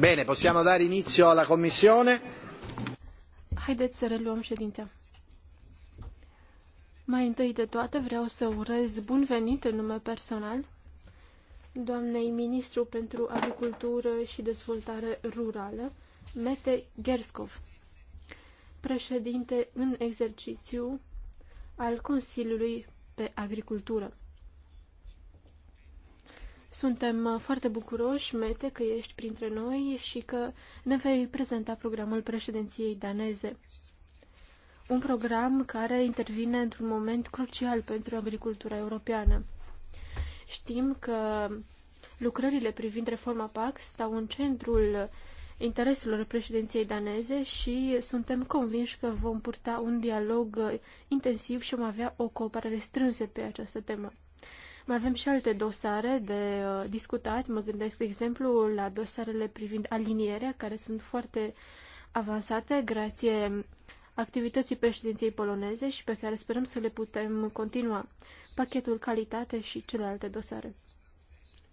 Bine, possiamo dare inizio alla commissione? Haideți să reluăm ședința. Mai întâi de toate vreau să urez bun venit în nume personal doamnei ministru pentru agricultură și dezvoltare rurală, Mete Gerskov, președinte în exercițiu al Consiliului pe Agricultură. Suntem uh, foarte bucuroși, Mete, că ești printre noi și că ne vei prezenta programul președinției daneze. Un program care intervine într-un moment crucial pentru agricultura europeană. Știm că lucrările privind reforma PAC stau în centrul intereselor președinției daneze și suntem convinși că vom purta un dialog uh, intensiv și vom avea o cooperare strânsă pe această temă. Mai avem și alte dosare de uh, discutat. Mă gândesc, de exemplu, la dosarele privind alinierea, care sunt foarte avansate grație activității președinției poloneze și pe care sperăm să le putem continua. Pachetul calitate și celelalte dosare.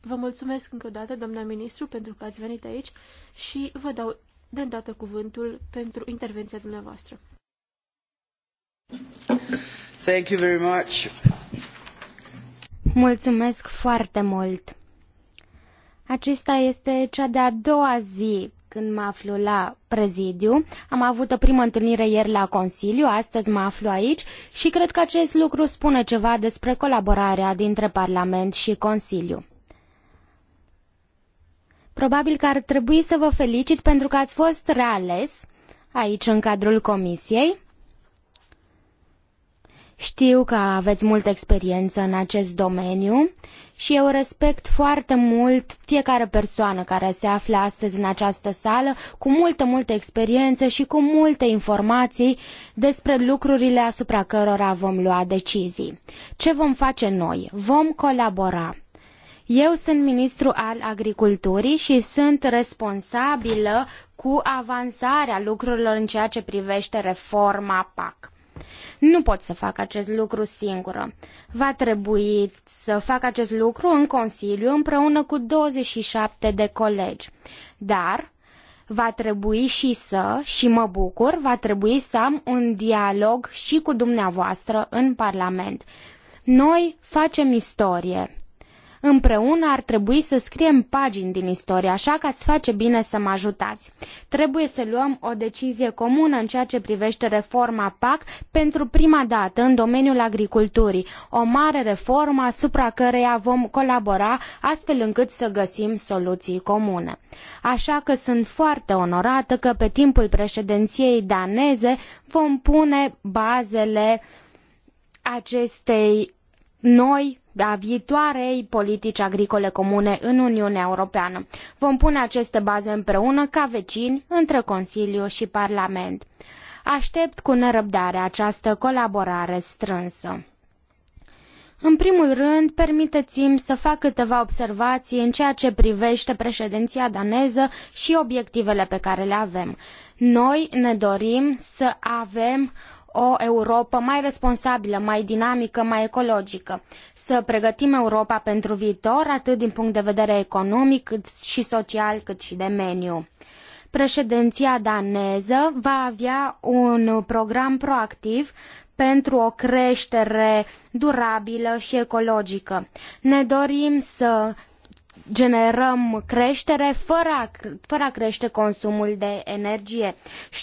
Vă mulțumesc încă o dată, doamna ministru, pentru că ați venit aici și vă dau de îndată cuvântul pentru intervenția dumneavoastră. Thank you very much. Mulțumesc foarte mult! Acesta este cea de-a doua zi când mă aflu la prezidiu. Am avut o primă întâlnire ieri la Consiliu, astăzi mă aflu aici și cred că acest lucru spune ceva despre colaborarea dintre Parlament și Consiliu. Probabil că ar trebui să vă felicit pentru că ați fost reales aici în cadrul Comisiei. Știu că aveți multă experiență în acest domeniu și eu respect foarte mult fiecare persoană care se află astăzi în această sală cu multă, multă experiență și cu multe informații despre lucrurile asupra cărora vom lua decizii. Ce vom face noi? Vom colabora. Eu sunt ministru al agriculturii și sunt responsabilă cu avansarea lucrurilor în ceea ce privește reforma PAC. Nu pot să fac acest lucru singură. Va trebui să fac acest lucru în Consiliu împreună cu 27 de colegi. Dar va trebui și să, și mă bucur, va trebui să am un dialog și cu dumneavoastră în Parlament. Noi facem istorie Împreună ar trebui să scriem pagini din istorie, așa că ați face bine să mă ajutați. Trebuie să luăm o decizie comună în ceea ce privește reforma PAC pentru prima dată în domeniul agriculturii, o mare reformă asupra căreia vom colabora astfel încât să găsim soluții comune. Așa că sunt foarte onorată că pe timpul președinției daneze vom pune bazele acestei noi a viitoarei politici agricole comune în Uniunea Europeană. Vom pune aceste baze împreună ca vecini între Consiliu și Parlament. Aștept cu nerăbdare această colaborare strânsă. În primul rând, permiteți-mi să fac câteva observații în ceea ce privește președinția daneză și obiectivele pe care le avem. Noi ne dorim să avem o Europă mai responsabilă, mai dinamică, mai ecologică. Să pregătim Europa pentru viitor, atât din punct de vedere economic, cât și social, cât și de meniu președinția daneză va avea un program proactiv pentru o creștere durabilă și ecologică. Ne dorim să generăm creștere fără a, fără a crește consumul de energie.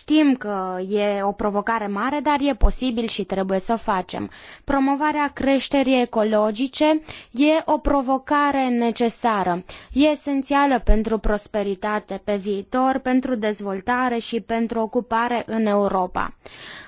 Tim că e o provocare mare, dar e posibil și trebuie să o facem. Promovarea creșterii ecologice e o provocare necesară. E esenială pentru prosperitate pe viitor, pentru dezvoltare și pentru ocupare în Europa.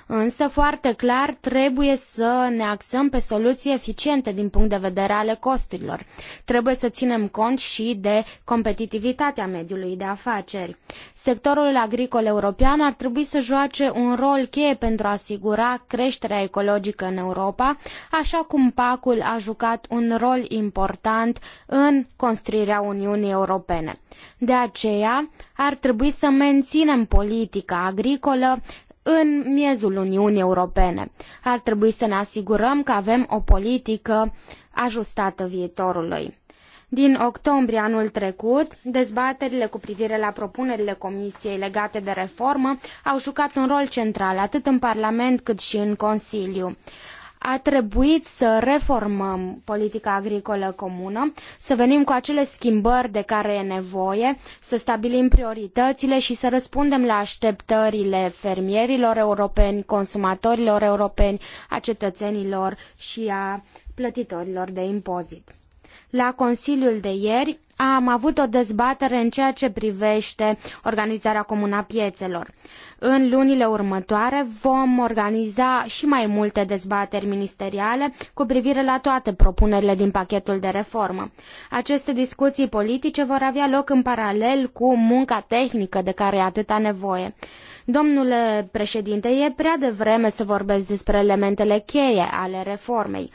Însă, foarte clar, trebuie să ne axăm pe soluții eficiente din punct de vedere ale costurilor. Trebuie să ținem cont și de competitivitatea mediului de afaceri. Sectorul agricol european ar trebui să joace un rol cheie pentru a asigura creșterea ecologică în Europa, așa cum PAC-ul a jucat un rol important în construirea Uniunii Europene. De aceea, ar trebui să menținem politica agricolă în miezul Uniunii Europene. Ar trebui să ne asigurăm că avem o politică ajustată viitorului. Din octombrie anul trecut, dezbaterile cu privire la propunerile Comisiei legate de reformă au jucat un rol central atât în Parlament cât și în Consiliu a trebuit să reformăm politica agricolă comună, să venim cu acele schimbări de care e nevoie, să stabilim prioritățile și să răspundem la așteptările fermierilor europeni, consumatorilor europeni, a cetățenilor și a plătitorilor de impozit. La Consiliul de ieri, am avut o dezbatere în ceea ce privește organizarea comună a piețelor. În lunile următoare vom organiza și mai multe dezbateri ministeriale cu privire la toate propunerile din pachetul de reformă. Aceste discuții politice vor avea loc în paralel cu munca tehnică de care e atâta nevoie. Domnule președinte, e prea devreme să vorbesc despre elementele cheie ale reformei.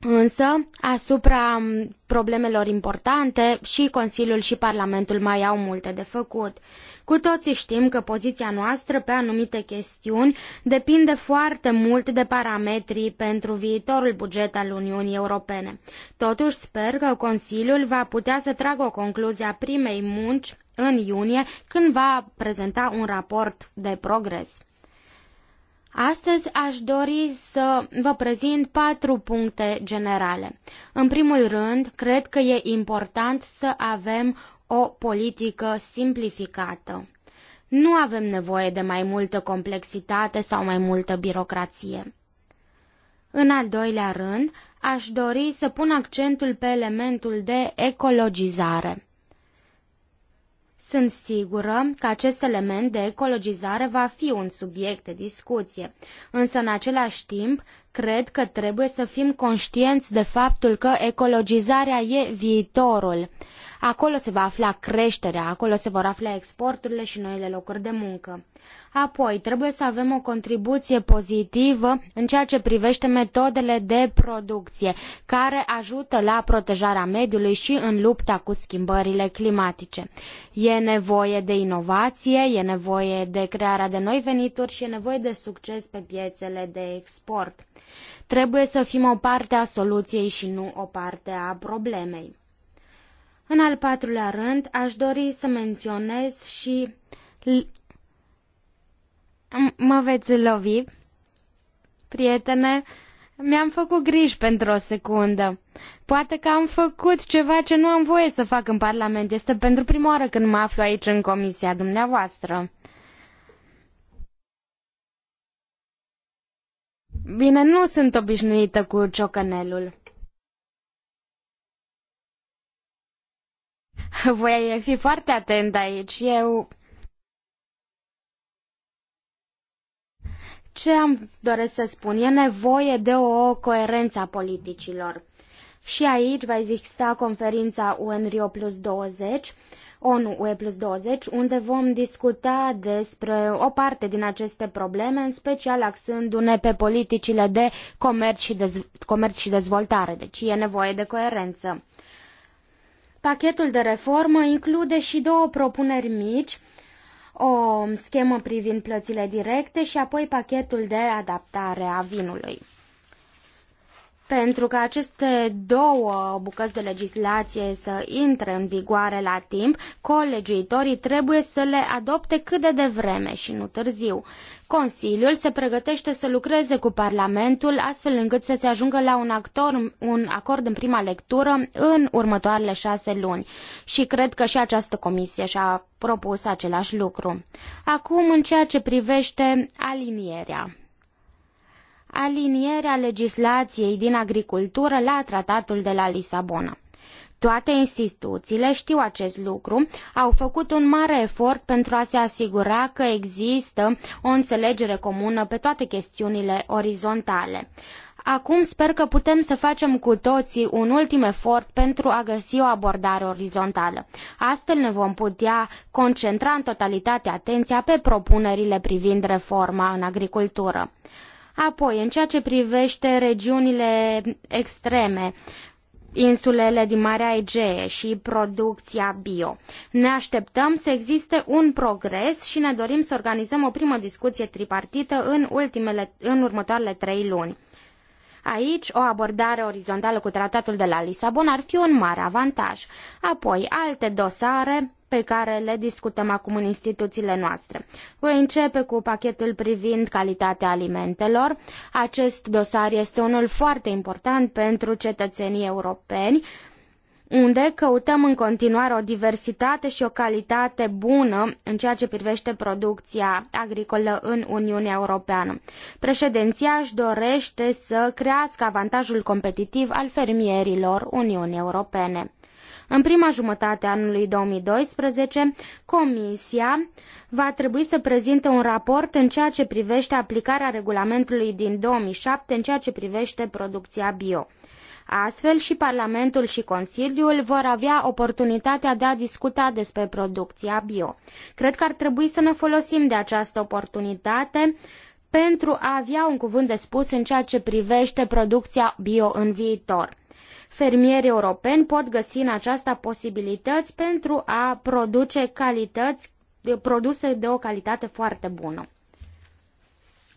Însă, asupra problemelor importante, și Consiliul și Parlamentul mai au multe de făcut. Cu toții știm că poziția noastră pe anumite chestiuni depinde foarte mult de parametrii pentru viitorul buget al Uniunii Europene. Totuși, sper că Consiliul va putea să tragă o concluzie a primei munci în iunie, când va prezenta un raport de progres. Astăzi aș dori să vă prezint patru puncte generale. În primul rând, cred că e important să avem o politică simplificată. Nu avem nevoie de mai multă complexitate sau mai multă birocrație. În al doilea rând, aș dori să pun accentul pe elementul de ecologizare. Sunt sigură că acest element de ecologizare va fi un subiect de discuție, însă în același timp cred că trebuie să fim conștienți de faptul că ecologizarea e viitorul. Acolo se va afla creșterea, acolo se vor afla exporturile și noile locuri de muncă. Apoi, trebuie să avem o contribuție pozitivă în ceea ce privește metodele de producție, care ajută la protejarea mediului și în lupta cu schimbările climatice. E nevoie de inovație, e nevoie de crearea de noi venituri și e nevoie de succes pe piețele de export. Trebuie să fim o parte a soluției și nu o parte a problemei. În al patrulea rând, aș dori să menționez și mă veți lovi, prietene, mi-am făcut griji pentru o secundă. Poate că am făcut ceva ce nu am voie să fac în Parlament. Este pentru prima oară când mă aflu aici în comisia dumneavoastră. Bine, nu sunt obișnuită cu ciocănelul. Voi fi foarte atent aici. Eu Ce am doresc să spun? E nevoie de o coerență a politicilor. Și aici va exista conferința UN Rio Plus 20, ONU UE Plus 20, unde vom discuta despre o parte din aceste probleme, în special axându-ne pe politicile de comerț și, dez- comerț și dezvoltare. Deci e nevoie de coerență. Pachetul de reformă include și două propuneri mici o schemă privind plățile directe și apoi pachetul de adaptare a vinului pentru că aceste două bucăți de legislație să intre în vigoare la timp, colegiuitorii trebuie să le adopte cât de devreme și nu târziu. Consiliul se pregătește să lucreze cu Parlamentul astfel încât să se ajungă la un, actor, un acord în prima lectură în următoarele șase luni și cred că și această comisie și-a propus același lucru. Acum, în ceea ce privește alinierea alinierea legislației din agricultură la tratatul de la Lisabona. Toate instituțiile știu acest lucru, au făcut un mare efort pentru a se asigura că există o înțelegere comună pe toate chestiunile orizontale. Acum sper că putem să facem cu toții un ultim efort pentru a găsi o abordare orizontală. Astfel ne vom putea concentra în totalitate atenția pe propunerile privind reforma în agricultură. Apoi, în ceea ce privește regiunile extreme, insulele din Marea Egee și producția bio. Ne așteptăm să existe un progres și ne dorim să organizăm o primă discuție tripartită în, ultimele, în următoarele trei luni. Aici, o abordare orizontală cu tratatul de la Lisabon ar fi un mare avantaj. Apoi, alte dosare pe care le discutăm acum în instituțiile noastre. Voi începe cu pachetul privind calitatea alimentelor. Acest dosar este unul foarte important pentru cetățenii europeni, unde căutăm în continuare o diversitate și o calitate bună în ceea ce privește producția agricolă în Uniunea Europeană. Președinția își dorește să crească avantajul competitiv al fermierilor Uniunii Europene. În prima jumătate a anului 2012, Comisia va trebui să prezinte un raport în ceea ce privește aplicarea regulamentului din 2007 în ceea ce privește producția bio. Astfel și Parlamentul și Consiliul vor avea oportunitatea de a discuta despre producția bio. Cred că ar trebui să ne folosim de această oportunitate pentru a avea un cuvânt de spus în ceea ce privește producția bio în viitor. Fermierii europeni pot găsi în aceasta posibilități pentru a produce calități, produse de o calitate foarte bună.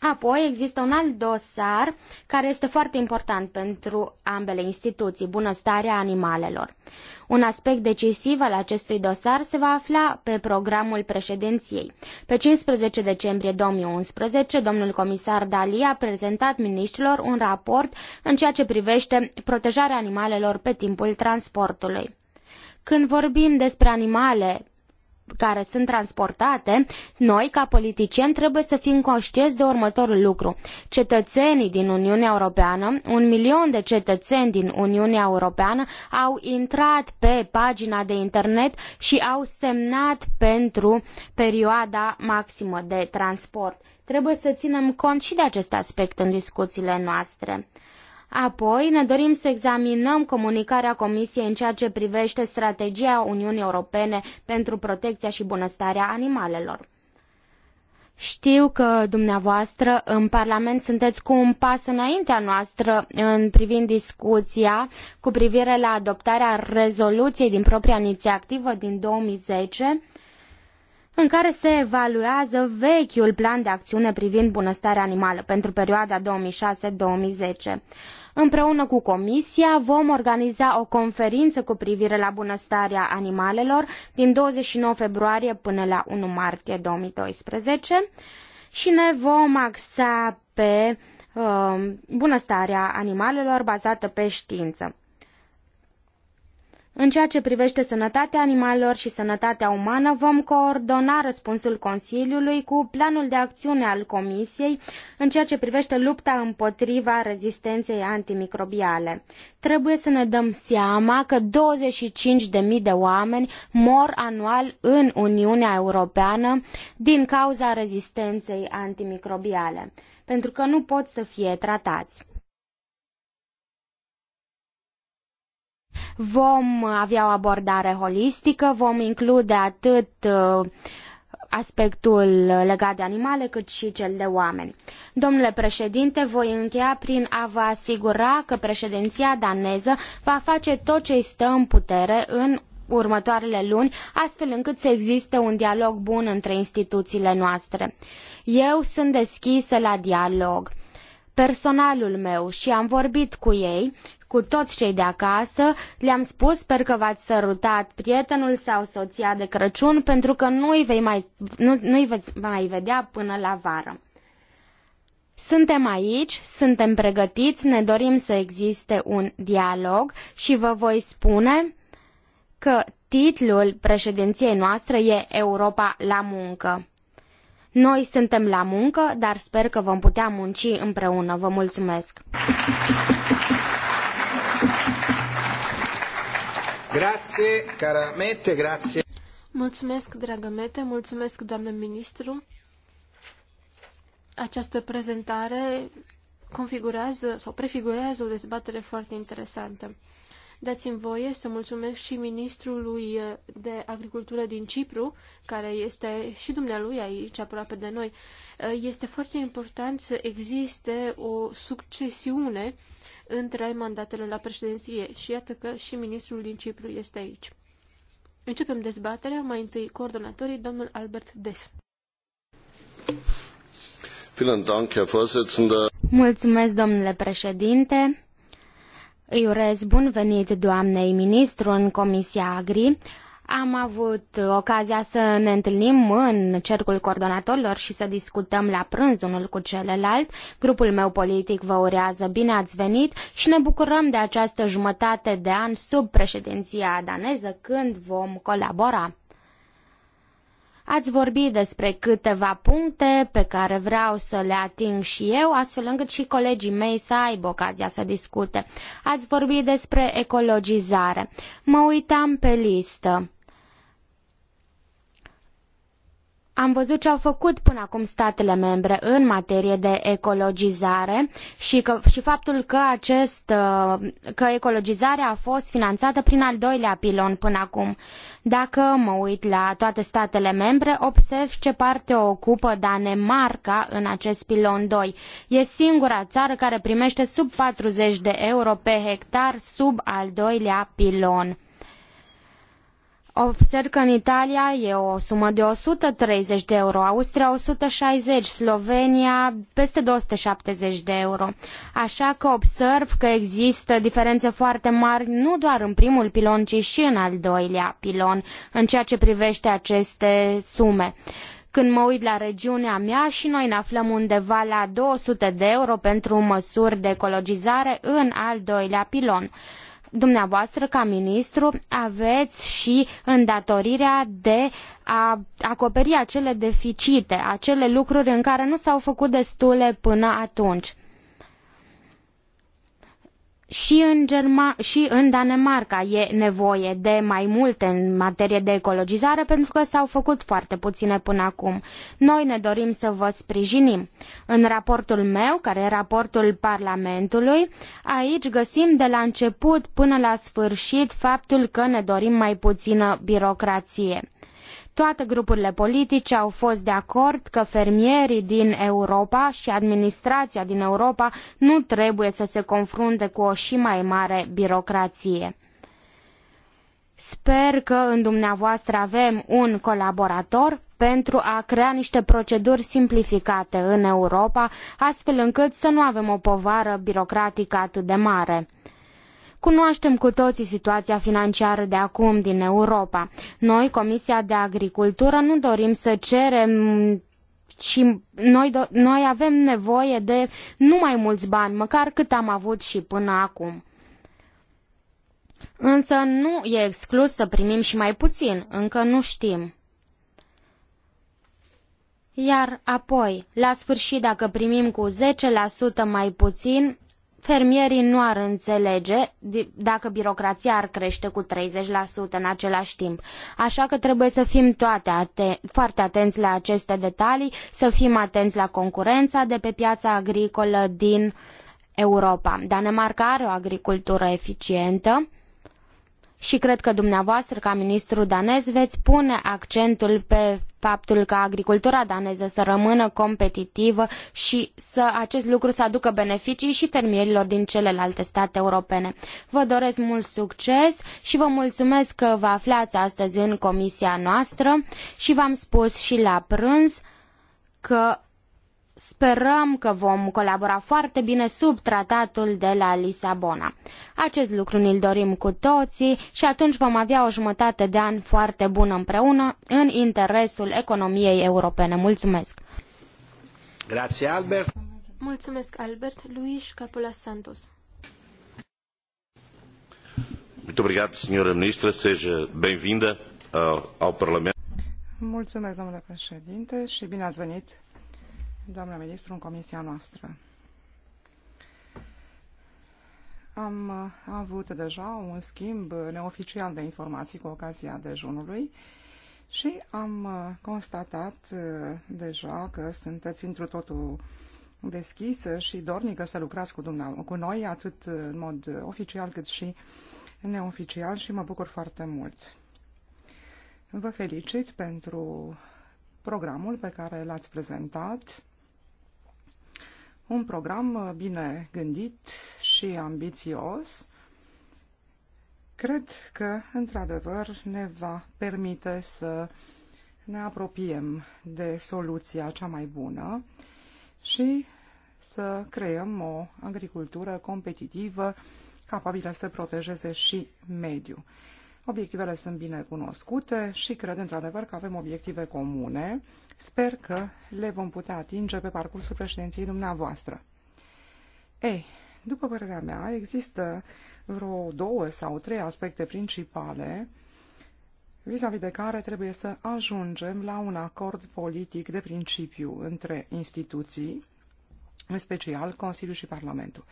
Apoi există un alt dosar care este foarte important pentru ambele instituții, bunăstarea animalelor. Un aspect decisiv al acestui dosar se va afla pe programul președinției. Pe 15 decembrie 2011, domnul comisar Dali a prezentat ministrilor un raport în ceea ce privește protejarea animalelor pe timpul transportului. Când vorbim despre animale care sunt transportate, noi, ca politicieni, trebuie să fim conștienți de următorul lucru. Cetățenii din Uniunea Europeană, un milion de cetățeni din Uniunea Europeană au intrat pe pagina de internet și au semnat pentru perioada maximă de transport. Trebuie să ținem cont și de acest aspect în discuțiile noastre. Apoi, ne dorim să examinăm comunicarea Comisiei în ceea ce privește strategia Uniunii Europene pentru protecția și bunăstarea animalelor. Știu că dumneavoastră în Parlament sunteți cu un pas înaintea noastră în privind discuția cu privire la adoptarea rezoluției din propria inițiativă din 2010 în care se evaluează vechiul plan de acțiune privind bunăstarea animală pentru perioada 2006-2010. Împreună cu Comisia vom organiza o conferință cu privire la bunăstarea animalelor din 29 februarie până la 1 martie 2012 și ne vom axa pe uh, bunăstarea animalelor bazată pe știință. În ceea ce privește sănătatea animalelor și sănătatea umană, vom coordona răspunsul Consiliului cu planul de acțiune al Comisiei în ceea ce privește lupta împotriva rezistenței antimicrobiale. Trebuie să ne dăm seama că 25.000 de oameni mor anual în Uniunea Europeană din cauza rezistenței antimicrobiale, pentru că nu pot să fie tratați. Vom avea o abordare holistică, vom include atât uh, aspectul legat de animale, cât și cel de oameni. Domnule președinte, voi încheia prin a vă asigura că președinția daneză va face tot ce stă în putere în următoarele luni, astfel încât să existe un dialog bun între instituțiile noastre. Eu sunt deschisă la dialog. Personalul meu și am vorbit cu ei cu toți cei de acasă, le-am spus, sper că v-ați sărutat prietenul sau soția de Crăciun, pentru că nu-i, vei mai, nu, nu-i veți mai vedea până la vară. Suntem aici, suntem pregătiți, ne dorim să existe un dialog și vă voi spune că titlul președinției noastre e Europa la muncă. Noi suntem la muncă, dar sper că vom putea munci împreună. Vă mulțumesc! Grazie, cara grazie. Mulțumesc, dragă Mete, mulțumesc, doamnă ministru. Această prezentare configurează sau prefigurează o dezbatere foarte interesantă. Dați-mi voie să mulțumesc și ministrului de agricultură din Cipru, care este și dumnealui aici, aproape de noi. Este foarte important să existe o succesiune între mandatele la președinție și iată că și ministrul din Cipru este aici. Începem dezbaterea, mai întâi coordonatorii, domnul Albert Des. Mulțumesc, domnule președinte. Îi urez bun venit doamnei ministru în Comisia Agri. Am avut ocazia să ne întâlnim în cercul coordonatorilor și să discutăm la prânz unul cu celălalt. Grupul meu politic vă urează bine ați venit și ne bucurăm de această jumătate de an sub președinția daneză când vom colabora. Ați vorbit despre câteva puncte pe care vreau să le ating și eu, astfel încât și colegii mei să aibă ocazia să discute. Ați vorbit despre ecologizare. Mă uitam pe listă. Am văzut ce au făcut până acum statele membre în materie de ecologizare și, că, și faptul că, acest, uh, că ecologizarea a fost finanțată prin al doilea pilon până acum. Dacă mă uit la toate statele membre, observ ce parte o ocupă Danemarca în acest pilon 2. E singura țară care primește sub 40 de euro pe hectar sub al doilea pilon. Observ că în Italia e o sumă de 130 de euro, Austria 160, Slovenia peste 270 de euro. Așa că observ că există diferențe foarte mari nu doar în primul pilon, ci și în al doilea pilon în ceea ce privește aceste sume. Când mă uit la regiunea mea și noi ne aflăm undeva la 200 de euro pentru măsuri de ecologizare în al doilea pilon dumneavoastră, ca ministru, aveți și îndatorirea de a acoperi acele deficite, acele lucruri în care nu s-au făcut destule până atunci. Și în, Germa- și în Danemarca e nevoie de mai multe în materie de ecologizare pentru că s-au făcut foarte puține până acum. Noi ne dorim să vă sprijinim. În raportul meu, care e raportul Parlamentului, aici găsim de la început până la sfârșit faptul că ne dorim mai puțină birocrație. Toate grupurile politice au fost de acord că fermierii din Europa și administrația din Europa nu trebuie să se confrunte cu o și mai mare birocrație. Sper că în dumneavoastră avem un colaborator pentru a crea niște proceduri simplificate în Europa, astfel încât să nu avem o povară birocratică atât de mare. Cunoaștem cu toții situația financiară de acum din Europa. Noi, Comisia de Agricultură, nu dorim să cerem și noi, noi avem nevoie de nu mai mulți bani, măcar cât am avut și până acum. Însă nu e exclus să primim și mai puțin, încă nu știm. Iar apoi, la sfârșit, dacă primim cu 10% mai puțin, fermierii nu ar înțelege dacă birocrația ar crește cu 30% în același timp. Așa că trebuie să fim toate aten foarte atenți la aceste detalii, să fim atenți la concurența de pe piața agricolă din Europa. Danemarca are o agricultură eficientă și cred că dumneavoastră, ca ministru danez, veți pune accentul pe faptul ca agricultura daneză să rămână competitivă și să acest lucru să aducă beneficii și fermierilor din celelalte state europene. Vă doresc mult succes și vă mulțumesc că vă aflați astăzi în comisia noastră și v-am spus și la prânz că Sperăm că vom colabora foarte bine sub tratatul de la Lisabona. Acest lucru ne-l dorim cu toții și atunci vom avea o jumătate de an foarte bună împreună în interesul economiei europene. Mulțumesc! Grazie, Albert! Mulțumesc, Albert! Luis Capula Santos Muito obrigado, Sra. Ministra. Seja bem-vinda uh, ao Parlamento. Mulțumesc, domnule președinte, și bine ați venit doamna ministru, în comisia noastră. Am uh, avut deja un schimb neoficial de informații cu ocazia dejunului și am uh, constatat uh, deja că sunteți într totul deschisă și dornică să lucrați cu, cu noi, atât în mod oficial cât și neoficial și mă bucur foarte mult. Vă felicit pentru programul pe care l-ați prezentat un program uh, bine gândit și ambițios. Cred că, într-adevăr, ne va permite să ne apropiem de soluția cea mai bună și să creăm o agricultură competitivă capabilă să protejeze și mediul. Obiectivele sunt bine cunoscute și cred într-adevăr că avem obiective comune. Sper că le vom putea atinge pe parcursul președinției dumneavoastră. Ei, după părerea mea, există vreo două sau trei aspecte principale vis-a-vis -vis de care trebuie să ajungem la un acord politic de principiu între instituții în special Consiliul și Parlamentul.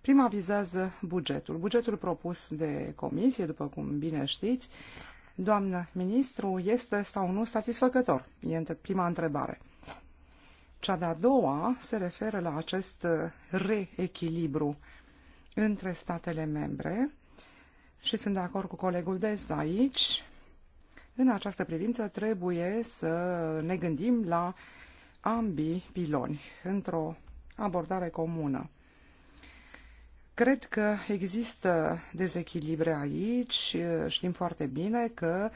Prima vizează bugetul. Bugetul propus de comisie, după cum bine știți, doamnă ministru, este sau nu satisfăcător? E prima întrebare. Cea de-a doua se referă la acest reechilibru între statele membre și sunt de acord cu colegul Des aici. În această privință trebuie să ne gândim la ambii piloni într-o abordare comună. Cred că există dezechilibre aici. Știm foarte bine că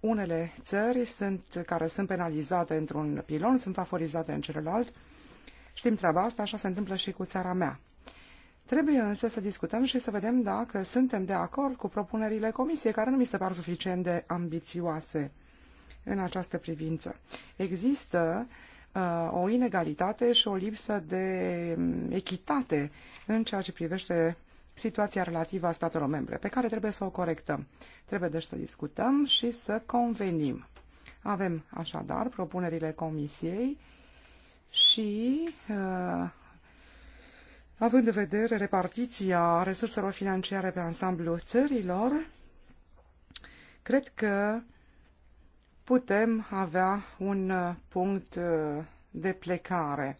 unele țări sunt, care sunt penalizate într-un pilon sunt favorizate în celălalt. Știm treaba asta, așa se întâmplă și cu țara mea. Trebuie însă să discutăm și să vedem dacă suntem de acord cu propunerile comisiei, care nu mi se par suficient de ambițioase în această privință. Există Uh, o inegalitate și o lipsă de um, echitate în ceea ce privește situația relativă a statelor membre, pe care trebuie să o corectăm. Trebuie deci să discutăm și să convenim. Avem așadar propunerile Comisiei și uh, având în vedere repartiția resurselor financiare pe ansamblu țărilor, cred că putem avea un uh, punct uh, de plecare.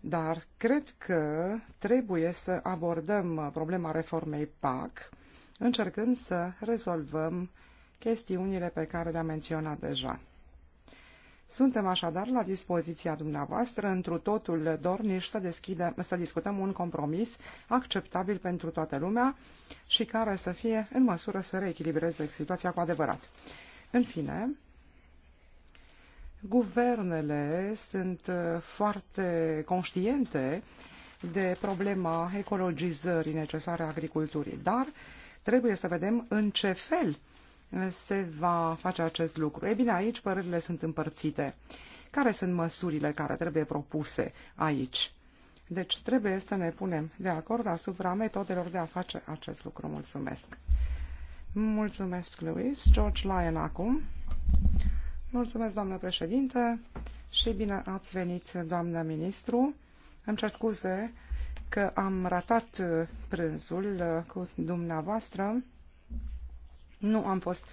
Dar cred că trebuie să abordăm uh, problema reformei PAC, încercând să rezolvăm chestiunile pe care le-am menționat deja. Suntem așadar la dispoziția dumneavoastră întru totul dorniș să, deschidem, să discutăm un compromis acceptabil pentru toată lumea și care să fie în măsură să reechilibreze situația cu adevărat. În fine, Guvernele sunt uh, foarte conștiente de problema ecologizării necesare a agriculturii, dar trebuie să vedem în ce fel uh, se va face acest lucru. E bine, aici părerile sunt împărțite. Care sunt măsurile care trebuie propuse aici? Deci trebuie să ne punem de acord asupra metodelor de a face acest lucru. Mulțumesc! Mulțumesc, Luis. George Lyon acum. Mulțumesc, doamnă președinte, și bine ați venit, doamnă ministru. Îmi cer scuze că am ratat prânzul uh, cu dumneavoastră. Nu am fost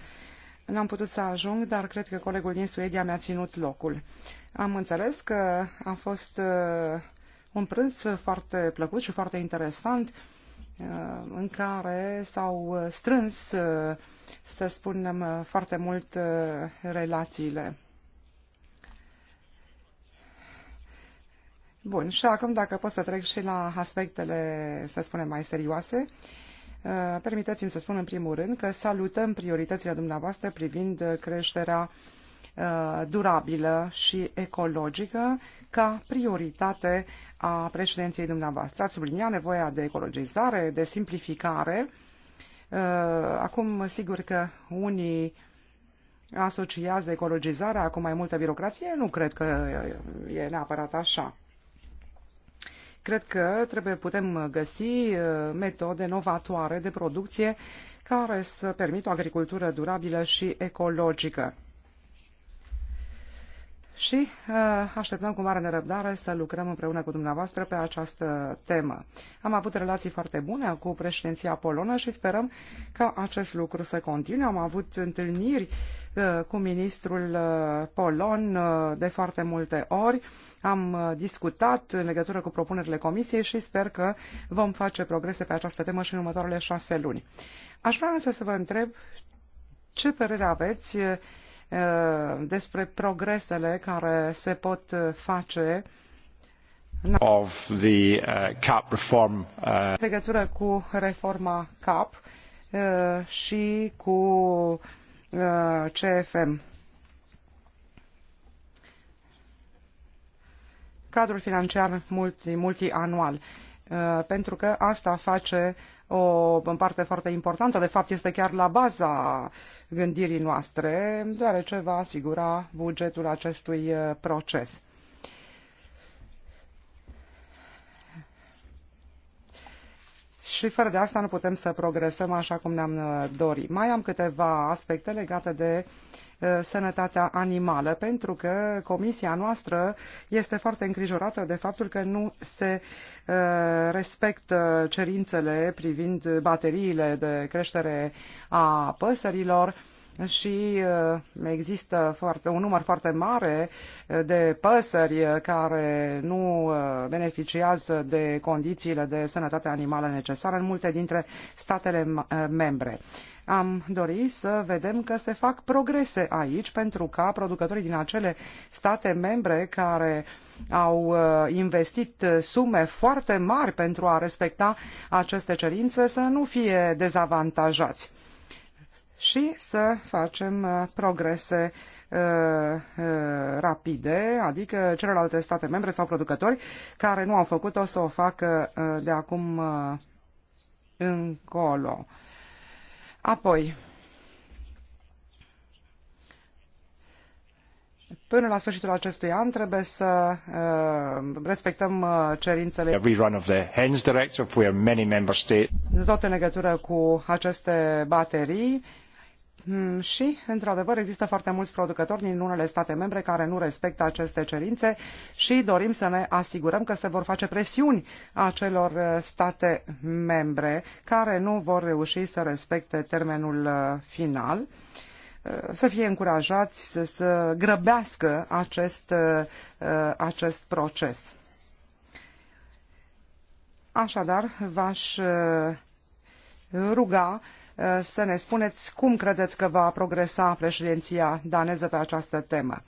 N-am putut să ajung, dar cred că colegul din Suedia mi-a ținut locul. Am înțeles că a fost uh, un prânz foarte plăcut și foarte interesant Uh, în care s-au uh, strâns, uh, să spunem, foarte mult relațiile. Bun, și acum dacă pot să trec și la aspectele, să spunem, mai serioase, permiteți-mi să spun în primul rând că salutăm prioritățile dumneavoastră privind creșterea uh, Uh, durabilă și ecologică ca prioritate a președinției dumneavoastră. Ați subliniat nevoia de ecologizare, de simplificare. Uh, acum, sigur că unii asociază ecologizarea cu mai multă birocrație. Nu cred că e neapărat așa. Cred că trebuie putem găsi uh, metode novatoare de producție care să permită o agricultură durabilă și ecologică și uh, așteptăm cu mare nerăbdare să lucrăm împreună cu dumneavoastră pe această temă. Am avut relații foarte bune cu președinția polonă și sperăm ca acest lucru să continue. Am avut întâlniri uh, cu ministrul uh, polon de foarte multe ori. Am discutat în legătură cu propunerile comisiei și sper că vom face progrese pe această temă și în următoarele șase luni. Aș vrea însă să vă întreb ce părere aveți Uh, despre progresele care se pot uh, face of the uh, CAP reform. Uh... legătură cu reforma CAP uh, și cu uh, CFM. Cadrul financiar multi, multianual, uh, pentru că asta face uh, o parte foarte importantă, de fapt este chiar la baza gândirii noastre, deoarece va asigura bugetul acestui uh, proces. și fără de asta nu putem să progresăm așa cum ne-am uh, dorit. Mai am câteva aspecte legate de Uh, sănătatea animală, pentru că comisia noastră este foarte îngrijorată de faptul că nu se uh, respectă cerințele privind bateriile de creștere a păsărilor, și uh, există foarte, un număr foarte mare de păsări care nu beneficiază de condițiile de sănătate animală necesare în multe dintre statele membre. Am dorit să vedem că se fac progrese aici pentru ca producătorii din acele state membre care au uh, investit uh, sume foarte mari pentru a respecta aceste cerințe să nu fie dezavantajați și să facem uh, progrese rapide, adică celelalte state membre sau producători care nu au făcut-o să o facă de acum încolo. Apoi, Până la sfârșitul acestui an trebuie să uh, respectăm uh, cerințele rerun of the HENS directive where many member states toate în legătură cu aceste baterii Mm, și, într-adevăr, există foarte mulți producători din unele state membre care nu respectă aceste cerințe și dorim să ne asigurăm că se vor face presiuni acelor uh, state membre care nu vor reuși să respecte termenul uh, final uh, să fie încurajați să, să grăbească acest, acest proces. Așadar, v-aș ruga Eh, să ne spuneți cum credeți că va progresa președinția daneză pe această temă.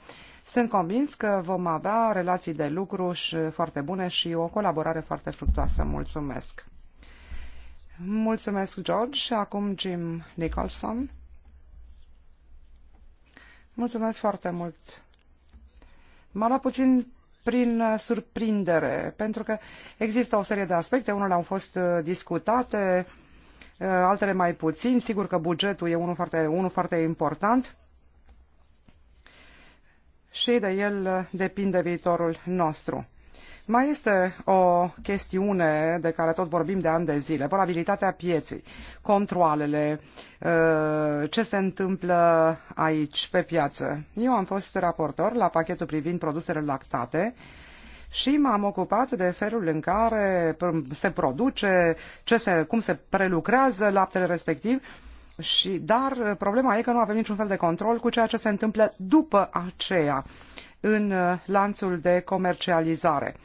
Sunt convins că vom avea relații de lucru și foarte bune și o colaborare foarte fructoasă. Mulțumesc! Mulțumesc, George, și acum Jim Nicholson. Mulțumesc foarte mult! M-a luat puțin prin eh, surprindere, pentru că există o serie de aspecte, unele au fost eh, discutate, uh, Uh, altele mai puțin. Sigur că bugetul e unul foarte, unul foarte important și de el depinde viitorul nostru. Mai este o chestiune de care tot vorbim de ani de zile, volabilitatea pieței, controalele, uh, ce se întâmplă aici, pe piață. Eu am fost raportor la pachetul privind produsele lactate, și m-am ocupat de felul în care se produce, ce se, cum se prelucrează laptele respectiv, și, dar problema e că nu avem niciun fel de control cu ceea ce se întâmplă după aceea în uh, lanțul de comercializare.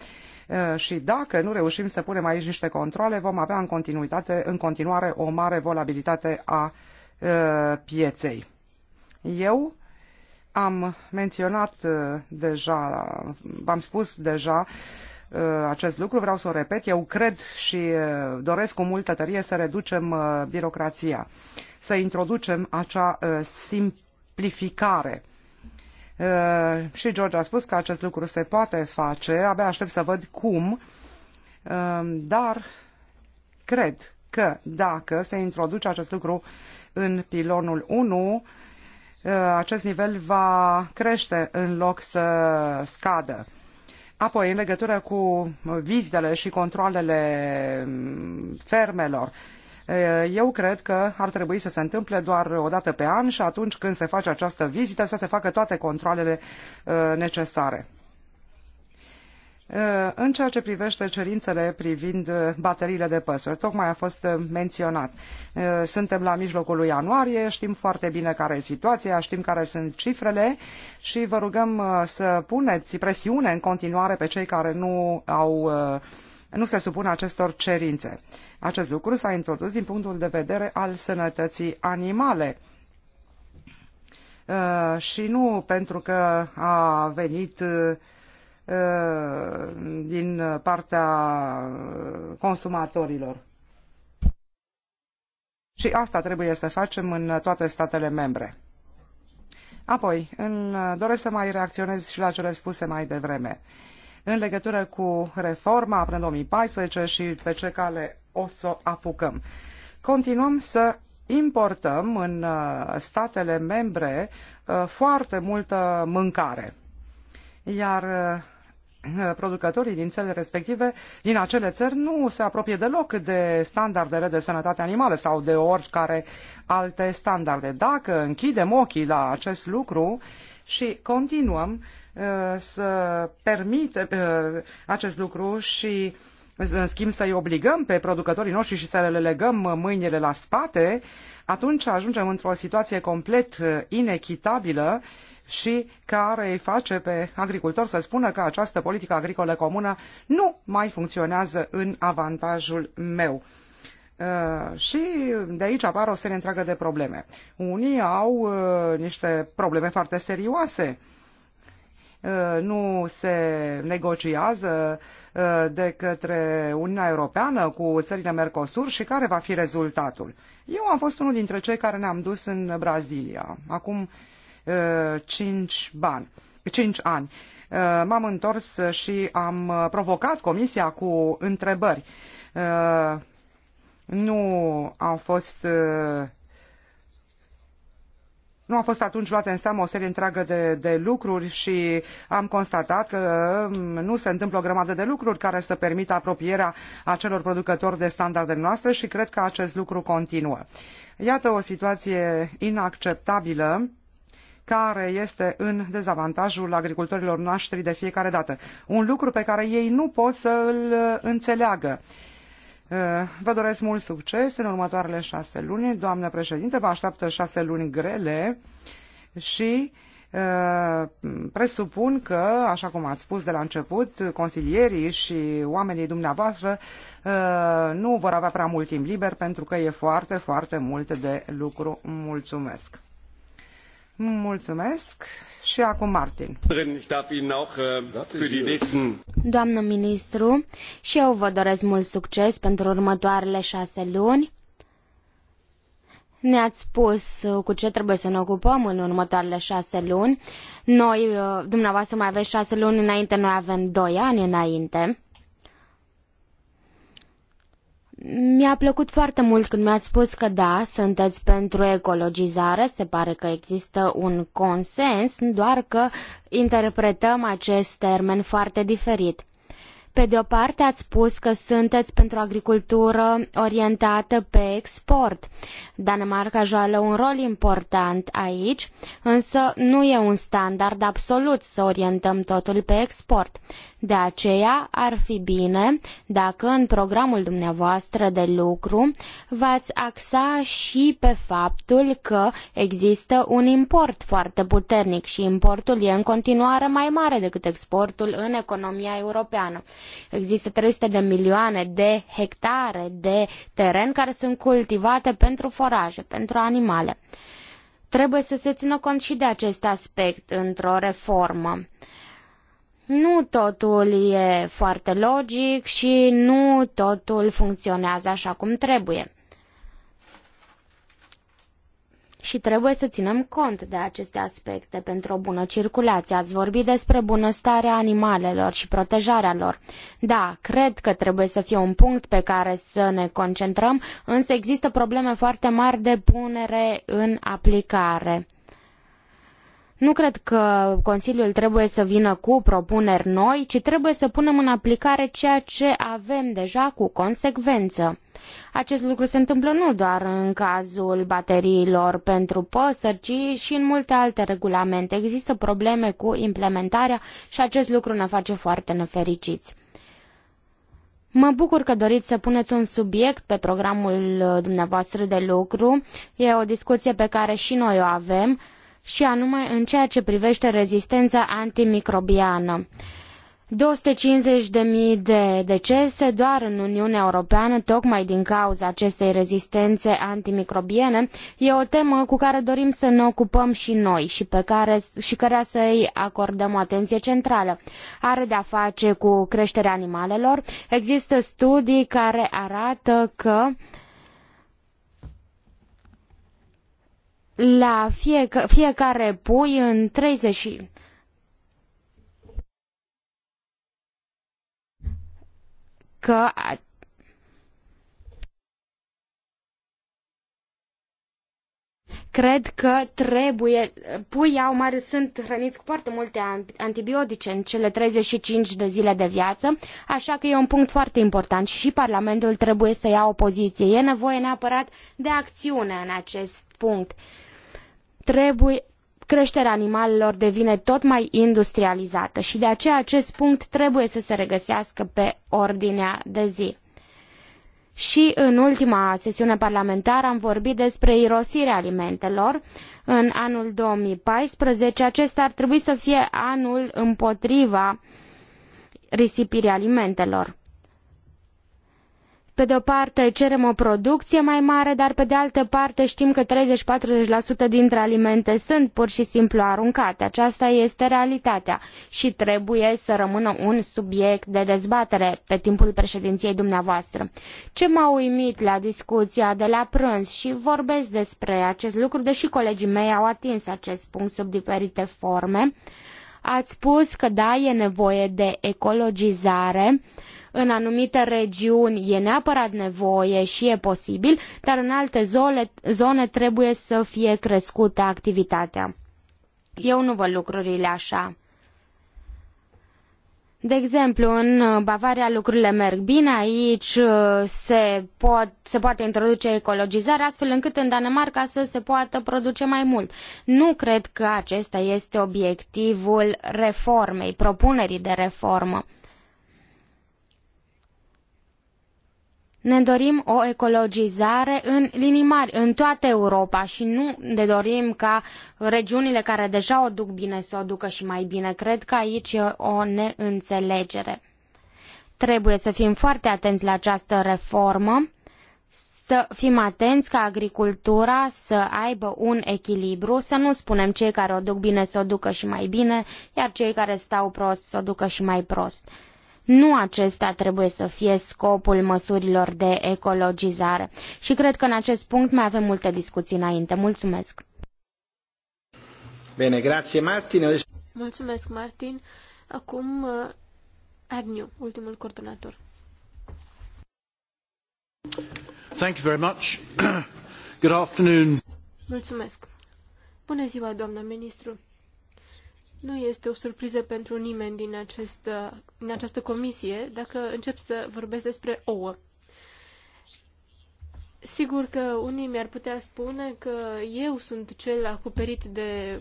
Uh, și dacă nu reușim să punem aici niște controle, vom avea în, continuitate, în continuare o mare volabilitate a uh, pieței. Eu am menționat uh, deja, v-am spus deja uh, acest lucru, vreau să o repet. Eu cred și uh, doresc cu multă tărie să reducem birocrația, să introducem acea simplificare. Și George a spus că acest lucru se poate face, abia aștept să văd cum, dar cred că dacă se introduce acest lucru în pilonul 1, Uh, acest nivel va crește în loc să scadă. Apoi, în legătură cu vizitele și controlele um, fermelor, uh, eu cred că ar trebui să se întâmple doar o dată pe an și atunci când se face această vizită să se facă toate controlele uh, necesare. Uh, în ceea ce privește cerințele privind uh, bateriile de păsări. Tocmai a fost uh, menționat. Suntem la mijlocul lui ianuarie, știm foarte bine care e situația, știm care sunt cifrele și vă rugăm să puneți presiune în continuare pe cei care nu au nu se supun acestor cerințe. Acest lucru s-a introdus din punctul de vedere al sănătății animale și nu pentru că a venit uh, Uh, din partea uh, consumatorilor. Și asta trebuie să facem în toate statele membre. Apoi, în, uh, doresc să mai reacționez și la cele spuse mai devreme. În legătură cu reforma până 2014 și pe ce cale o să apucăm. Continuăm să importăm în statele membre foarte multă mâncare. Iar producătorii din țările respective, din acele țări, nu se apropie deloc de standardele de sănătate animală sau de oricare alte standarde. Dacă închidem ochii la acest lucru și continuăm uh, să permitem uh, acest lucru și uh, în schimb să-i obligăm pe producătorii noștri și să le legăm mâinile la spate, atunci ajungem într-o situație complet uh, inechitabilă uh, și care îi face pe agricultor să spună că această politică agricolă comună nu mai funcționează în avantajul meu. Uh, și de aici apar o serie întreagă de probleme. Unii au uh, niște probleme foarte serioase. Uh, nu se negociază uh, de către Uniunea Europeană cu țările Mercosur și care va fi rezultatul. Eu am fost unul dintre cei care ne-am dus în Brazilia, acum 5 uh, bani. 5 ani. Uh, m-am întors și am uh, provocat comisia cu întrebări. Nu au fost nu a fost atunci luată în seamă o serie întreagă de, de lucruri și am constatat că um, nu se întâmplă o grămadă de lucruri care să permită apropierea acelor producători de standardele noastre și cred că acest lucru continuă. Iată o situație inacceptabilă care este în dezavantajul agricultorilor noștri de fiecare dată. Un lucru pe care ei nu pot să îl uh, înțeleagă. Uh, vă doresc mult succes în următoarele șase luni. Doamnă președinte, vă așteaptă șase luni grele și uh, presupun că, așa cum ați spus de la început, consilierii și oamenii dumneavoastră nu vor avea prea mult timp liber pentru că e foarte, foarte mult de lucru. Mulțumesc! Mulțumesc și acum Martin. Äh, Doamnă ministru, și eu vă doresc mult succes pentru următoarele șase luni. Ne-ați spus uh, cu ce trebuie să ne ocupăm în următoarele șase luni. Noi, uh, dumneavoastră, mai aveți șase luni înainte, noi avem doi ani înainte. Mi-a plăcut foarte mult când mi-ați spus că da, sunteți pentru ecologizare, se pare că există un consens, doar că interpretăm acest termen foarte diferit. Pe de o parte ați spus că sunteți pentru agricultură orientată pe export. Danemarca joală un rol important aici, însă nu e un standard absolut să orientăm totul pe export. De aceea ar fi bine dacă în programul dumneavoastră de lucru v-ați axa și pe faptul că există un import foarte puternic și importul e în continuare mai mare decât exportul în economia europeană. Există 300 de milioane de hectare de teren care sunt cultivate pentru foraje, pentru animale. Trebuie să se țină cont și de acest aspect într-o reformă nu totul e foarte logic și nu totul funcționează așa cum trebuie. Și trebuie să ținem cont de aceste aspecte pentru o bună circulație. Ați vorbit despre bunăstarea animalelor și protejarea lor. Da, cred că trebuie să fie un punct pe care să ne concentrăm, însă există probleme foarte mari de punere în aplicare nu cred că Consiliul trebuie să vină cu propuneri noi, ci trebuie să punem în aplicare ceea ce avem deja cu consecvență. Acest lucru se întâmplă nu doar în cazul bateriilor pentru păsări, ci și în multe alte regulamente. Există probleme cu implementarea și acest lucru ne face foarte nefericiți. Mă bucur că doriți să puneți un subiect pe programul dumneavoastră de lucru. E o discuție pe care și noi o avem și anume în ceea ce privește rezistența antimicrobiană. 250.000 de decese doar în Uniunea Europeană, tocmai din cauza acestei rezistențe antimicrobiene, e o temă cu care dorim să ne ocupăm și noi și, pe care, și cărea să îi acordăm o atenție centrală. Are de-a face cu creșterea animalelor. Există studii care arată că uh, la fiecare pui în 30 că cred că trebuie, puii au mare sunt hrăniți cu foarte multe antibiotice în cele 35 de zile de viață, așa că e un punct foarte important și, și Parlamentul trebuie să ia o poziție. E nevoie neapărat de acțiune în acest punct. Uh, trebuie creșterea animalelor devine tot mai industrializată și de aceea acest punct trebuie să se regăsească pe ordinea de zi. Și în ultima sesiune parlamentară am vorbit despre irosirea alimentelor. În anul 2014 acesta ar trebui să fie anul împotriva risipirii alimentelor. Pe de o parte cerem o producție mai mare, dar pe de altă parte știm că 30-40% dintre alimente sunt pur și simplu aruncate. Aceasta este realitatea și trebuie să rămână un subiect de dezbatere pe timpul președinției dumneavoastră. Ce m-a uimit la discuția de la prânz și vorbesc despre acest lucru, deși colegii mei au atins acest punct sub diferite forme, ați spus că da, e nevoie de ecologizare, în anumite regiuni e neapărat nevoie și e posibil, dar în alte zone, zone trebuie să fie crescută activitatea. Eu nu văd lucrurile așa. De exemplu, în Bavaria lucrurile merg bine, aici uh, se, pot, se poate introduce ecologizarea astfel încât în Danemarca să se poată produce mai mult. Nu cred că acesta este obiectivul reformei, propunerii de reformă. Ne dorim o ecologizare în linii mari, în toată Europa și nu ne dorim ca regiunile care deja o duc bine să o ducă și mai bine. Cred că aici e o neînțelegere. Trebuie să fim foarte atenți la această reformă, să fim atenți ca agricultura să aibă un echilibru, să nu spunem cei care o duc bine să o ducă și mai bine, iar cei care stau prost să o ducă și mai prost. Nu acesta trebuie să fie scopul măsurilor de ecologizare. Și cred că în acest punct mai avem multe discuții înainte. Mulțumesc! Bine, grație, Martin. Mulțumesc, Martin. Acum, uh, Agnew, ultimul coordonator. Thank you very much. Good afternoon. Mulțumesc. Bună ziua, doamnă ministru. Nu este o surpriză pentru nimeni din, acest, din această comisie dacă încep să vorbesc despre ouă. Sigur că unii mi-ar putea spune că eu sunt cel acoperit de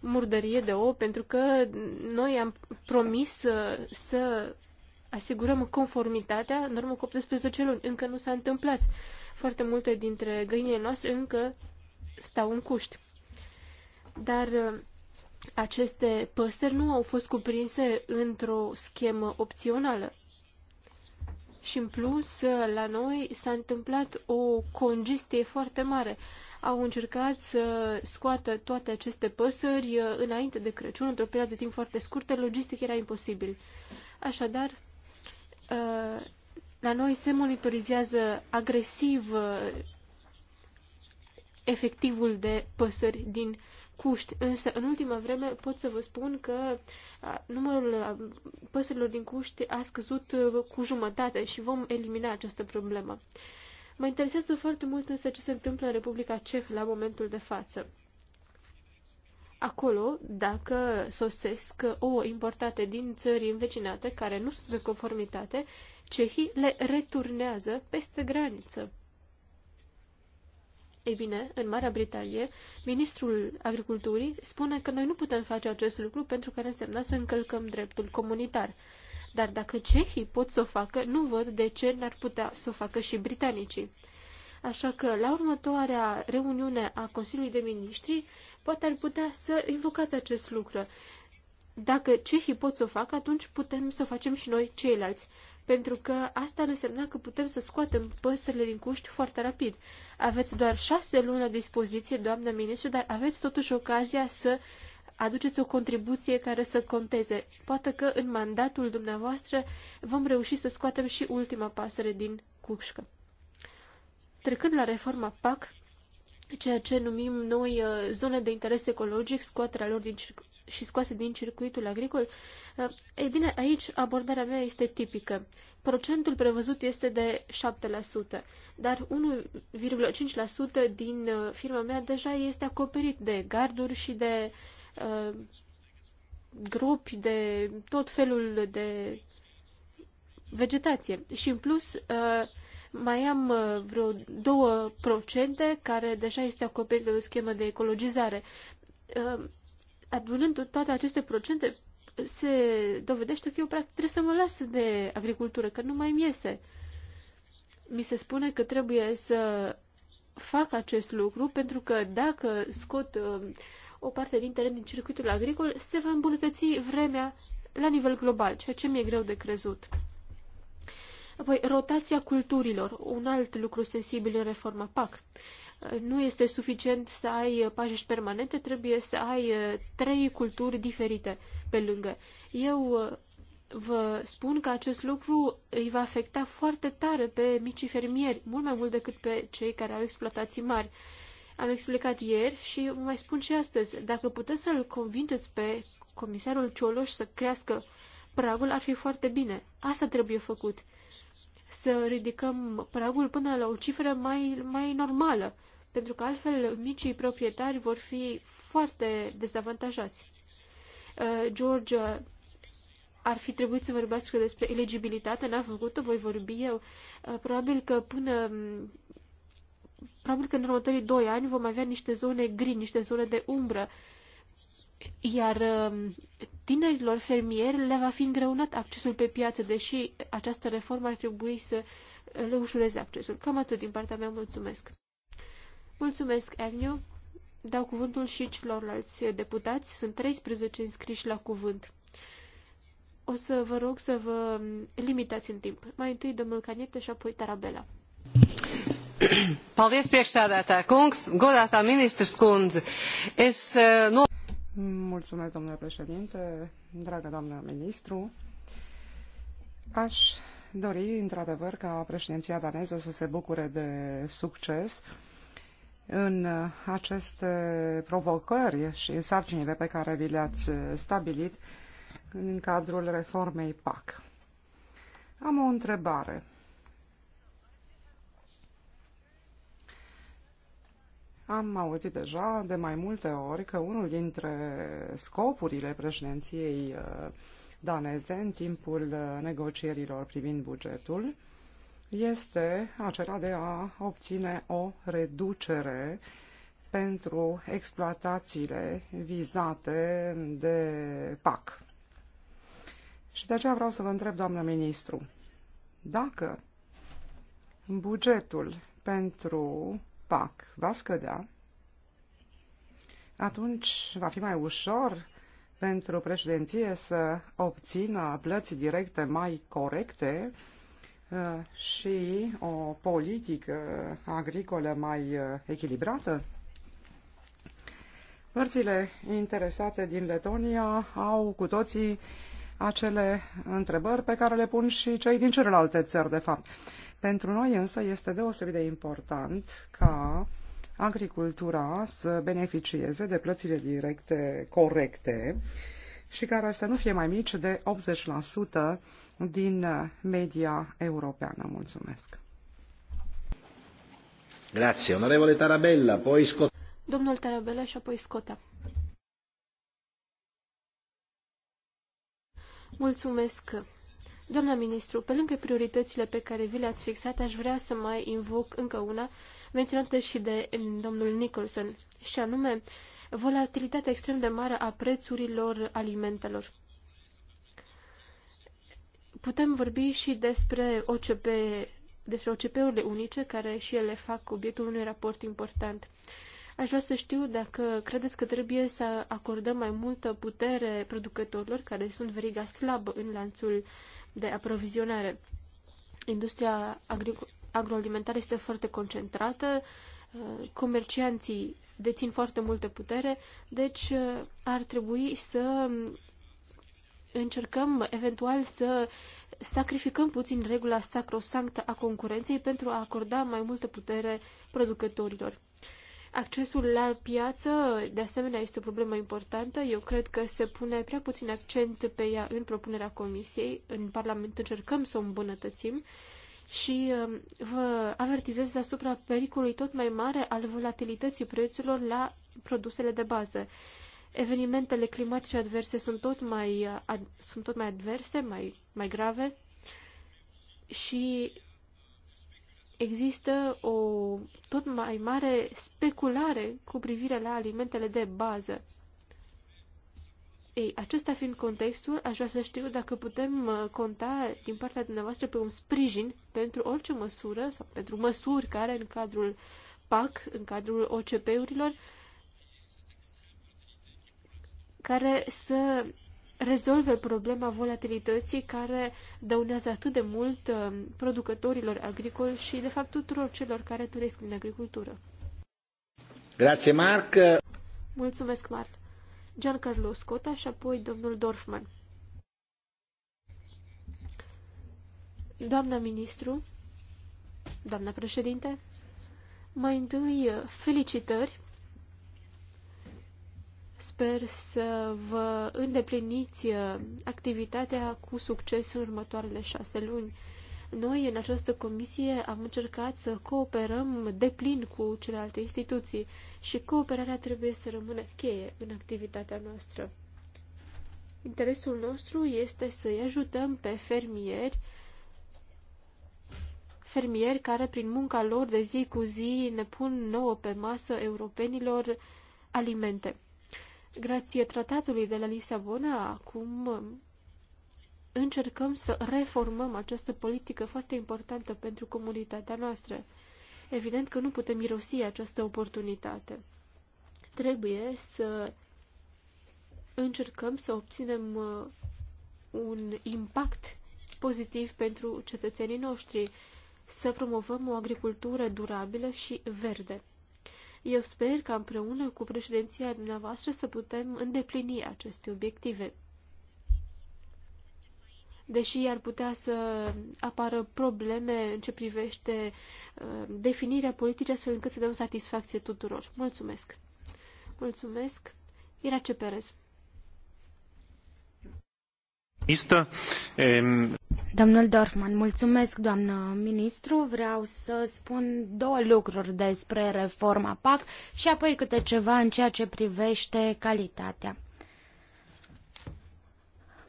murdărie de ou pentru că noi am promis să, să asigurăm conformitatea în urmă cu 18 luni. Încă nu s-a întâmplat. Foarte multe dintre găinile noastre încă stau în cuști. Dar aceste păsări nu au fost cuprinse într-o schemă opțională. Și în plus, la noi s-a întâmplat o congestie foarte mare. Au încercat să scoată toate aceste păsări uh, înainte de Crăciun, într-o perioadă de timp foarte scurtă, logistic era imposibil. Așadar, uh, la noi se monitorizează agresiv uh, efectivul de păsări din uh, cuști, însă în ultima vreme pot să vă spun că numărul păsărilor din cuști a scăzut uh, cu jumătate și vom elimina această problemă. Mă interesează foarte mult însă ce se întâmplă în Republica Ceh la momentul de față. Acolo, dacă sosesc ouă importate din țări învecinate care nu sunt de conformitate, cehii le returnează peste graniță. Ei bine, în Marea Britanie, ministrul agriculturii spune că noi nu putem face acest lucru pentru că ar însemna să încălcăm dreptul comunitar. Dar dacă cehii pot să o facă, nu văd de ce n-ar putea să o facă și britanicii. Așa că, la următoarea reuniune a Consiliului de Ministri, poate ar putea să invocați acest lucru. Dacă cehii pot să o facă, atunci putem să o facem și noi ceilalți pentru că asta ar însemna că putem să scoatem păsările din cuști foarte rapid. Aveți doar șase luni la dispoziție, doamnă ministru, dar aveți totuși ocazia să aduceți o contribuție care să conteze. Poate că în mandatul dumneavoastră vom reuși să scoatem și ultima pasăre din cușcă. Trecând la reforma PAC, ceea ce numim noi uh, zone de interes ecologic, scoaterea lor din, circ și scoase din circuitul agricol, eh, ei bine, aici abordarea mea este tipică. Procentul prevăzut este de 7%, dar 1,5% din eh, firma mea deja este acoperit de garduri și de uh, eh, gropi, de tot felul de vegetație. Și în plus, uh, mai am vreo 2% care deja este acoperită de o schemă de ecologizare adunând toate aceste procente, se dovedește că eu practic trebuie să mă las de agricultură, că nu mai mi iese. Mi se spune că trebuie să fac acest lucru pentru că dacă scot uh, o parte din teren din circuitul agricol, se va îmbunătăți vremea la nivel global, ceea ce mi-e greu de crezut. Apoi, rotația culturilor, un alt lucru sensibil în reforma PAC nu este suficient să ai pajești permanente, trebuie să ai uh, trei culturi diferite pe lângă. Eu uh, vă spun că acest lucru îi va afecta foarte tare pe micii fermieri, mult mai mult decât pe cei care au exploatații mari. Am explicat ieri și vă mai spun și astăzi, dacă puteți să-l convingeți pe comisarul Cioloș să crească pragul, ar fi foarte bine. Asta trebuie făcut. Să ridicăm pragul până la o cifră mai, mai normală pentru că altfel micii proprietari vor fi foarte dezavantajați. Uh, George uh, ar fi trebuit să vorbească despre elegibilitate, n-a făcut-o, voi vorbi eu. Uh, probabil că până probabil că în următorii doi ani vom avea niște zone gri, niște zone de umbră, iar tinerilor fermieri le va fi îngreunat accesul pe piață, deși această reformă ar trebui să le ușureze accesul. Cam atât din partea mea, mulțumesc. Mulțumesc, Agnew. Dau cuvântul și celorlalți deputați. Sunt 13 înscriși la cuvânt. O să vă rog să vă limitați în timp. Mai întâi domnul Caniete și apoi Tarabela. Paldies, priekšsēdētāja kungs, godātā ministrs kundze. Es, eh, no... Mulțumesc, domnule președinte, dragă doamnă ministru. Aș dori, într-adevăr, ca președinția daneză să se bucure de succes uh, în uh, aceste provocări și în sarcinile pe care vi le-ați uh, stabilit în cadrul reformei PAC. Am o întrebare. Am auzit deja de mai multe ori că unul dintre scopurile președinției uh, daneze în timpul negocierilor privind bugetul este acela de a obține o reducere pentru exploatațiile vizate de PAC. Și de aceea vreau să vă întreb, doamnă ministru, dacă bugetul pentru PAC va scădea, atunci va fi mai ușor pentru președinție să obțină plăți directe mai corecte Uh, și o politică agricolă mai uh, echilibrată? Părțile interesate din Letonia au cu toții acele întrebări pe care le pun și cei din celelalte țări, de fapt. Pentru noi însă este deosebit de important ca agricultura să beneficieze de plățile directe corecte și care să nu fie mai mici de 80% din uh, media europeană. Mulțumesc! Grazie, onorevole Tarabella, poi Scott. Domnul Tarabella și apoi Scota. Mulțumesc! Doamna ministru, pe lângă prioritățile pe care vi le-ați fixat, aș vrea să mai invoc încă una, menționată și de domnul Nicholson, și anume volatilitatea extrem de mare a prețurilor alimentelor. Putem vorbi și despre OCP, despre OCP-urile unice, care și ele fac obiectul unui raport important. Aș vrea să știu dacă credeți că trebuie să acordăm mai multă putere producătorilor care sunt veriga slabă în lanțul de aprovizionare. Industria agroalimentară este foarte concentrată, uh, comercianții dețin foarte multă putere, deci uh, ar trebui să încercăm eventual să sacrificăm puțin regula sacrosanctă a concurenței pentru a acorda mai multă putere producătorilor. Accesul la piață, de asemenea, este o problemă importantă. Eu cred că se pune prea puțin accent pe ea în propunerea Comisiei. În Parlament încercăm să o îmbunătățim și um, vă avertizez asupra pericolului tot mai mare al volatilității prețurilor la produsele de bază. Evenimentele climatice adverse sunt tot mai, ad, sunt tot mai adverse, mai, mai grave și există o tot mai mare speculare cu privire la alimentele de bază. Ei, acesta fiind contextul, aș vrea să știu dacă putem uh, conta din partea dumneavoastră pe un sprijin pentru orice măsură sau pentru măsuri care în cadrul PAC, în cadrul OCP-urilor, care să rezolve problema volatilității care dăunează atât de mult uh, producătorilor agricoli și, de fapt, tuturor celor care trăiesc în agricultură. Grazie, Marc. Mulțumesc, Marc. Giancarlo Scotta și apoi domnul Dorfman. Doamna ministru, doamna președinte, mai întâi uh, felicitări Sper să vă îndepliniți uh, activitatea cu succes în următoarele șase luni. Noi, în această comisie, am încercat să cooperăm deplin cu celelalte instituții și cooperarea trebuie să rămână cheie în activitatea noastră. Interesul nostru este să-i ajutăm pe fermieri, fermieri care, prin munca lor de zi cu zi, ne pun nouă pe masă europenilor alimente. Grație tratatului de la Lisabona, acum um, încercăm să reformăm această politică foarte importantă pentru comunitatea noastră. Evident că nu putem irosi această oportunitate. Trebuie să încercăm să obținem uh, un impact pozitiv pentru cetățenii noștri, să promovăm o agricultură durabilă și verde. Eu sper că, împreună cu președinția dumneavoastră să putem îndeplini aceste obiective. Deși ar putea să apară probleme în ce privește uh, definirea politică astfel încât să dăm satisfacție tuturor. Mulțumesc! Mulțumesc! Ira Ceperez. Listă. Um... Domnul Dorfman, mulțumesc, doamnă ministru. Vreau să spun două lucruri despre reforma PAC și apoi câte ceva în ceea ce privește calitatea.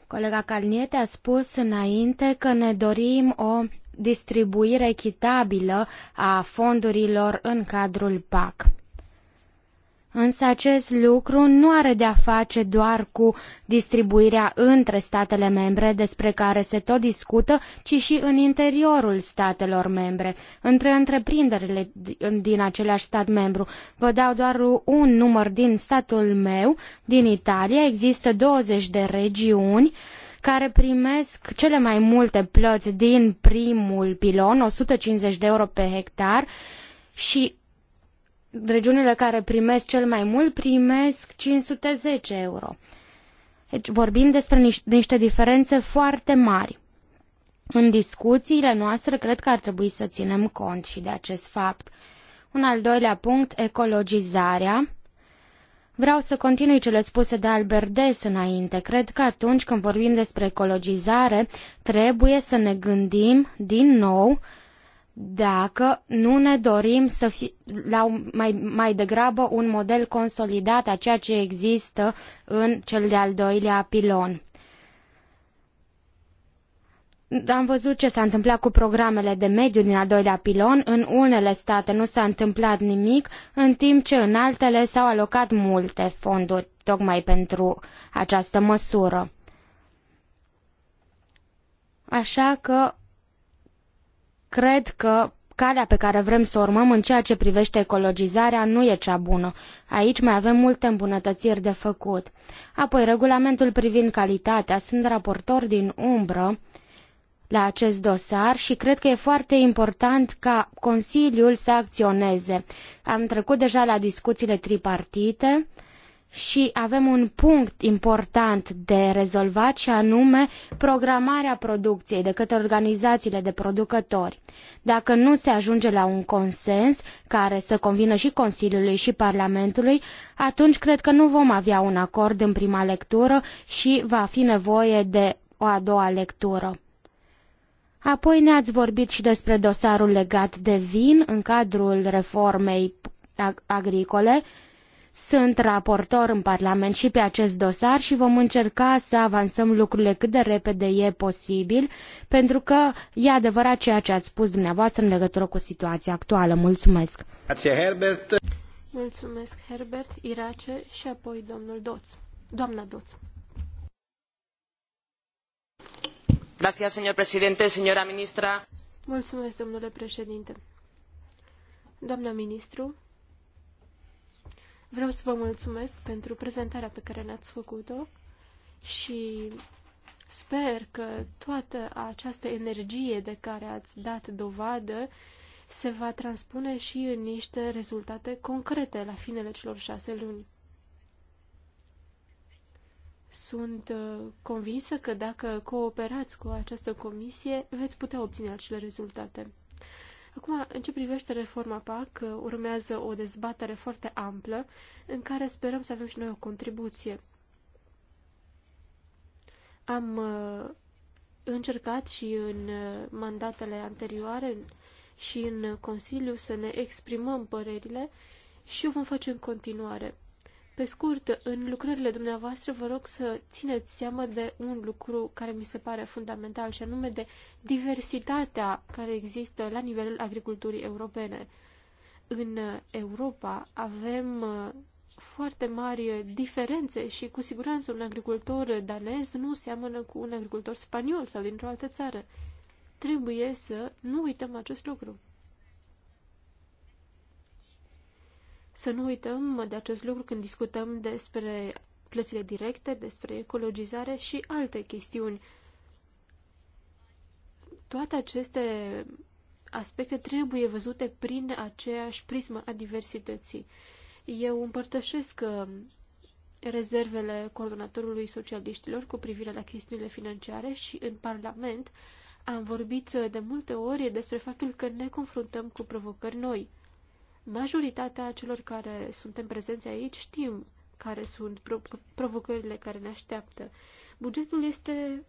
Colega Calniete a spus înainte că ne dorim o distribuire echitabilă a fondurilor în cadrul PAC. Însă acest lucru nu are de-a face doar cu distribuirea între statele membre despre care se tot discută, ci și în interiorul statelor membre, între întreprinderile din același stat membru. Vă dau doar un număr din statul meu, din Italia, există 20 de regiuni care primesc cele mai multe plăți din primul pilon, 150 de euro pe hectar, și regiunile care primesc cel mai mult primesc 510 euro. Deci vorbim despre niște diferențe foarte mari. În discuțiile noastre cred că ar trebui să ținem cont și de acest fapt. Un al doilea punct, ecologizarea. Vreau să continui cele spuse de Albert Des înainte. Cred că atunci când vorbim despre ecologizare, trebuie să ne gândim din nou dacă nu ne dorim să fie la mai, mai degrabă un model consolidat a ceea ce există în cel de-al doilea pilon. Am văzut ce s-a întâmplat cu programele de mediu din al doilea pilon. În unele state nu s-a întâmplat nimic, în timp ce în altele s-au alocat multe fonduri tocmai pentru această măsură. Așa că Cred că calea pe care vrem să o urmăm în ceea ce privește ecologizarea nu e cea bună. Aici mai avem multe îmbunătățiri de făcut. Apoi, regulamentul privind calitatea. Sunt raportor din umbră la acest dosar și cred că e foarte important ca Consiliul să acționeze. Am trecut deja la discuțiile tripartite. Uh, și avem un punct important de rezolvat și anume programarea producției de către organizațiile de producători. Dacă nu se ajunge la un consens care să convină și Consiliului și Parlamentului, atunci cred că nu vom avea un acord în prima lectură și va fi nevoie de o a doua lectură. Apoi ne-ați vorbit și despre dosarul legat de vin în cadrul reformei agricole, sunt raportor în Parlament și pe acest dosar și vom încerca să avansăm lucrurile cât de repede e posibil, pentru că e adevărat ceea ce ați spus dumneavoastră în legătură cu situația actuală. Mulțumesc! Grazie, Herbert! Mulțumesc, Herbert, Irace și apoi domnul Doț. Doamna Doț. Gracias, señor președinte. señora ministra. Mulțumesc, domnule președinte. Doamna ministru, Vreau să vă mulțumesc pentru prezentarea pe care ne-ați făcut-o și sper că toată această energie de care ați dat dovadă se va transpune și în niște rezultate concrete la finele celor șase luni. Sunt uh, convinsă că dacă cooperați cu această comisie, veți putea obține acele rezultate. Acum, în ce privește reforma PAC, urmează o dezbatere foarte amplă, în care sperăm să avem și noi o contribuție. Am uh, încercat și în uh, mandatele anterioare și în Consiliu să ne exprimăm părerile și o vom face în continuare. Pe scurt, în lucrările dumneavoastră vă rog să țineți seama de un lucru care mi se pare fundamental și anume de diversitatea care există la nivelul agriculturii europene. În Europa avem uh, foarte mari diferențe și cu siguranță un agricultor danez nu seamănă cu un agricultor spaniol sau dintr-o altă țară. Trebuie să nu uităm acest lucru. Să nu uităm de acest lucru când discutăm despre plățile directe, despre ecologizare și alte chestiuni. Toate aceste aspecte trebuie văzute prin aceeași prismă a diversității. Eu împărtășesc uh, rezervele coordonatorului socialiștilor cu privire la chestiunile financiare și în Parlament am vorbit uh, de multe ori despre faptul că ne confruntăm cu provocări noi. Majoritatea celor care suntem prezenți aici știm care sunt provocările care ne așteaptă. Bugetul este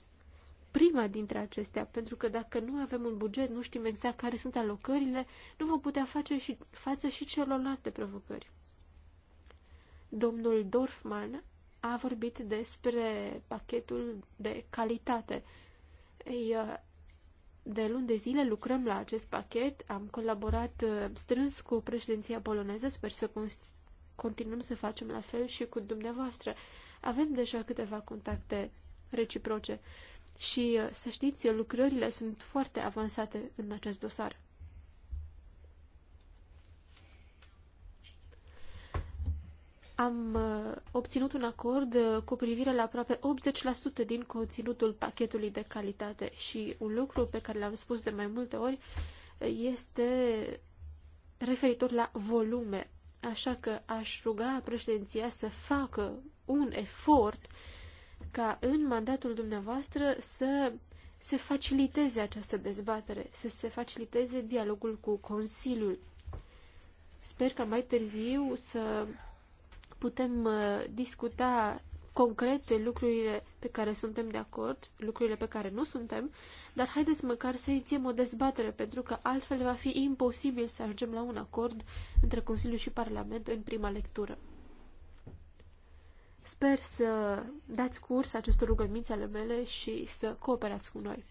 prima dintre acestea, pentru că dacă nu avem un buget, nu știm exact care sunt alocările, nu vom putea face și, față și celorlalte provocări. Domnul Dorfman a vorbit despre pachetul de calitate. Ei, de luni de zile lucrăm la acest pachet, am colaborat uh, strâns cu președinția poloneză, sper să continuăm să facem la fel și cu dumneavoastră. Avem deja câteva contacte reciproce și, uh, să știți, lucrările sunt foarte avansate în acest dosar. am uh, obținut un acord uh, cu privire la aproape 80% din conținutul pachetului de calitate și un lucru pe care l-am spus de mai multe ori uh, este referitor la volume. Așa că aș ruga președinția să facă un efort ca în mandatul dumneavoastră să se faciliteze această dezbatere, să se faciliteze dialogul cu Consiliul. Sper ca mai târziu să putem uh, discuta concrete lucrurile pe care suntem de acord, lucrurile pe care nu suntem, dar haideți măcar să inițiem o dezbatere, pentru că altfel va fi imposibil să ajungem la un acord între Consiliu și Parlament în prima lectură. Sper să dați curs acestor rugăminți ale mele și să cooperați cu noi.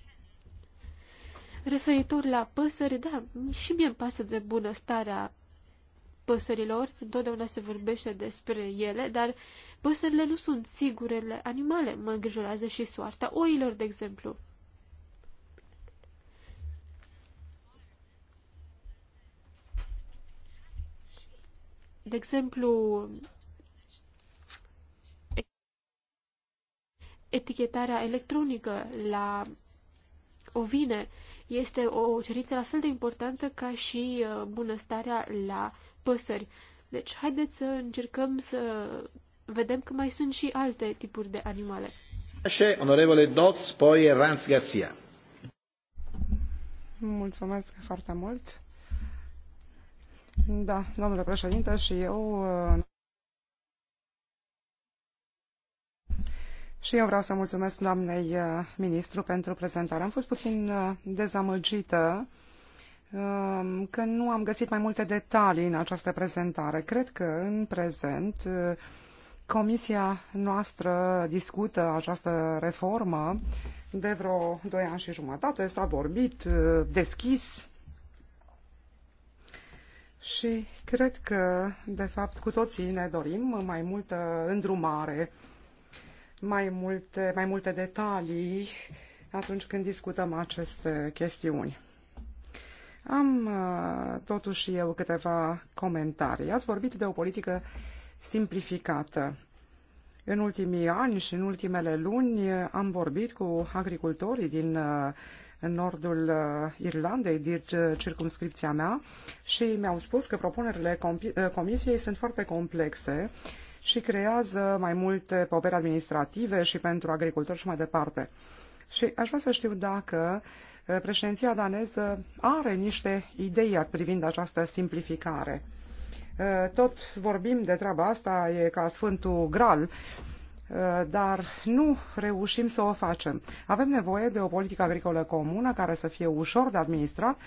Referitor la păsări, da, și mie îmi pasă de bunăstarea păsărilor, întotdeauna se vorbește despre ele, dar păsările nu sunt sigurele animale. Mă îngrijorează și soarta oilor, de exemplu. De exemplu, etichetarea electronică la ovine este o cerință la fel de importantă ca și uh, bunăstarea la păsări. Deci, haideți să încercăm să vedem că mai sunt și alte tipuri de animale. Onorevole Dots, poi Ranz Garcia. Mulțumesc foarte mult. Da, domnule președinte, și eu... Și eu vreau să mulțumesc doamnei uh, ministru pentru prezentare. Am fost puțin uh, dezamăgită Ehm, că nu am găsit mai multe detalii în această prezentare. Cred că în prezent eh, comisia noastră discută această reformă de vreo 2 ani și jumătate. S-a vorbit eh, deschis și cred că, de fapt, cu toții ne dorim mai multă îndrumare, mai multe, mai multe detalii atunci când discutăm aceste chestiuni. Am uh, totuși eu câteva comentarii. Ați vorbit de o politică simplificată. În ultimii ani și în ultimele luni am vorbit cu agricultorii din în uh, nordul uh, Irlandei, din circumscripția mea, și mi-au spus că propunerile comisiei sunt foarte complexe și creează mai multe poveri administrative și pentru agricultori și mai departe. Și aș vrea să știu dacă uh, Președinția daneză are niște idei privind această simplificare. Eh, tot vorbim de treaba asta, e ca Sfântul Gral, eh, dar nu reușim să o facem. Avem nevoie de o politică agricolă comună care să fie ușor de administrat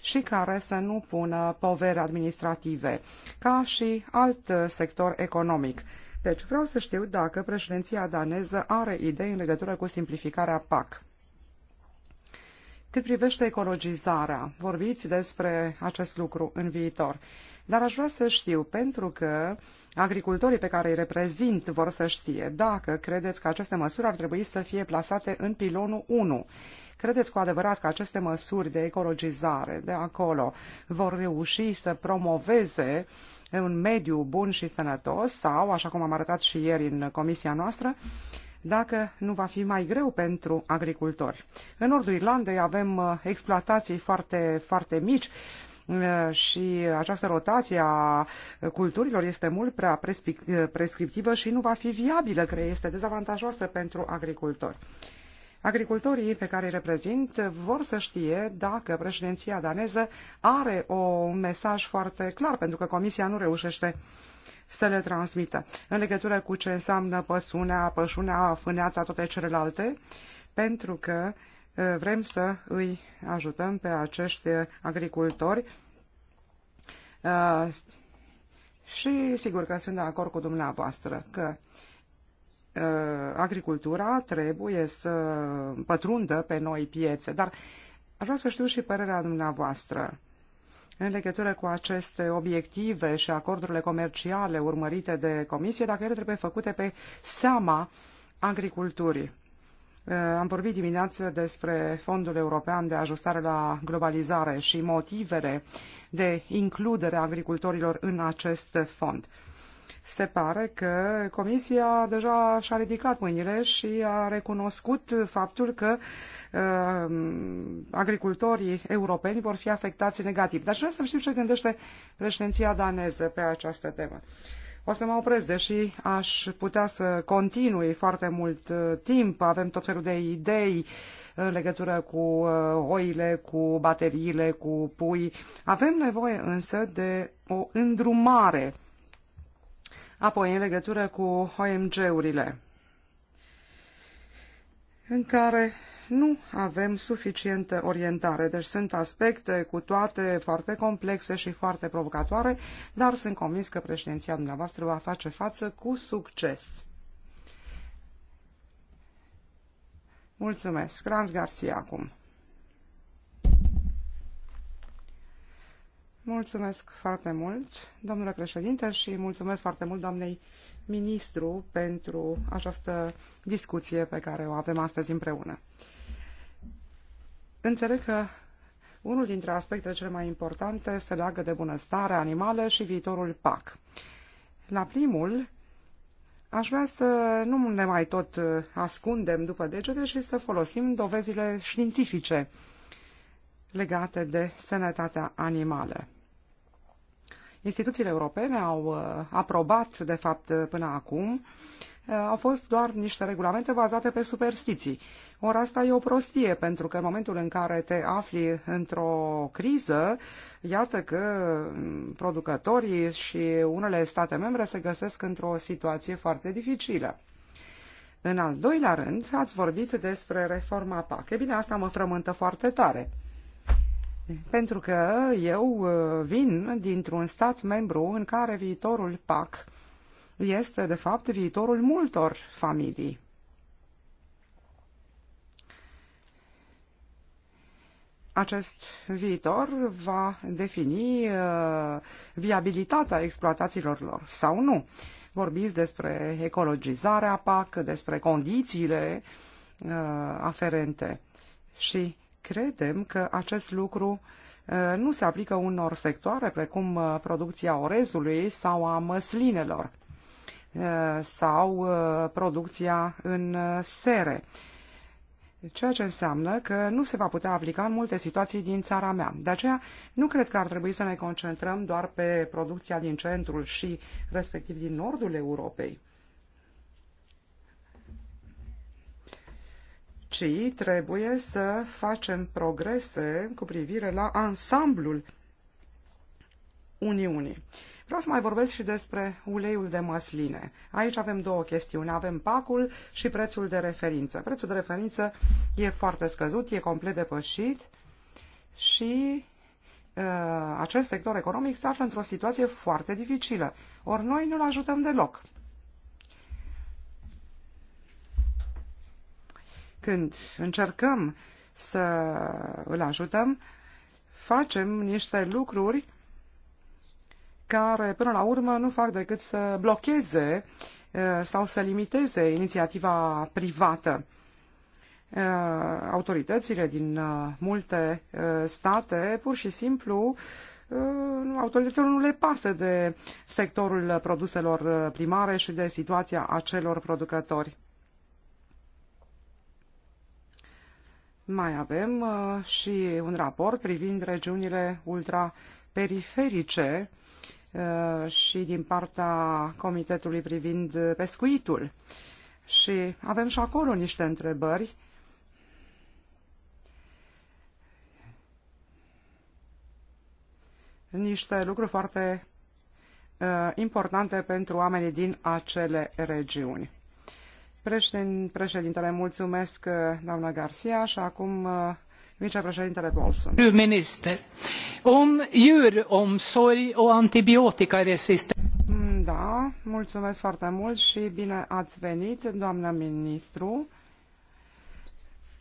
și care să nu pună povere administrative, ca și alt sector economic. Deci vreau să știu dacă președinția daneză are idei în legătură cu simplificarea PAC. Cât privește ecologizarea, vorbiți despre acest lucru în viitor. Dar aș vrea să știu, pentru că agricultorii pe care îi reprezint vor să știe, dacă credeți că aceste măsuri ar trebui să fie plasate în pilonul 1. Credeți cu adevărat că aceste măsuri de ecologizare de acolo vor reuși să promoveze un mediu bun și sănătos sau, așa cum am arătat și ieri în comisia noastră, dacă nu va fi mai greu pentru agricultori. În nordul Irlandei avem uh, exploatații foarte, foarte mici uh, și această rotație a culturilor este mult prea uh, prescriptivă și nu va fi viabilă, care este dezavantajoasă pentru agricultori. Agricultorii pe care îi reprezint vor să știe dacă președinția daneză are un mesaj foarte clar, pentru că Comisia nu reușește să le transmită. În legătură cu ce înseamnă păsunea, pășunea, fâneața, toate celelalte, pentru că uh, vrem să îi ajutăm pe acești agricultori uh, și sigur că sunt de acord cu dumneavoastră că uh, agricultura trebuie să pătrundă pe noi piețe, dar vrea să știu și părerea dumneavoastră în legătură cu aceste obiective și acordurile comerciale urmărite de comisie, dacă ele trebuie făcute pe seama agriculturii. Uh, am vorbit dimineață despre Fondul European de Ajustare la Globalizare și motivele de includere a agricultorilor în acest fond. Se pare că Comisia deja și-a ridicat mâinile și a recunoscut faptul că uh, agricultorii europeni vor fi afectați negativ. Dar vreau să știm ce gândește președinția daneză pe această temă. O să mă opresc, deși aș putea să continui foarte mult uh, timp. Avem tot felul de idei în legătură cu uh, oile, cu bateriile, cu pui. Avem nevoie însă de o îndrumare Apoi, în legătură cu OMG-urile, în care nu avem suficientă orientare. Deci sunt aspecte cu toate foarte complexe și foarte provocatoare, dar sunt convins că președinția dumneavoastră va face față cu succes. Mulțumesc. Franz Garcia acum. Mulțumesc foarte mult, domnule președinte, și mulțumesc foarte mult doamnei ministru pentru această discuție pe care o avem astăzi împreună. Înțeleg că unul dintre aspectele cele mai importante se leagă de bunăstare animală și viitorul PAC. La primul, aș vrea să nu ne mai tot ascundem după degete și să folosim dovezile științifice legate de sănătatea animală. Instituțiile europene au uh, aprobat, de fapt, uh, până acum, uh, au fost doar niște regulamente bazate pe superstiții. Ori asta e o prostie, pentru că în momentul în care te afli într-o criză, iată că mm, producătorii și unele state membre se găsesc într-o situație foarte dificilă. În al doilea rând, ați vorbit despre reforma PAC. E bine, asta mă frământă foarte tare pentru că eu uh, vin dintr-un stat membru în care viitorul PAC este, de fapt, viitorul multor familii. Acest viitor va defini uh, viabilitatea exploatațiilor lor sau nu. Vorbiți despre ecologizarea PAC, despre condițiile uh, aferente și Credem că acest lucru uh, nu se aplică unor sectoare precum uh, producția orezului sau a măslinelor uh, sau producția în sere ceea ce înseamnă că nu se va putea aplica în multe situații din țara mea. De aceea, nu cred că ar trebui să ne concentrăm doar pe producția din centrul și respectiv din nordul Europei. ci trebuie să facem progrese cu privire la ansamblul Uniunii. Vreau să mai vorbesc și despre uleiul de măsline. Aici avem două chestiuni. Avem pacul și prețul de referință. Prețul de referință e foarte scăzut, e complet depășit și uh, acest sector economic se află într-o situație foarte dificilă. Ori noi nu-l ajutăm deloc. Când încercăm să îl ajutăm, facem niște lucruri care, până la urmă, nu fac decât să blocheze uh, sau să limiteze inițiativa privată. Uh, autoritățile din uh, multe state, pur și simplu, autorităților nu le pasă de sectorul produselor primare și de situația acelor producători. Mai avem uh, și un raport privind regiunile ultraperiferice uh, și din partea Comitetului privind pescuitul. Și avem și acolo niște întrebări. Niște lucruri foarte uh, importante pentru oamenii din acele regiuni. Președintele, mulțumesc, uh, doamna Garcia, și acum uh, vicepreședintele Paulson. Fru minister, om djuromsorg o antibiotică antibioticaresistență. Mm, da, mulțumesc foarte mult și bine ați venit, doamna ministru.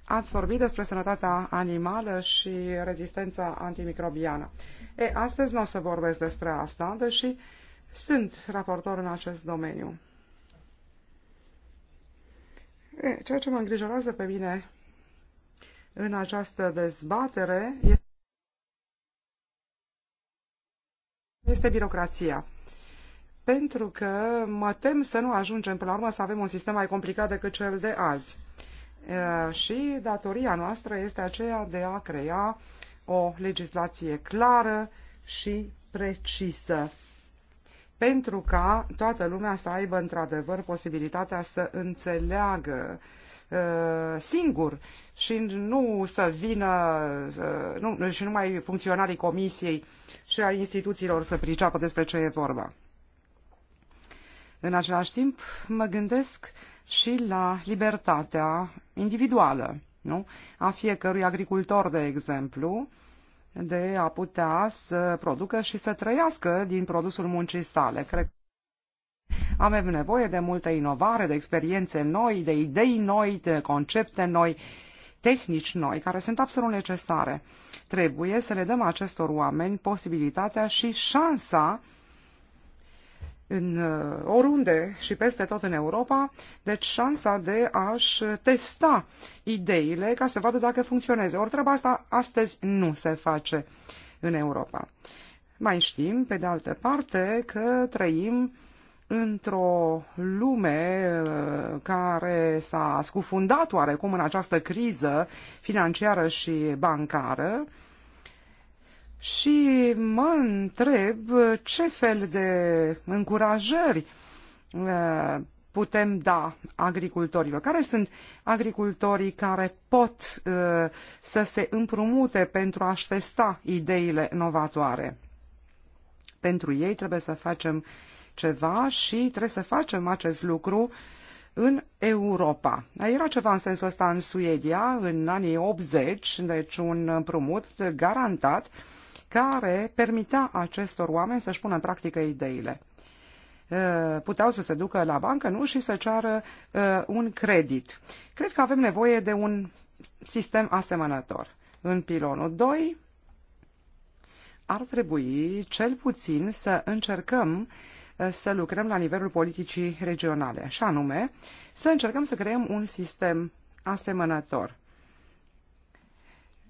Ați vorbit despre sănătatea animală și rezistența antimicrobiană. E, astăzi nu o să vorbesc despre asta, deși sunt raportor în acest domeniu. E, ceea ce mă îngrijorează pe mine în această dezbatere este, birocrația. Pentru că mă tem să nu ajungem până la urmă să avem un sistem mai complicat decât cel de azi. E, și datoria noastră este aceea de a crea o legislație clară și precisă pentru ca toată lumea să aibă într-adevăr posibilitatea să înțeleagă uh, singur și nu să vină uh, nu, și numai funcționarii comisiei și a instituțiilor să priceapă despre ce e vorba. În același timp, mă gândesc și la libertatea individuală nu? a fiecărui agricultor, de exemplu, de a putea să producă și să trăiască din produsul muncii sale. Cred că avem nevoie de multă inovare, de experiențe noi, de idei noi, de concepte noi, tehnici noi, care sunt absolut necesare. Trebuie să le dăm acestor oameni posibilitatea și șansa în uh, oriunde și peste tot în Europa, deci șansa de a-și testa ideile ca să vadă dacă funcționeze. Ori treaba asta astăzi nu se face în Europa. Mai știm, pe de altă parte, că trăim într-o lume uh, care s-a scufundat oarecum în această criză financiară și bancară, și mă întreb ce fel de încurajări uh, putem da agricultorilor? Care sunt agricultorii care pot uh, să se împrumute pentru a-și testa ideile novatoare? Pentru ei trebuie să facem ceva și trebuie să facem acest lucru în Europa. Era ceva în sensul ăsta în Suedia în anii 80, deci un împrumut garantat uh, care permitea acestor oameni să-și pună în practică ideile. Puteau să se ducă la bancă, nu, și să ceară un credit. Cred că avem nevoie de un sistem asemănător. În pilonul 2 ar trebui cel puțin să încercăm să lucrăm la nivelul politicii regionale, și anume să încercăm să creăm un sistem asemănător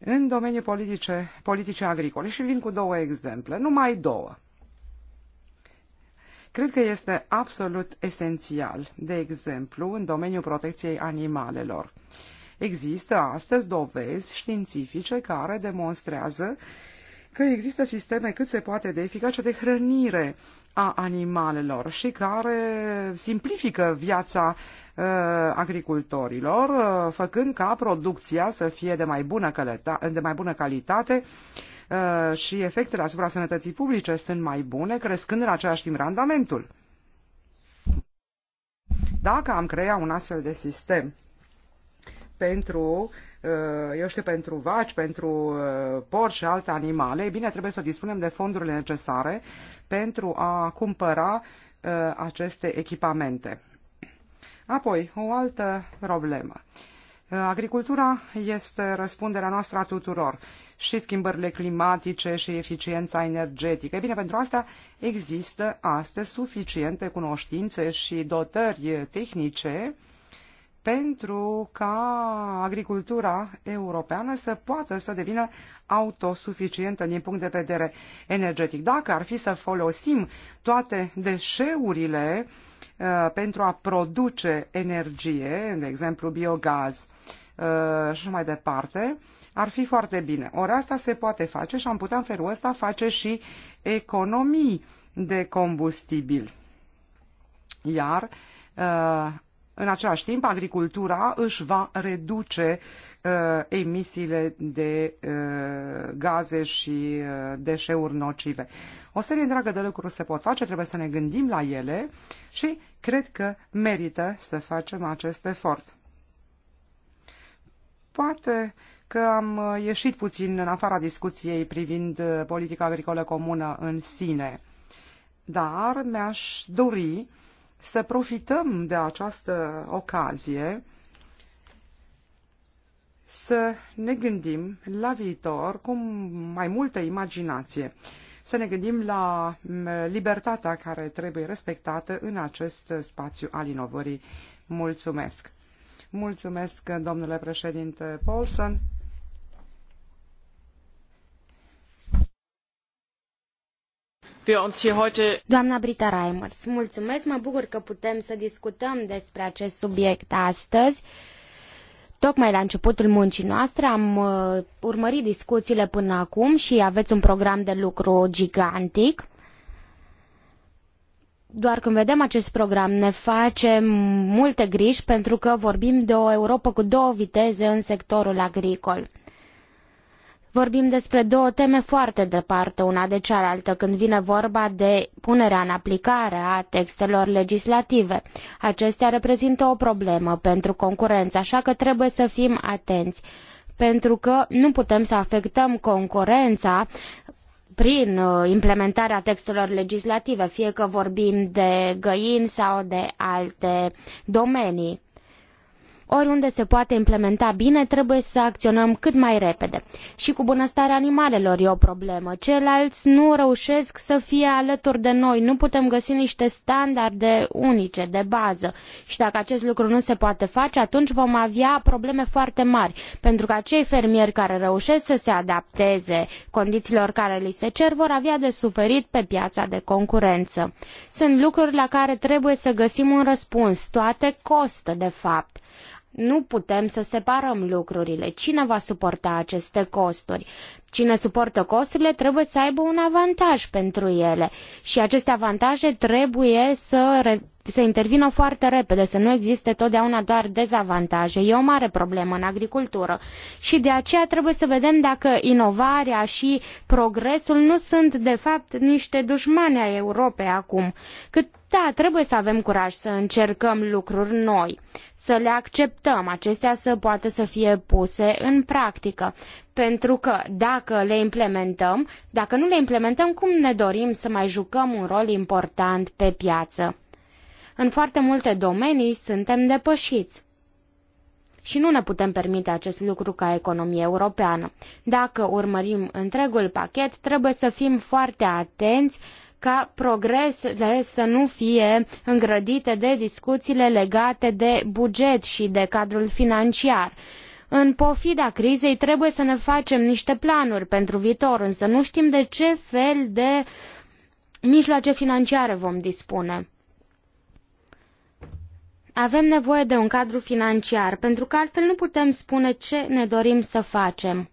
în domeniul politice, politice agricole. Și vin cu două exemple, numai două. Cred că este absolut esențial, de exemplu, în domeniul protecției animalelor. Există astăzi dovezi științifice care demonstrează că există sisteme cât se poate de eficace de hrănire a animalelor și care simplifică viața uh, agricultorilor, uh, făcând ca producția să fie de mai bună, căleta, de mai bună calitate uh, și efectele asupra sănătății publice sunt mai bune, crescând în același timp randamentul. Dacă am crea un astfel de sistem pentru Uh, eu știu, pentru vaci, pentru uh, porci și alte animale, e bine, trebuie să dispunem de fondurile necesare pentru a cumpăra uh, aceste echipamente. Apoi, o altă problemă. Agricultura este răspunderea noastră a tuturor și schimbările climatice și eficiența energetică. E bine, pentru asta există astăzi suficiente cunoștințe și dotări tehnice pentru ca agricultura europeană să poată să devină autosuficientă din punct de vedere energetic. Dacă ar fi să folosim toate deșeurile uh, pentru a produce energie, de exemplu biogaz uh, și mai departe, ar fi foarte bine. Ori asta se poate face și am putea în felul ăsta face și economii de combustibil. Iar uh, în același timp, agricultura își va reduce uh, emisiile de uh, gaze și uh, deșeuri nocive. O serie întreagă de lucruri se pot face, trebuie să ne gândim la ele și cred că merită să facem acest efort. Poate că am uh, ieșit puțin în afara discuției privind uh, politica agricolă comună în sine, dar mi-aș dori uh, să profităm de această ocazie să ne gândim la viitor cu mai multă imaginație, să ne gândim la libertatea care trebuie respectată în acest spațiu al inovării. Mulțumesc! Mulțumesc, domnule președinte Paulson! Doamna Brita Reimers, mulțumesc, mă bucur că putem să discutăm despre acest subiect astăzi. Tocmai la începutul muncii noastre am uh, urmărit discuțiile până acum și aveți un program de lucru gigantic. Doar când vedem acest program ne facem multe griji pentru că vorbim de o Europa cu două viteze în sectorul agricol. Vorbim despre două teme foarte departe una de cealaltă când vine vorba de punerea în aplicare a textelor legislative. Acestea reprezintă o problemă pentru concurență, așa că trebuie să fim atenți, pentru că nu putem să afectăm concurența prin uh, implementarea textelor legislative, fie că vorbim de găini sau de alte domenii. Oriunde se poate implementa bine, trebuie să acționăm cât mai repede. Și cu bunăstarea animalelor e o problemă. Ceilalți nu reușesc să fie alături de noi. Nu putem găsi niște standarde unice, de bază. Și dacă acest lucru nu se poate face, atunci vom avea probleme foarte mari. Pentru că acei fermieri care reușesc să se adapteze condițiilor care li se cer vor avea de suferit pe piața de concurență. Sunt lucruri la care trebuie să găsim un răspuns. Toate costă, de fapt. Nu putem să separăm lucrurile. Cine va suporta aceste costuri? Cine suportă costurile trebuie să aibă un avantaj pentru ele și aceste avantaje trebuie să, re- să intervină foarte repede, să nu existe totdeauna doar dezavantaje. E o mare problemă în agricultură și de aceea trebuie să vedem dacă inovarea și progresul nu sunt de fapt niște dușmani ai Europei acum, cât da, trebuie să avem curaj să încercăm lucruri noi, să le acceptăm, acestea să poată să fie puse în practică. Pentru că dacă le implementăm, dacă nu le implementăm, cum ne dorim să mai jucăm un rol important pe piață? În foarte multe domenii suntem depășiți și nu ne putem permite acest lucru ca economie europeană. Dacă urmărim întregul pachet, trebuie să fim foarte atenți ca progresele să nu fie îngrădite de discuțiile legate de buget și de cadrul financiar. În pofida crizei trebuie să ne facem niște planuri pentru viitor, însă nu știm de ce fel de mijloace financiare vom dispune. Avem nevoie de un cadru financiar, pentru că altfel nu putem spune ce ne dorim să facem.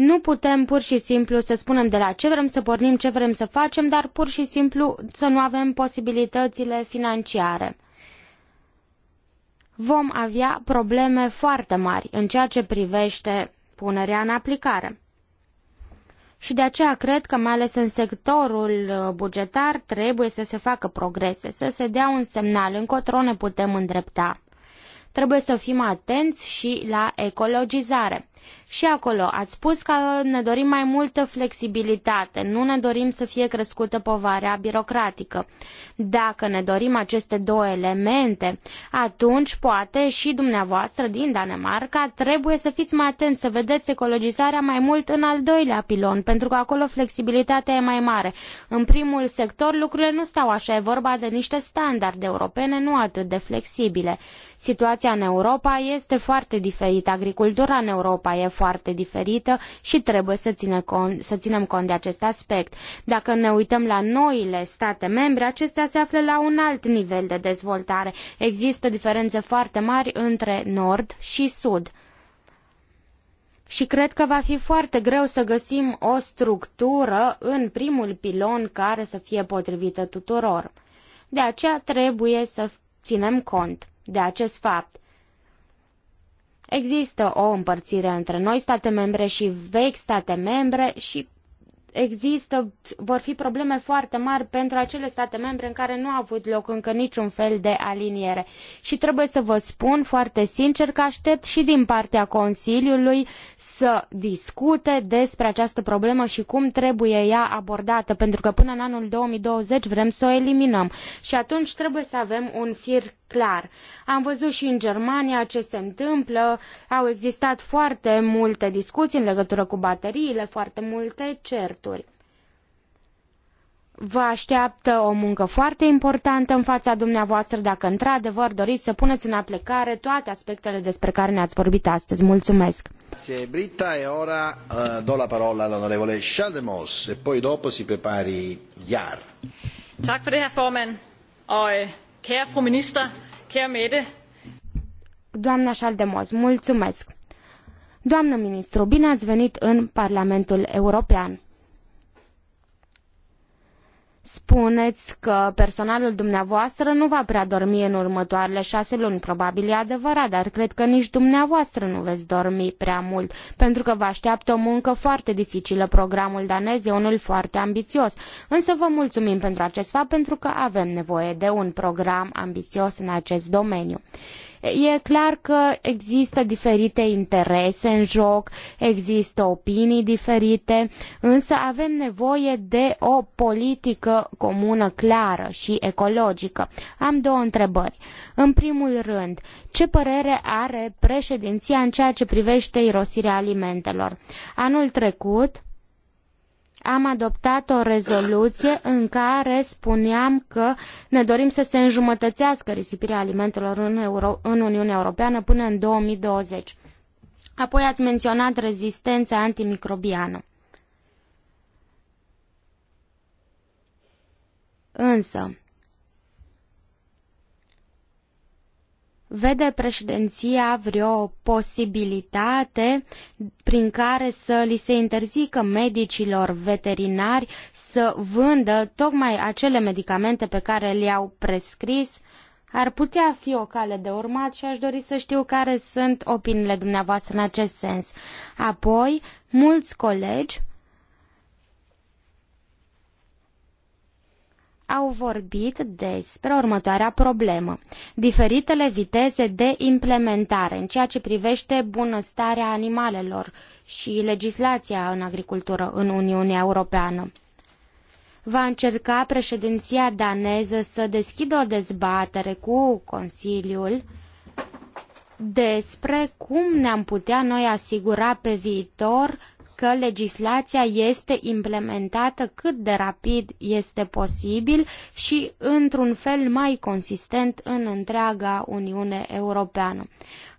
Nu putem pur și simplu să spunem de la ce vrem să pornim, ce vrem să facem, dar pur și simplu să nu avem posibilitățile financiare. Vom avea probleme foarte mari în ceea ce privește punerea în aplicare. Și de aceea cred că, mai ales în sectorul uh, bugetar, trebuie să se facă progrese, să se dea un semnal încotro ne putem îndrepta. Trebuie să fim atenți și la ecologizare. Și acolo ați spus că ne dorim mai multă flexibilitate, nu ne dorim să fie crescută povarea birocratică. Dacă ne dorim aceste două elemente, atunci poate și dumneavoastră din Danemarca trebuie să fiți mai atenți, să vedeți ecologizarea mai mult în al doilea pilon, pentru că acolo flexibilitatea e mai mare. În primul sector lucrurile nu stau așa, e vorba de niște standarde europene nu atât de flexibile. Situația în Europa este foarte diferită, agricultura în Europa Europa e foarte diferită și trebuie să, ține să ținem cont de acest aspect. Dacă ne uităm la noile state membre, acestea se află la un alt nivel de dezvoltare. Există diferențe foarte mari între nord și sud și cred că va fi foarte greu să găsim o structură în primul pilon care să fie potrivită tuturor. De aceea trebuie să ținem cont de acest fapt. Există o împărțire între noi state membre și vechi state membre și există, vor fi probleme foarte mari pentru acele state membre în care nu a avut loc încă niciun fel de aliniere. Și trebuie să vă spun foarte sincer că aștept și din partea Consiliului să discute despre această problemă și cum trebuie ea abordată, pentru că până în anul 2020 vrem să o eliminăm. Și atunci trebuie să avem un fir clar. Am văzut și în Germania ce se întâmplă, au existat foarte multe discuții în legătură cu bateriile, foarte multe certuri eforturi. Vă așteaptă o muncă foarte importantă în fața dumneavoastră dacă într-adevăr doriți să puneți în aplicare toate aspectele despre care ne-ați vorbit astăzi. Mulțumesc! Grazie Britta e ora uh, do la parola all'onorevole Chaldemos e poi dopo si prepari Iar. Tak for det, herr formand. Og eh, kære fru minister, kære Mette. Doamna Chaldemos, mulțumesc! Doamnă ministru, bine ați venit în Parlamentul European! Spuneți că personalul dumneavoastră nu va prea dormi în următoarele șase luni. Probabil e adevărat, dar cred că nici dumneavoastră nu veți dormi prea mult, pentru că vă așteaptă o muncă foarte dificilă. Programul danez e unul foarte ambițios. Însă vă mulțumim pentru acest fapt, pentru că avem nevoie de un program ambițios în acest domeniu. E clar că există diferite interese în joc, există opinii diferite, însă avem nevoie de o politică comună clară și ecologică. Am două întrebări. În primul rând, ce părere are președinția în ceea ce privește irosirea alimentelor? Anul trecut, am adoptat o rezoluție în care spuneam că ne dorim să se înjumătățească risipirea alimentelor în, Euro- în Uniunea Europeană până în 2020. Apoi ați menționat rezistența antimicrobiană. Însă, Vede președinția vreo posibilitate prin care să li se interzică medicilor veterinari să vândă tocmai acele medicamente pe care le-au prescris? Ar putea fi o cale de urmat și aș dori să știu care sunt opiniile dumneavoastră în acest sens. Apoi, mulți colegi au vorbit despre următoarea problemă. Diferitele viteze de implementare în ceea ce privește bunăstarea animalelor și legislația în agricultură în Uniunea Europeană. Va încerca președinția daneză să deschidă o dezbatere cu Consiliul despre cum ne-am putea noi asigura pe viitor că legislația este implementată cât de rapid este posibil și într-un fel mai consistent în întreaga Uniune Europeană.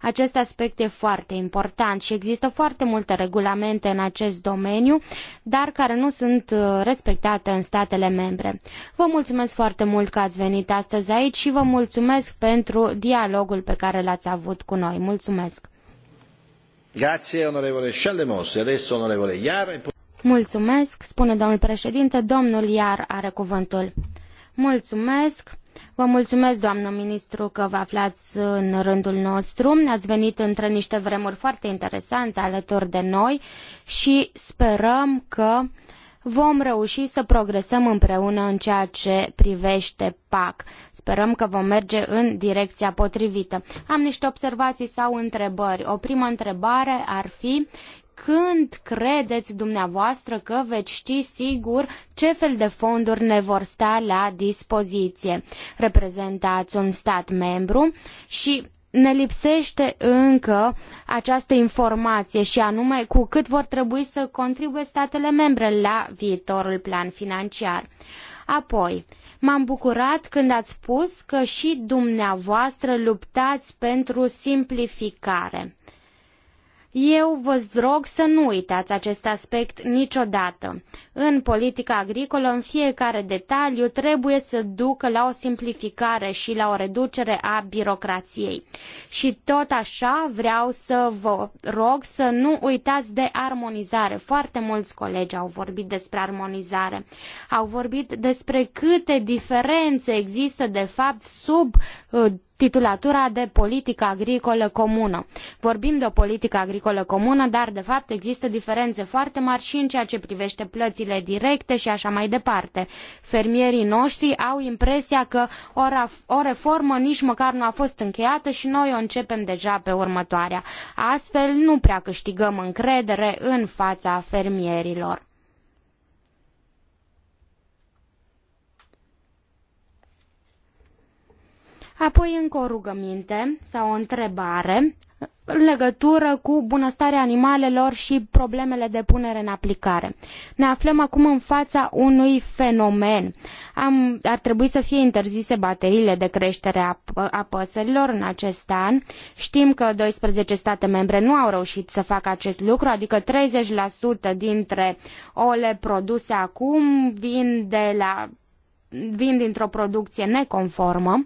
Acest aspect e foarte important și există foarte multe regulamente în acest domeniu, dar care nu sunt uh, respectate în statele membre. Vă mulțumesc foarte mult că ați venit astăzi aici și vă mulțumesc pentru dialogul pe care l-ați avut cu noi. Mulțumesc! Mulțumesc, spune domnul președinte. Domnul Iar are cuvântul. Mulțumesc. Vă mulțumesc, doamnă ministru, că vă aflați în rândul nostru. Ați venit între niște vremuri foarte interesante alături de noi și sperăm că vom reuși să progresăm împreună în ceea ce privește PAC. Sperăm că vom merge în direcția potrivită. Am niște observații sau întrebări. O primă întrebare ar fi când credeți dumneavoastră că veți ști sigur ce fel de fonduri ne vor sta la dispoziție? Reprezentați un stat membru și ne lipsește încă această informație și anume cu cât vor trebui să contribuie statele membre la viitorul plan financiar. Apoi, m-am bucurat când ați spus că și dumneavoastră luptați pentru simplificare. Eu vă rog să nu uitați acest aspect niciodată. În politica agricolă, în fiecare detaliu trebuie să ducă la o simplificare și la o reducere a birocrației. Și tot așa vreau să vă rog să nu uitați de armonizare. Foarte mulți colegi au vorbit despre armonizare. Au vorbit despre câte diferențe există de fapt sub uh, titulatura de politică agricolă comună. Vorbim de o politică agricolă comună, dar de fapt există diferențe foarte mari și în ceea ce privește plățile directe și așa mai departe. Fermierii noștri au impresia că o, o reformă nici măcar nu a fost încheiată și noi o începem deja pe următoarea. Astfel nu prea câștigăm încredere în fața fermierilor. Apoi încă o rugăminte sau o întrebare în legătură cu bunăstarea animalelor și problemele de punere în aplicare. Ne aflăm acum în fața unui fenomen. Am, ar trebui să fie interzise bateriile de creștere a, a păsărilor în acest an. Știm că 12 state membre nu au reușit să facă acest lucru, adică 30% dintre ole produse acum vin de la vin dintr-o producție neconformă.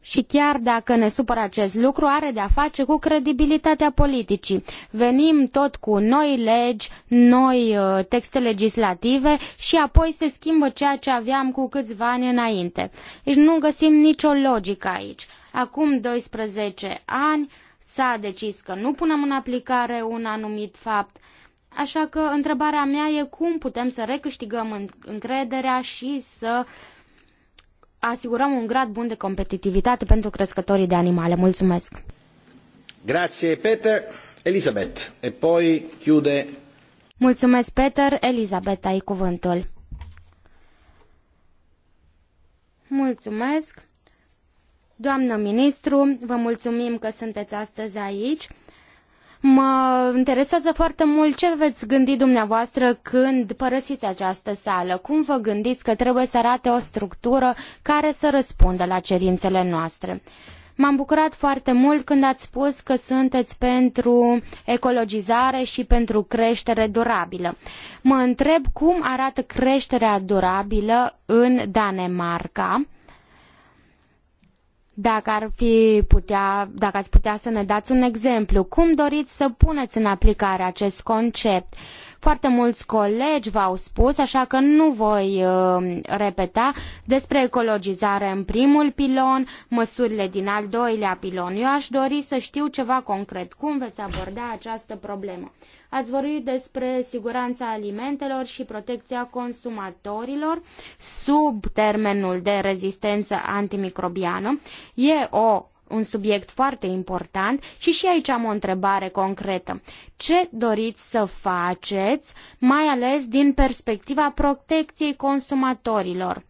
și chiar dacă ne supără acest lucru, are de-a face cu credibilitatea politicii. Venim tot cu noi legi, noi uh, texte legislative și apoi se schimbă ceea ce aveam cu câțiva ani înainte. Deci nu găsim nicio logică aici. Acum 12 ani s-a decis că nu punem în aplicare un anumit fapt. Așa că întrebarea mea e cum putem să recâștigăm încrederea și să uh, asigurăm un grad bun de competitivitate pentru crescătorii de animale. Mulțumesc! Grazie, Peter. Elisabeth. E poi chiude... Mulțumesc, Peter. Elisabeth, ai cuvântul. Mulțumesc. Doamnă ministru, vă mulțumim că sunteți astăzi aici. Mă interesează foarte mult ce veți gândi dumneavoastră când părăsiți această sală. Cum vă gândiți că trebuie să arate o structură care să răspundă la cerințele noastre? M-am bucurat foarte mult când ați spus că sunteți pentru ecologizare și pentru creștere durabilă. Mă întreb cum arată creșterea durabilă în Danemarca dacă ar fi putea, dacă ați putea să ne dați un exemplu, cum doriți să puneți în aplicare acest concept? Foarte mulți colegi v-au spus, așa că nu voi uh, repeta, despre ecologizare în primul pilon, măsurile din al doilea pilon. Eu aș dori să știu ceva concret. Cum veți aborda această problemă? Ați vorbit despre siguranța alimentelor și protecția consumatorilor sub termenul de rezistență antimicrobiană. E o un subiect foarte important și și aici am o întrebare concretă. Ce doriți să faceți, mai ales din perspectiva protecției consumatorilor?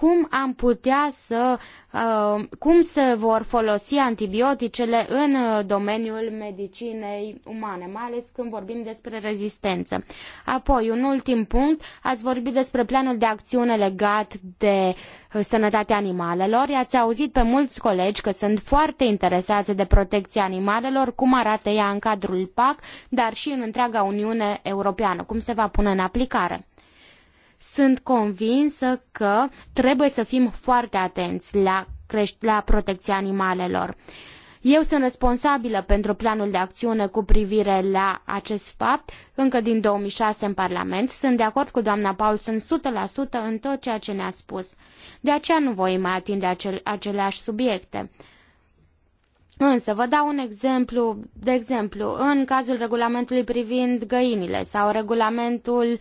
cum am putea să, uh, cum se vor folosi antibioticele în uh, domeniul medicinei umane, mai ales când vorbim despre rezistență. Apoi, un ultim punct, ați vorbit despre planul de acțiune legat de uh, sănătatea animalelor. I-ați auzit pe mulți colegi că sunt foarte interesați de protecția animalelor, cum arată ea în cadrul PAC, dar și în întreaga Uniune Europeană, cum se va pune în aplicare. Sunt convinsă că trebuie să fim foarte atenți la, creș- la protecția animalelor. Eu sunt responsabilă pentru planul de acțiune cu privire la acest fapt încă din 2006 în Parlament. Sunt de acord cu doamna Paulsen 100% în tot ceea ce ne-a spus. De aceea nu voi mai atinge acel, aceleași subiecte. Însă, vă dau un exemplu, de exemplu, în cazul regulamentului privind găinile sau regulamentul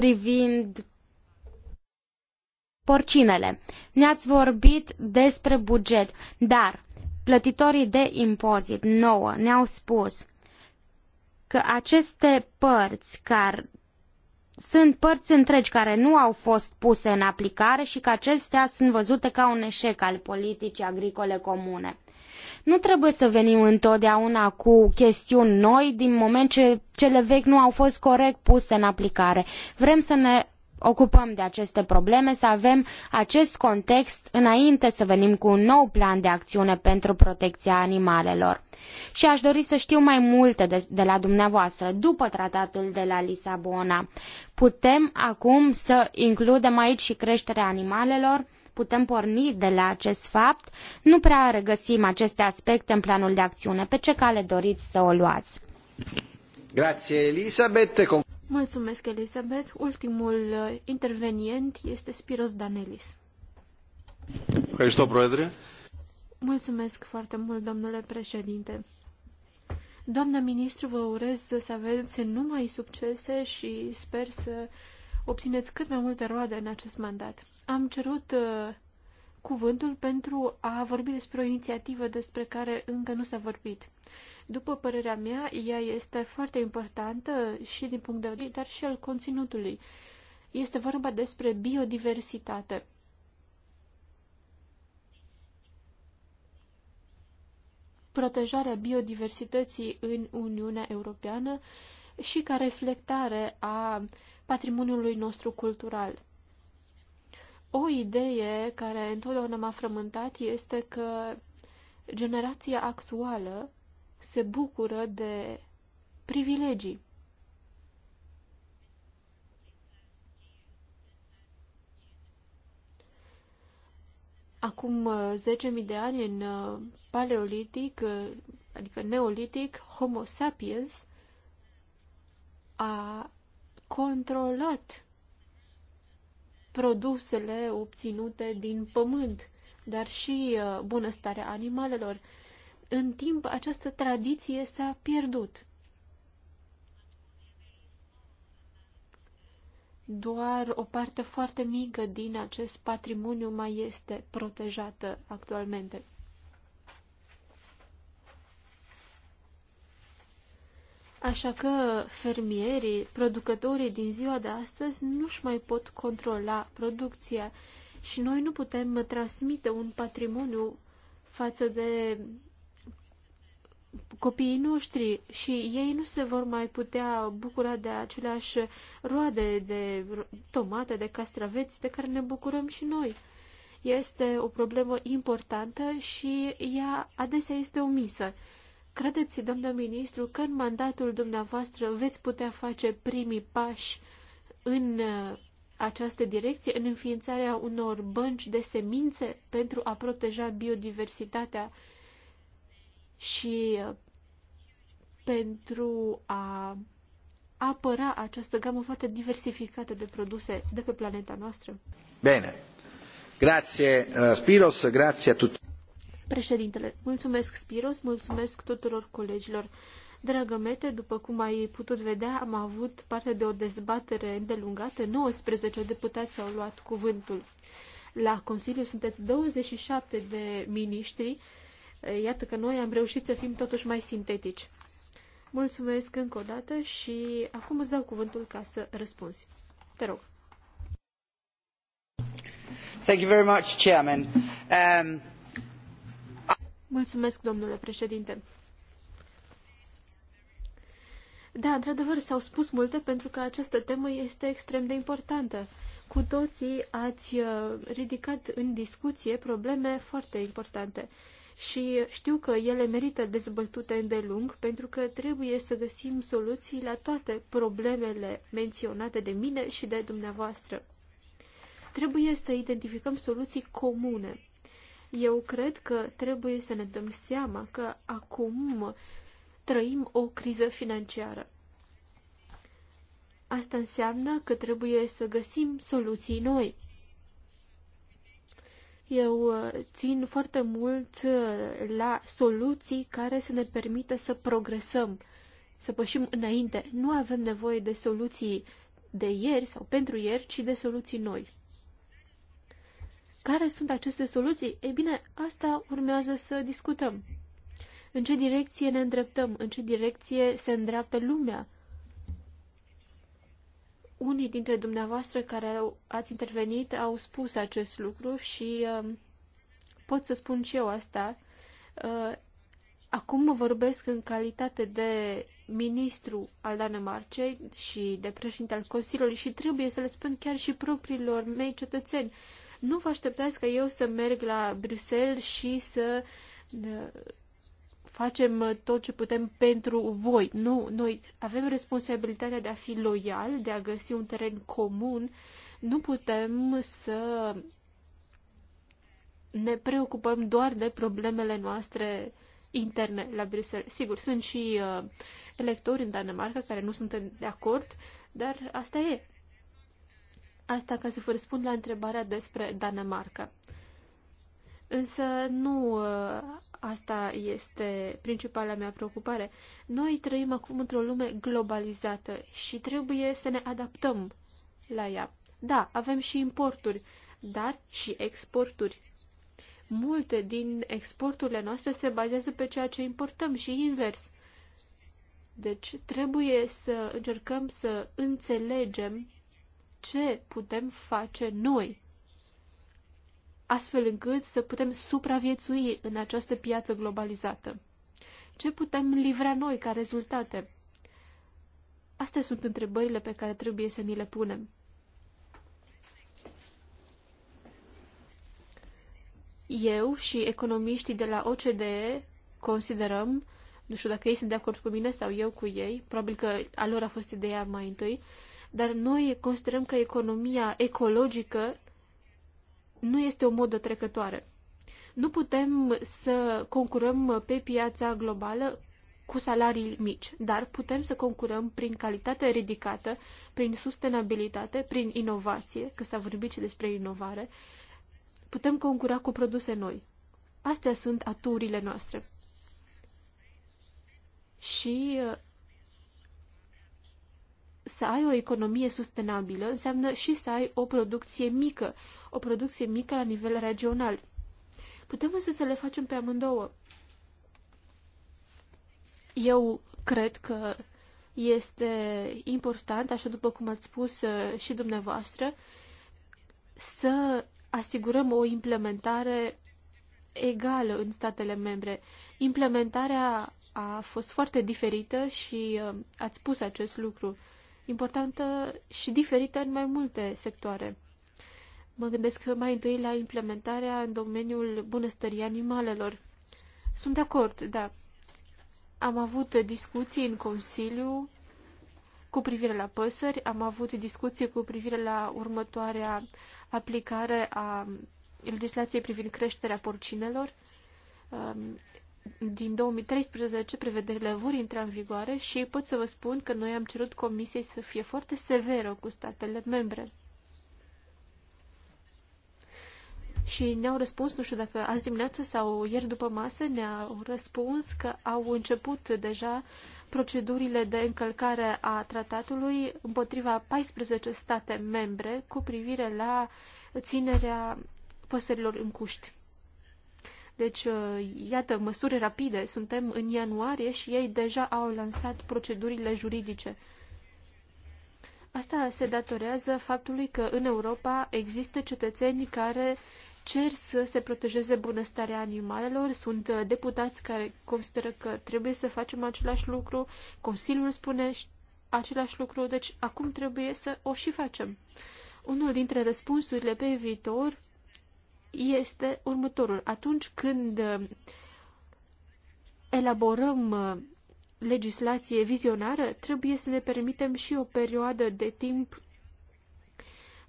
privind porcinele. Ne-ați vorbit despre buget, dar plătitorii de impozit nouă ne-au spus că aceste părți care sunt părți întregi care nu au fost puse în aplicare și că acestea sunt văzute ca un eșec al politicii agricole comune. Nu trebuie să venim întotdeauna cu chestiuni noi din moment ce cele vechi nu au fost corect puse în aplicare. Vrem să ne ocupăm de aceste probleme, să avem acest context înainte să venim cu un nou plan de acțiune pentru protecția animalelor. Și aș dori să știu mai multe de, de la dumneavoastră după tratatul de la Lisabona. Putem acum să includem aici și creșterea animalelor? putem porni de la acest fapt, nu prea regăsim aceste aspecte în planul de acțiune. Pe ce cale doriți să o luați? Grazie, Elisabeth. Mulțumesc, Elisabeth. Ultimul uh, intervenient este Spiros Danelis. Ευχαριστώ, Πρόεδρε. Mulțumesc foarte mult, domnule președinte. Doamna ministru, vă urez să aveți numai succese și sper să obțineți cât mai multe roade în acest mandat am cerut uh, cuvântul pentru a vorbi despre o inițiativă despre care încă nu s-a vorbit. După părerea mea, ea este foarte importantă și din punct de vedere, dar și al conținutului. Este vorba despre biodiversitate. Protejarea biodiversității în Uniunea Europeană și ca reflectare a patrimoniului nostru cultural. O idee care întotdeauna m-a frământat este că generația actuală se bucură de privilegii. Acum 10.000 uh, de ani, în uh, paleolitic, uh, adică neolitic, Homo sapiens a controlat produsele obținute din pământ, dar și uh, bunăstarea animalelor. În timp, această tradiție s-a pierdut. Doar o parte foarte mică din acest patrimoniu mai este protejată actualmente. Așa că fermierii, producătorii din ziua de astăzi nu-și mai pot controla producția și noi nu putem transmite un patrimoniu față de copiii noștri și ei nu se vor mai putea bucura de aceleași roade de tomate, de castraveți de care ne bucurăm și noi. Este o problemă importantă și ea adesea este omisă. Credeți, domnul ministru, că în mandatul dumneavoastră veți putea face primii pași în uh, această direcție, în înființarea unor bănci de semințe pentru a proteja biodiversitatea și uh, pentru a apăra această gamă foarte diversificată de produse de pe planeta noastră? Bine. Grazie uh, Spiros, grazie a tutti. Președintele, mulțumesc Spiros, mulțumesc tuturor colegilor. Dragă Mete, după cum ai putut vedea, am avut parte de o dezbatere îndelungată. 19 deputați au luat cuvântul. La Consiliu sunteți 27 de miniștri. Iată că noi am reușit să fim totuși mai sintetici. Mulțumesc încă o dată și acum îți dau cuvântul ca să răspunzi. Te rog. Thank you very much, Chairman. Um... Mulțumesc, domnule președinte. Da, într-adevăr, s-au spus multe pentru că această temă este extrem de importantă. Cu toții ați uh, ridicat în discuție probleme foarte importante și știu că ele merită dezbătute îndelung pentru că trebuie să găsim soluții la toate problemele menționate de mine și de dumneavoastră. Trebuie să identificăm soluții comune. Eu cred că trebuie să ne dăm seama că acum trăim o criză financiară. Asta înseamnă că trebuie să găsim soluții noi. Eu uh, țin foarte mult uh, la soluții care să ne permită să progresăm, să pășim înainte. Nu avem nevoie de soluții de ieri sau pentru ieri, ci de soluții noi. Care sunt aceste soluții? Ei bine, asta urmează să discutăm. În ce direcție ne îndreptăm? În ce direcție se îndreaptă lumea? Unii dintre dumneavoastră care au, ați intervenit au spus acest lucru și uh, pot să spun și eu asta. Uh, acum mă vorbesc în calitate de ministru al Danemarcei și de președinte al Consiliului și trebuie să le spun chiar și propriilor mei cetățeni. Uh, nu vă așteptați ca eu să merg la Bruxelles și să facem tot ce putem pentru voi. Nu, noi avem responsabilitatea de a fi loial, de a găsi un teren comun. Nu putem să ne preocupăm doar de problemele noastre interne la Bruxelles. Sigur, sunt și uh, electori în Danemarca care nu sunt de acord, dar asta e. Asta ca să vă răspund la întrebarea despre Danemarca. Însă nu ă, asta este principala mea preocupare. Noi trăim acum într-o lume globalizată și trebuie să ne adaptăm la ea. Da, avem și importuri, dar și exporturi. Multe din exporturile noastre se bazează pe ceea ce importăm și invers. Deci trebuie să încercăm să înțelegem ce putem face noi, astfel încât să putem supraviețui în această piață globalizată. Ce putem livra noi ca rezultate? Astea sunt întrebările pe care trebuie să ni le punem. Eu și economiștii de la OCDE considerăm, nu știu dacă ei sunt de acord cu mine sau eu cu ei, probabil că a lor a fost ideea mai întâi, dar noi considerăm că economia ecologică nu este o modă trecătoare. Nu putem să concurăm pe piața globală cu salarii mici, dar putem să concurăm prin calitate ridicată, prin sustenabilitate, prin inovație, că s-a vorbit și despre inovare, putem concura cu produse noi. Astea sunt aturile noastre. Și uh, să ai o economie sustenabilă înseamnă și să ai o producție mică, o producție mică la nivel regional. Putem însă să le facem pe amândouă. Eu cred că este important, așa după cum ați spus uh, și dumneavoastră, să asigurăm o implementare egală în statele membre. Implementarea a fost foarte diferită și uh, ați spus acest lucru importantă și diferită în mai multe sectoare. Mă gândesc mai întâi la implementarea în domeniul bunăstării animalelor. Sunt de acord, da. Am avut discuții în Consiliu cu privire la păsări, am avut discuții cu privire la următoarea aplicare a legislației privind creșterea porcinelor din 2013 prevederile vor intra în vigoare și pot să vă spun că noi am cerut Comisiei să fie foarte severă cu statele membre. Și ne-au răspuns, nu știu dacă azi dimineață sau ieri după masă, ne-au răspuns că au început deja procedurile de încălcare a tratatului împotriva 14 state membre cu privire la ținerea păsărilor în cuști. Deci, uh, iată, măsuri rapide. Suntem în ianuarie și ei deja au lansat procedurile juridice. Asta se datorează faptului că în Europa există cetățeni care cer să se protejeze bunăstarea animalelor, sunt uh, deputați care consideră că trebuie să facem același lucru, Consiliul spune același lucru, deci acum trebuie să o și facem. Unul dintre răspunsurile pe viitor este următorul. Atunci când uh, elaborăm uh, legislație vizionară, trebuie să ne permitem și o perioadă de timp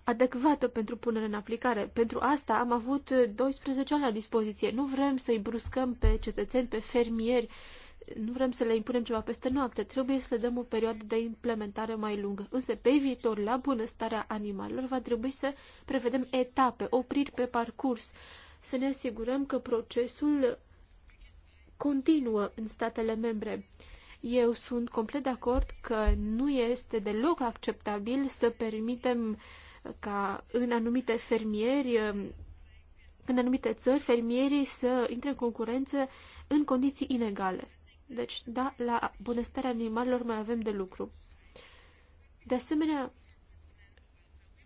adecvată pentru punere în aplicare. Pentru asta am avut 12 uh, ani la dispoziție. Nu vrem să-i bruscăm pe cetățeni, pe fermieri, nu vrem să le impunem ceva peste noapte, trebuie să le dăm o perioadă de implementare mai lungă. Însă pe viitor, la bunăstarea animalelor, va trebui să prevedem etape, opriri pe parcurs, să ne asigurăm că procesul continuă în statele membre. Eu sunt complet de acord că nu este deloc acceptabil să permitem ca în anumite fermieri, în anumite țări, fermierii să intre în concurență în condiții inegale. Deci, da, la bunăstarea animalelor mai avem de lucru. De asemenea,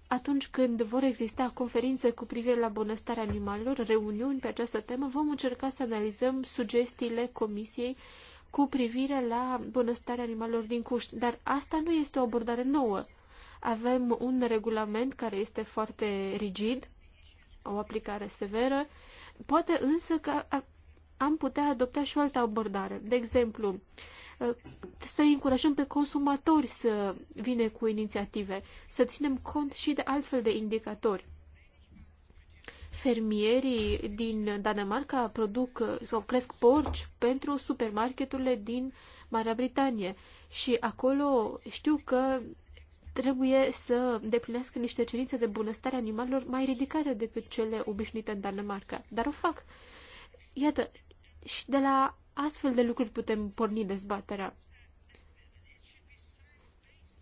atunci când vor exista conferințe cu privire la bunăstarea animalelor, reuniuni pe această temă, vom încerca să analizăm sugestiile comisiei cu privire la bunăstarea animalelor din cuști. Dar asta nu este o abordare nouă. Avem un regulament care este foarte rigid, o aplicare severă, poate însă că am putea adopta și o altă abordare. De exemplu, ă, să încurajăm pe consumatori să vină cu inițiative, să ținem cont și de altfel de indicatori. Fermierii din Danemarca produc ă, sau cresc porci pentru supermarketurile din Marea Britanie și acolo știu că trebuie să deplinească niște cerințe de bunăstare animalelor mai ridicate decât cele obișnuite în Danemarca, dar o fac. Iată, și de la astfel de lucruri putem porni dezbaterea.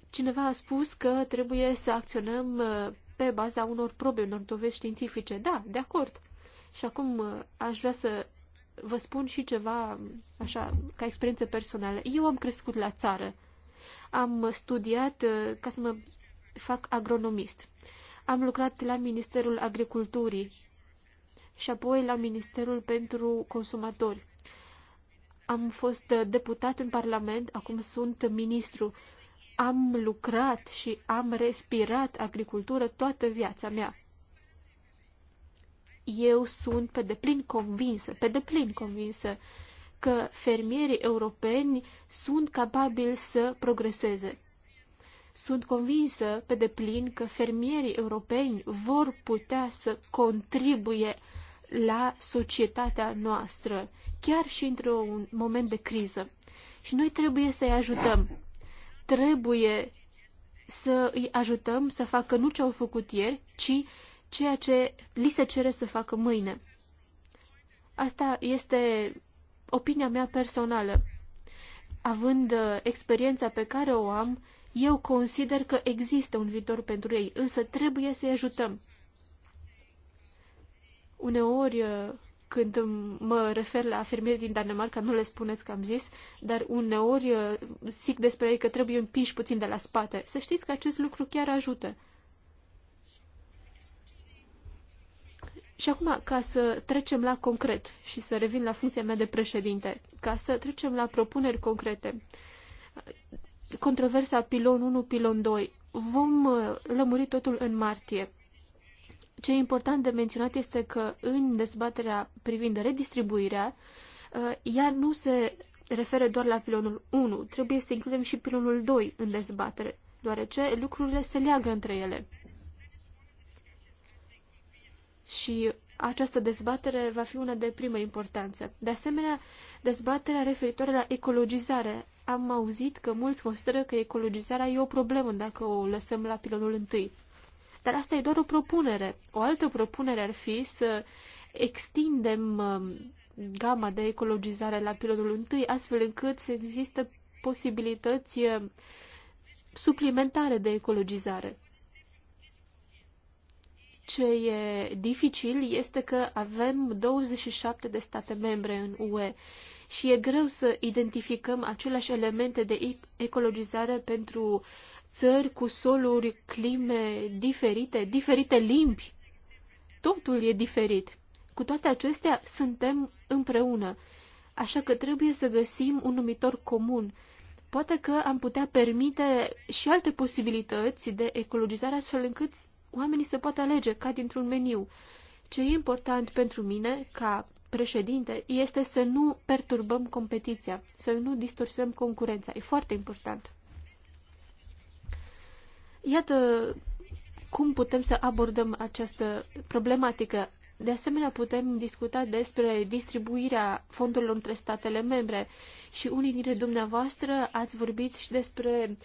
Cineva a spus că trebuie să acționăm uh, pe baza unor probe, unor dovezi științifice. Da, de acord. Și acum uh, aș vrea să vă spun și ceva, um, așa, ca experiență personală. Eu am crescut la țară. Am studiat uh, ca să mă fac agronomist. Am lucrat la Ministerul Agriculturii și apoi la Ministerul pentru Consumatori. Am fost deputat în Parlament, acum sunt ministru. Am lucrat și am respirat agricultură toată viața mea. Eu sunt pe deplin convinsă, pe deplin convinsă că fermierii europeni sunt capabili să progreseze. Sunt convinsă pe deplin că fermierii europeni vor putea să contribuie la societatea noastră, chiar și într-un moment de criză. Și noi trebuie să-i ajutăm. Trebuie să îi ajutăm să facă nu ce au făcut ieri, ci ceea ce li se cere să facă mâine. Asta este opinia mea personală. Având uh, experiența pe care o am eu consider că există un viitor pentru ei, însă trebuie să-i ajutăm. Uneori, uh, când mă refer la fermieri din Danemarca, nu le spuneți că am zis, dar uneori uh, zic despre ei că trebuie împiși puțin de la spate. Să știți că acest lucru chiar ajută. Și acum, ca să trecem la concret și să revin la funcția mea de președinte, ca să trecem la propuneri concrete, controversa pilon 1, pilon 2. Vom uh, lămuri totul în martie. Ce e important de menționat este că în dezbaterea privind redistribuirea, uh, ea nu se referă doar la pilonul 1, trebuie să includem și pilonul 2 în dezbatere, deoarece lucrurile se leagă între ele. Și această dezbatere va fi una de primă importanță. De asemenea, dezbaterea referitoare la ecologizare am auzit că mulți consideră că ecologizarea e o problemă dacă o lăsăm la pilonul întâi. Dar asta e doar o propunere. O altă propunere ar fi să extindem um, gama de ecologizare la pilonul întâi, astfel încât să există posibilități um, suplimentare de ecologizare. Ce e dificil este că avem 27 de state membre în UE și e greu să identificăm aceleași elemente de ecologizare pentru țări cu soluri, clime diferite, diferite limbi. Totul e diferit. Cu toate acestea, suntem împreună, așa că trebuie să găsim un numitor comun. Poate că am putea permite și alte posibilități de ecologizare astfel încât oamenii să poată alege ca dintr-un meniu. Ce e important pentru mine ca președinte este să nu perturbăm competiția, să nu distorsăm concurența. E foarte important. Iată cum putem să abordăm această problematică. De asemenea, putem discuta despre distribuirea fondurilor între statele membre și unii dintre dumneavoastră ați vorbit și despre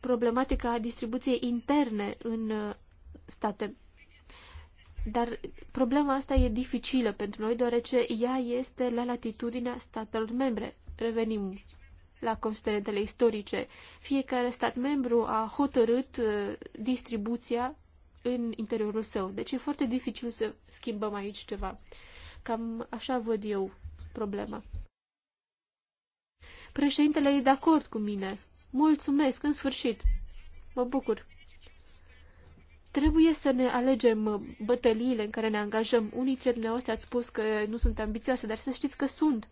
problematica distribuției interne în uh, state dar problema asta e dificilă pentru noi, deoarece ea este la latitudinea statelor membre. Revenim la considerentele istorice. Fiecare stat membru a hotărât uh, distribuția în interiorul său. Deci e foarte dificil să schimbăm aici ceva. Cam așa văd eu problema. Președintele e de acord cu mine. Mulțumesc, în sfârșit. Mă bucur. Trebuie să ne alegem bătăliile în care ne angajăm. Unii dintre dumneavoastră ați spus că nu sunt ambițioase, dar să știți că sunt.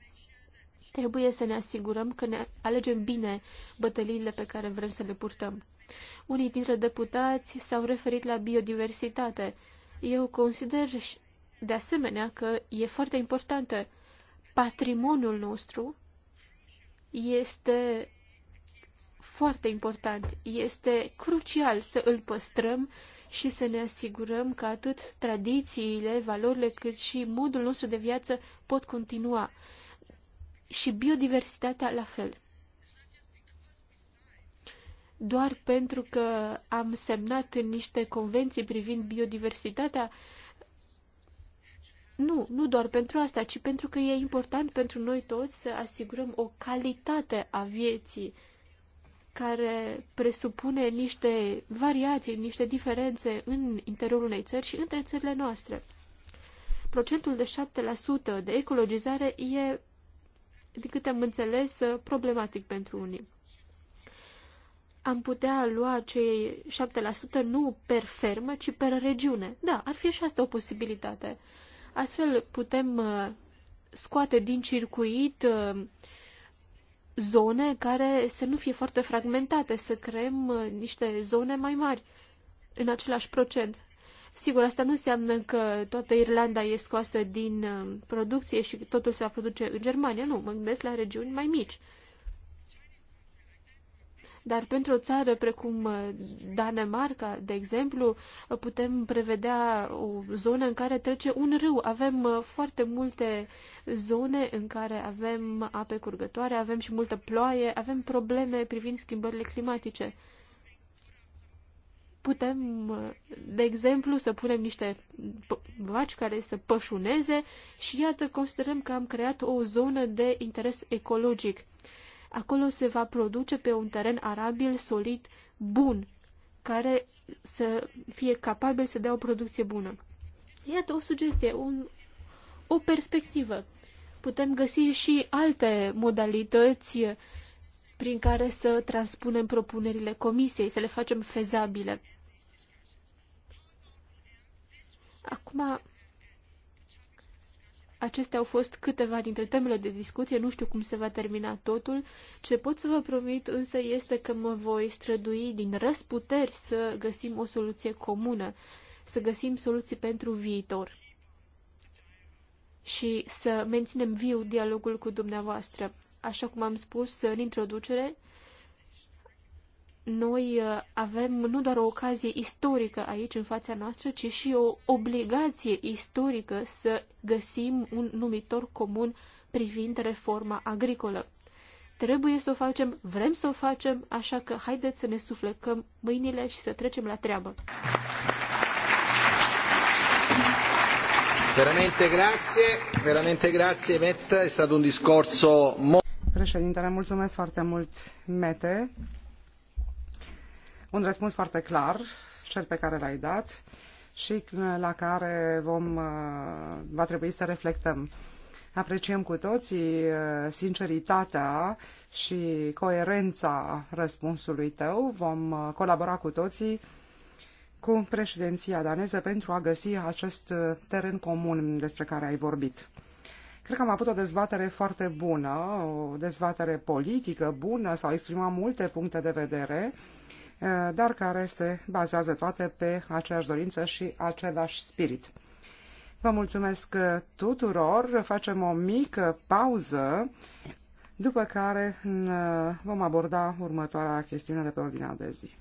Trebuie să ne asigurăm că ne alegem bine bătăliile pe care vrem să le purtăm. Unii dintre deputați s-au referit la biodiversitate. Eu consider de asemenea că e foarte importantă. Patrimoniul nostru este foarte important. Este crucial să îl păstrăm, și să ne asigurăm că atât tradițiile, valorile, cât și modul nostru de viață pot continua. Și biodiversitatea la fel. Doar pentru că am semnat niște convenții privind biodiversitatea, nu, nu doar pentru asta, ci pentru că e important pentru noi toți să asigurăm o calitate a vieții care presupune niște variații, niște diferențe în interiorul unei țări și între țările noastre. Procentul de 7% de ecologizare e, din câte am înțeles, problematic pentru unii. Am putea lua cei 7% nu per fermă, ci per regiune. Da, ar fi și asta o posibilitate. Astfel putem uh, scoate din circuit uh, zone care să nu fie foarte fragmentate, să creăm uh, niște zone mai mari în același procent. Sigur, asta nu înseamnă că toată Irlanda e scoasă din uh, producție și totul se va produce în Germania, nu, mă gândesc la regiuni mai mici. Dar pentru o țară precum uh, Danemarca, de exemplu, uh, putem prevedea o zonă în care trece un râu. Avem uh, foarte multe zone în care avem ape curgătoare, avem și multă ploaie, avem probleme privind schimbările climatice putem, de exemplu, să punem niște vaci care să pășuneze și iată, considerăm că am creat o zonă de interes ecologic acolo se va produce pe un teren arabil, solid, bun, care să fie capabil să dea o producție bună. Iată o sugestie, un, o perspectivă. Putem găsi și alte modalități prin care să transpunem propunerile comisiei, să le facem fezabile. Acum, Acestea au fost câteva dintre temele de discuție, nu știu cum se va termina totul. Ce pot să vă promit însă este că mă voi strădui din răsputeri să găsim o soluție comună, să găsim soluții pentru viitor și să menținem viu dialogul cu dumneavoastră. Așa cum am spus în introducere, noi uh, avem nu doar o ocazie istorică aici în fața noastră, ci și o obligație istorică să găsim un numitor comun privind reforma agricolă. Trebuie să o facem, vrem să o facem, așa că haideți să ne suflecăm mâinile și să trecem la treabă. Veramente grazie, veramente grazie Mette, è stato un discorso Președintele, mulțumesc foarte mult, Mete un răspuns foarte clar, cel pe care l-ai dat și la care vom, uh, va trebui să reflectăm. Apreciem cu toții uh, sinceritatea și coerența răspunsului tău. Vom uh, colabora cu toții cu președinția daneză pentru a găsi acest teren comun despre care ai vorbit. Cred că am avut o dezbatere foarte bună, o dezbatere politică bună, s-au exprimat multe puncte de vedere Eh, dar care se bazează toate pe aceeași dorință și același spirit. Vă mulțumesc eh, tuturor, facem o mică pauză, după care eh, vom aborda următoarea chestiune de pe ordinea de zi.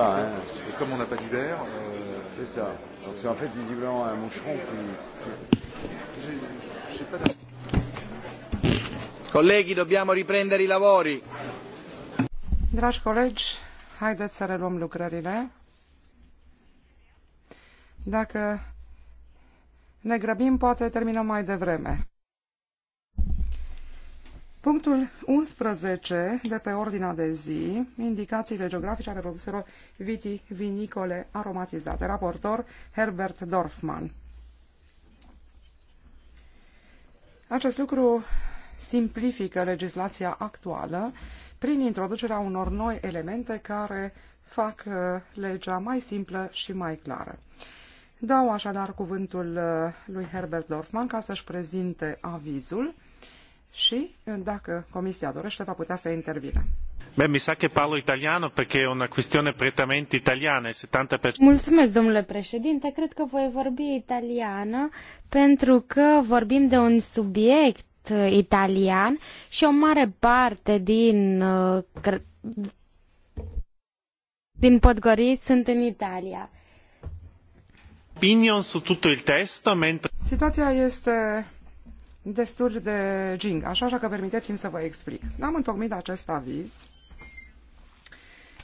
pas. Hein. Et comme on n'a pas d'hiver. Euh... C'est ça. Donc c'est en fait visiblement un moucheron qui. Je, je pas Colleghi, dobbiamo riprendere i lavori. Dragi colegi, haideți să reluăm lucrările. Dacă ne grăbim, poate terminăm mai devreme. Punctul 11 de pe ordinea de zi, indicațiile geografice ale produselor vitivinicole aromatizate. Raportor Herbert Dorfman. Acest lucru simplifică legislația actuală prin introducerea unor noi elemente care fac uh, legea mai simplă și mai clară. Dau așadar cuvântul uh, lui Herbert Dorfman ca să-și prezinte avizul și, uh, dacă Comisia dorește, va putea să intervină. Beh, mi sa che parlo italiano perché è una questione prettamente italiana, 70%. Mulțumesc, domnule președinte, cred că voi vorbi italiană pentru că vorbim de un subiect uh, italian și o mare parte din uh, din Podgori sunt în Italia. Opinion su tutto il testo, mentre... Situația este destul de jing, așa, așa că permiteți-mi să vă explic. Am întocmit acest aviz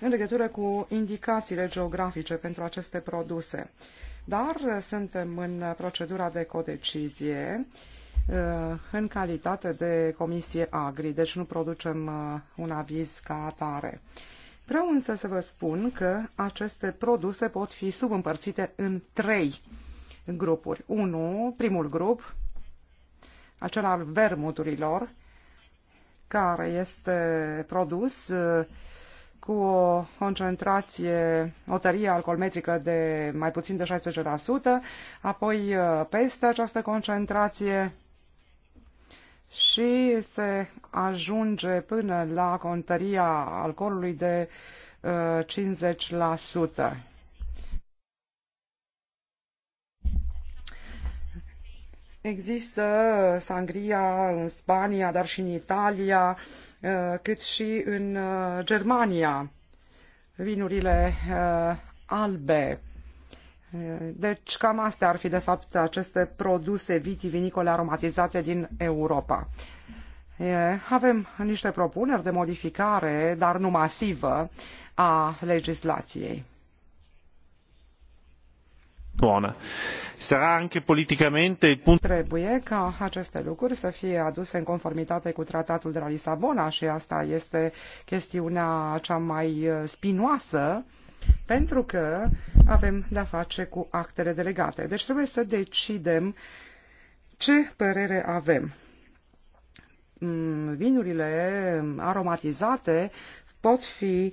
în legătură cu indicațiile geografice pentru aceste produse. Dar suntem în procedura de codecizie uh, în calitate de comisie agri, deci nu producem uh, un aviz ca atare. Vreau însă să vă spun că aceste produse pot fi subîmpărțite în trei grupuri. 1. Primul grup, acela al vermuturilor, care este produs uh, cu o concentrație, o tărie alcoolmetrică de mai puțin de 16%, apoi uh, peste această concentrație și se ajunge până la contăria alcoolului de 50%. Uh, Există sangria în Spania, dar și în Italia, uh, cât și în uh, Germania, vinurile uh, albe. Deci cam astea ar fi de fapt aceste produse vitivinicole aromatizate din Europa. Avem niște propuneri de modificare, dar nu masivă, a legislației buona. Sarà anche politicamente il punto... Trebuie ca aceste lucruri să fie aduse în conformitate cu tratatul de la Lisabona și asta este chestiunea cea mai uh, spinoasă pentru că avem de-a face cu actele delegate. Deci trebuie să decidem ce părere avem mm, vinurile aromatizate pot fi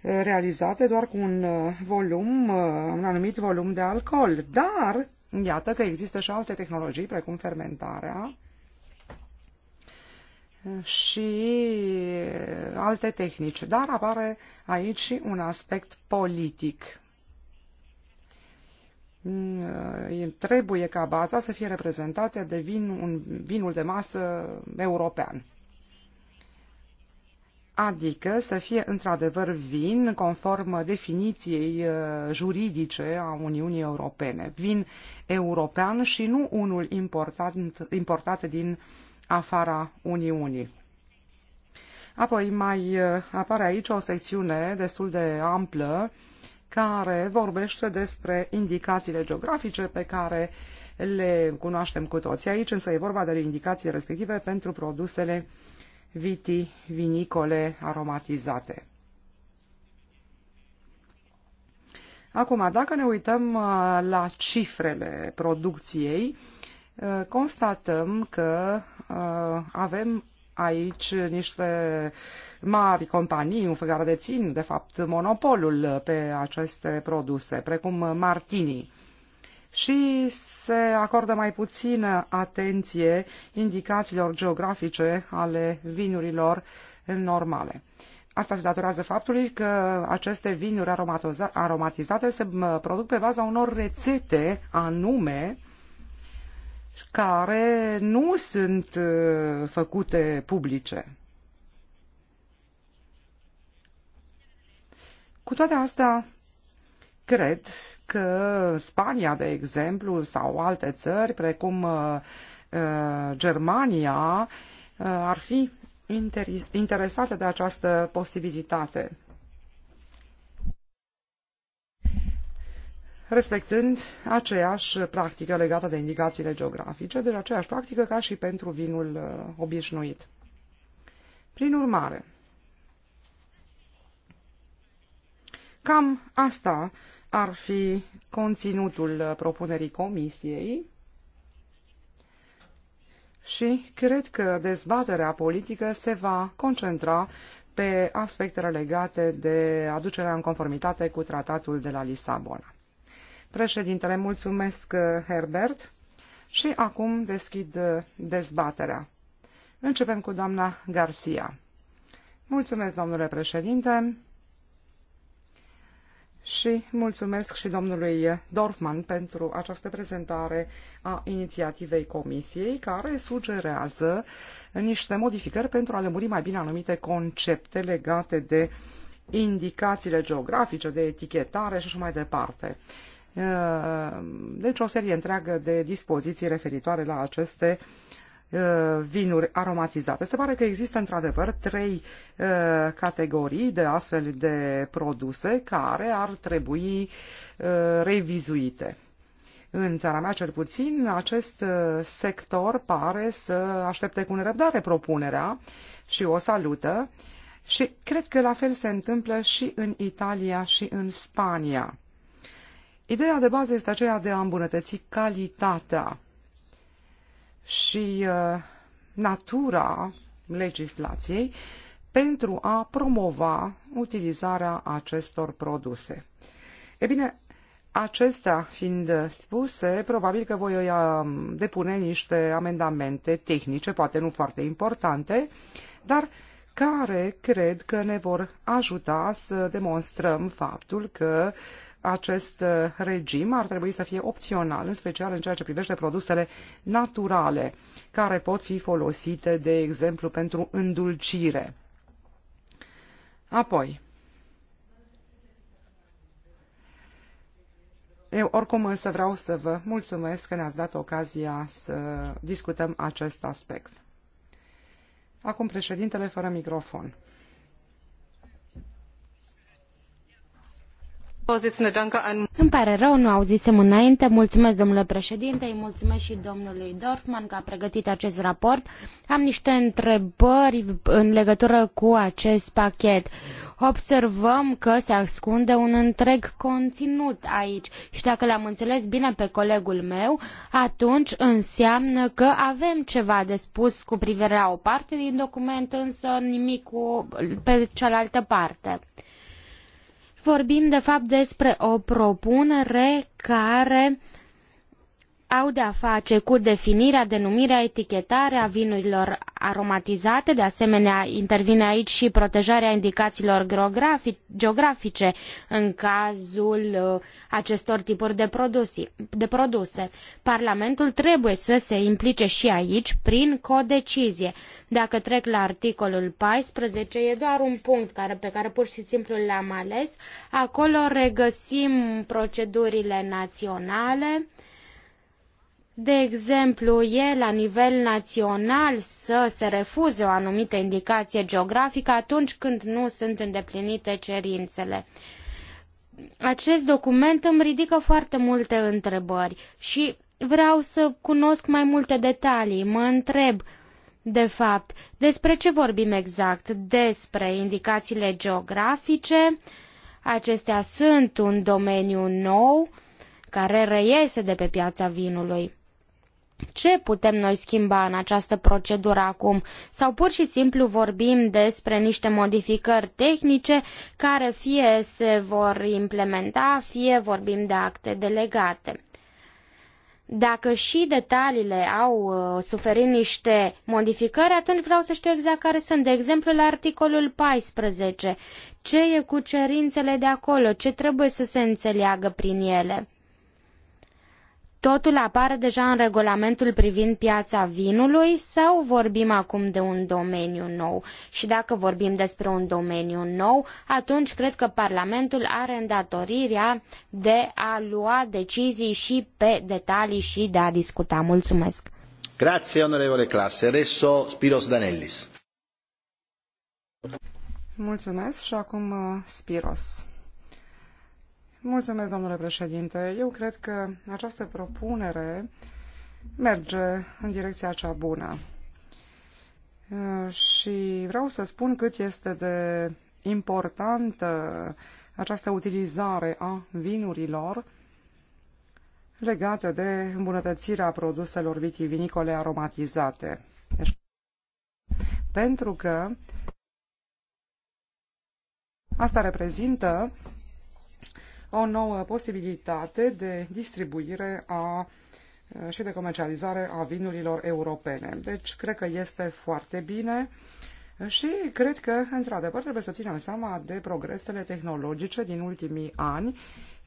uh, realizate doar cu un uh, volum, uh, un anumit volum de alcool. Dar, iată că există și alte tehnologii, precum fermentarea, și alte tehnici. Dar apare aici și un aspect politic. Mm, trebuie ca baza să fie reprezentată de vin, un, vinul de masă european adică să fie într-adevăr vin conform definiției uh, juridice a Uniunii Europene, vin european și nu unul importat, importat din afara Uniunii. Apoi mai uh, apare aici o secțiune destul de amplă care vorbește despre indicațiile geografice pe care le cunoaștem cu toții. Aici însă e vorba de indicațiile respective pentru produsele uh, vinicole aromatizate. Acum, dacă ne uităm uh, la cifrele producției, uh, constatăm că uh, avem aici niște mari companii care dețin, de fapt, monopolul pe aceste produse, precum Martini și se acordă mai puțină atenție indicațiilor geografice ale vinurilor normale. Asta se datorează faptului că aceste vinuri aromatizate se produc pe baza unor rețete anume care nu sunt uh, făcute publice. Cu toate astea, cred că Spania, de exemplu, sau alte țări, precum uh, uh, Germania, uh, ar fi interesate de această posibilitate. respectând aceeași practică legată de indicațiile geografice, deci aceeași practică ca și pentru vinul obișnuit. Prin urmare, cam asta ar fi conținutul uh, propunerii comisiei și cred că dezbaterea politică se va concentra pe aspectele legate de aducerea în conformitate cu tratatul de la Lisabona. Președintele, mulțumesc, uh, Herbert, și acum deschid uh, dezbaterea. Începem cu doamna Garcia. Mulțumesc, domnule președinte și mulțumesc și domnului Dorfman pentru această prezentare a inițiativei Comisiei, care sugerează niște modificări pentru a lămuri mai bine anumite concepte legate de indicațiile geografice, de etichetare și așa mai departe. Uh, deci o serie întreagă de dispoziții referitoare la aceste Uh, vinuri aromatizate. Se pare că există într-adevăr trei uh, categorii de astfel de produse care ar trebui uh, revizuite. În țara mea, cel puțin, acest sector pare să aștepte cu nerăbdare propunerea și o salută și cred că la fel se întâmplă și în Italia și în Spania. Ideea de bază este aceea de a îmbunătăți calitatea și uh, natura legislației pentru a promova utilizarea acestor produse. E bine, acestea fiind spuse, probabil că voi uh, depune niște amendamente tehnice, poate nu foarte importante, dar care cred că ne vor ajuta să demonstrăm faptul că acest uh, regim ar trebui să fie opțional, în special în ceea ce privește produsele naturale, care pot fi folosite, de exemplu, pentru îndulcire. Apoi, Eu oricum însă vreau să vă mulțumesc că ne-ați dat ocazia să discutăm acest aspect. Acum președintele fără microfon. Îmi pare rău, nu auzisem înainte. Mulțumesc, domnule președinte, îi mulțumesc și domnului Dorfman că a pregătit acest raport. Am niște întrebări în legătură cu acest pachet. Observăm că se ascunde un întreg conținut aici și dacă l-am înțeles bine pe colegul meu, atunci înseamnă că avem ceva de spus cu privire la o parte din document, însă nimic cu, pe cealaltă parte. Vorbim de fapt despre o propunere care au de-a face cu definirea, denumirea, etichetarea vinurilor aromatizate, de asemenea intervine aici și protejarea indicațiilor geografice în cazul uh, acestor tipuri de, produsi, de produse. Parlamentul trebuie să se implice și aici prin codecizie. Dacă trec la articolul 14, e doar un punct care, pe care pur și simplu l-am ales. Acolo regăsim procedurile naționale, de exemplu, e la nivel național să se refuze o anumită indicație geografică atunci când nu sunt îndeplinite cerințele. Acest document îmi ridică foarte multe întrebări și vreau să cunosc mai multe detalii. Mă întreb, de fapt, despre ce vorbim exact? Despre indicațiile geografice? Acestea sunt un domeniu nou care reiese de pe piața vinului ce putem noi schimba în această procedură acum sau pur și simplu vorbim despre niște modificări tehnice care fie se vor implementa, fie vorbim de acte delegate. Dacă și detaliile au uh, suferit niște modificări, atunci vreau să știu exact care sunt. De exemplu, la articolul 14, ce e cu cerințele de acolo, ce trebuie să se înțeleagă prin ele. Totul apare deja în regulamentul privind piața vinului sau vorbim acum de un domeniu nou? Și dacă vorbim despre un domeniu nou, atunci cred că Parlamentul are îndatorirea de a lua decizii și pe detalii și de a discuta. Mulțumesc! Grazie, onorevole Adesso Spiros Danellis. Mulțumesc și acum uh, Spiros. Mulțumesc, domnule președinte. Eu cred că această propunere merge în direcția cea bună. Uh, și vreau să spun cât este de importantă această utilizare a vinurilor legată de îmbunătățirea produselor vitivinicole aromatizate. Deci, pentru că asta reprezintă o nouă posibilitate de distribuire a și de comercializare a vinurilor europene. Deci, cred că este foarte bine și cred că, într-adevăr, trebuie să ținem seama de progresele tehnologice din ultimii ani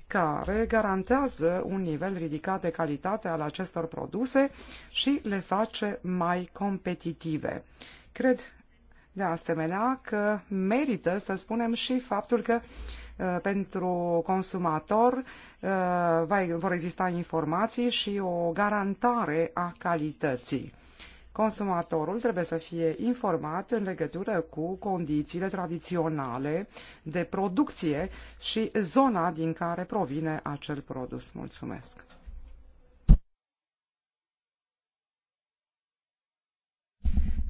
care garantează un nivel ridicat de calitate al acestor produse și le face mai competitive. Cred, de asemenea, că merită să spunem și faptul că uh, Uh, pentru consumator, uh, vor exista informații și o garantare a calității. Consumatorul trebuie să fie informat în legătură cu condițiile tradiționale de producție și zona din care provine acel produs. Mulțumesc!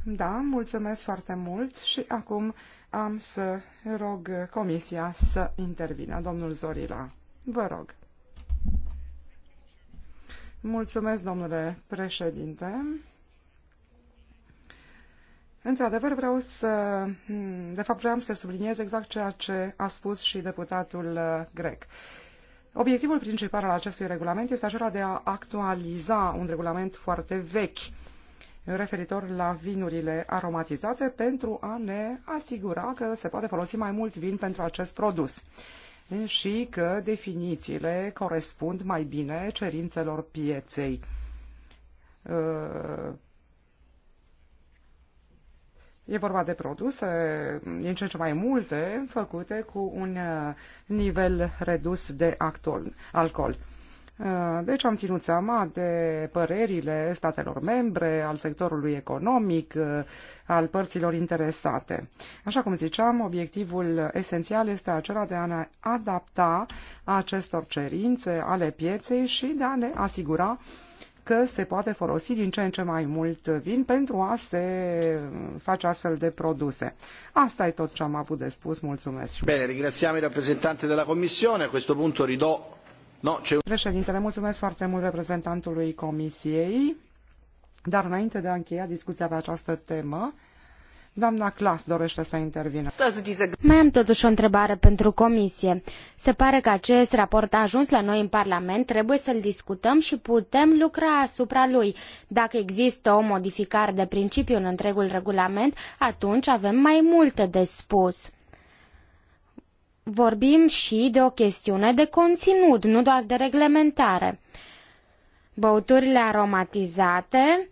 Da, mulțumesc foarte mult și acum am să rog Comisia să intervină. Domnul Zorila, vă rog. Mulțumesc, domnule președinte. Într-adevăr, vreau să. De fapt, vreau să subliniez exact ceea ce a spus și deputatul uh, grec. Obiectivul principal al acestui regulament este acela de a actualiza un regulament foarte vechi referitor la vinurile aromatizate pentru a ne asigura că se poate folosi mai mult vin pentru acest produs și că definițiile corespund mai bine cerințelor pieței. Uh, e vorba de produse din ce în ce mai multe făcute cu un uh, nivel redus de alcool. Uh, deci am ținut seama de părerile statelor membre, al sectorului economic, uh, al părților interesate. Așa cum ziceam, obiectivul esențial este acela de a ne adapta acestor cerințe ale pieței și de a ne asigura că se poate folosi din ce în ce mai mult vin pentru a se face astfel de produse. Asta e tot ce am avut de spus. Mulțumesc. Bine, ringraziamo i rappresentanti della Commissione. A questo punto ridò No, ce... Președintele, mulțumesc foarte mult reprezentantului Comisiei, dar înainte de a încheia discuția pe această temă, Doamna Clas dorește să intervină. Mai am totuși o întrebare pentru comisie. Se pare că acest raport a ajuns la noi în Parlament, trebuie să-l discutăm și putem lucra asupra lui. Dacă există o modificare de principiu în întregul regulament, atunci avem mai multe de spus vorbim și de o chestiune de conținut, nu doar de reglementare. Băuturile aromatizate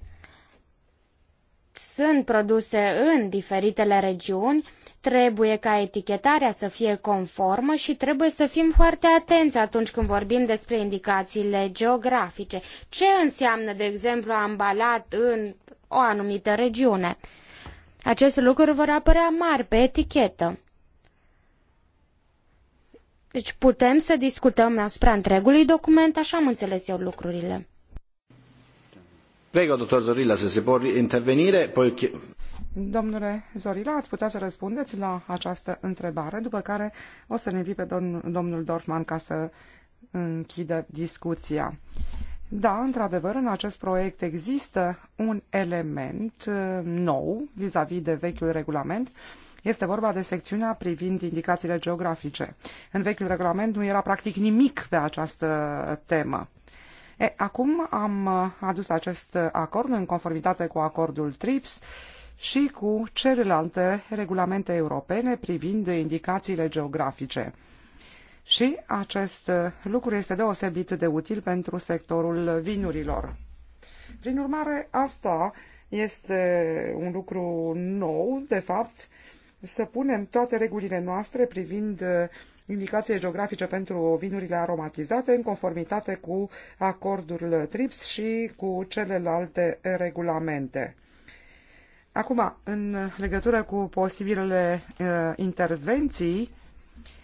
sunt produse în diferitele regiuni, trebuie ca etichetarea să fie conformă și trebuie să fim foarte atenți atunci când vorbim despre indicațiile geografice. Ce înseamnă, de exemplu, ambalat în o anumită regiune? Aceste lucruri vor apărea mari pe etichetă. Deci putem să discutăm asupra întregului document, așa am înțeles eu lucrurile. Prego, doctor Zorila, să se pot intervenire, poi... Domnule Zorila, ați putea să răspundeți la această întrebare, după care o să ne invit pe domnul Dorfman ca să închidă discuția. Da, într-adevăr, în acest proiect există un element uh, nou vis-a-vis de vechiul regulament, este vorba de secțiunea privind indicațiile geografice. În vechiul regulament nu era practic nimic pe această temă. E, acum am adus acest acord în conformitate cu acordul TRIPS și cu celelalte regulamente europene privind indicațiile geografice. Și acest lucru este deosebit de util pentru sectorul vinurilor. Prin urmare, asta este un lucru nou, de fapt, să punem toate regulile noastre privind uh, indicațiile geografice pentru vinurile aromatizate în conformitate cu acordul TRIPS și cu celelalte regulamente. Acum, în legătură cu posibilele uh, intervenții,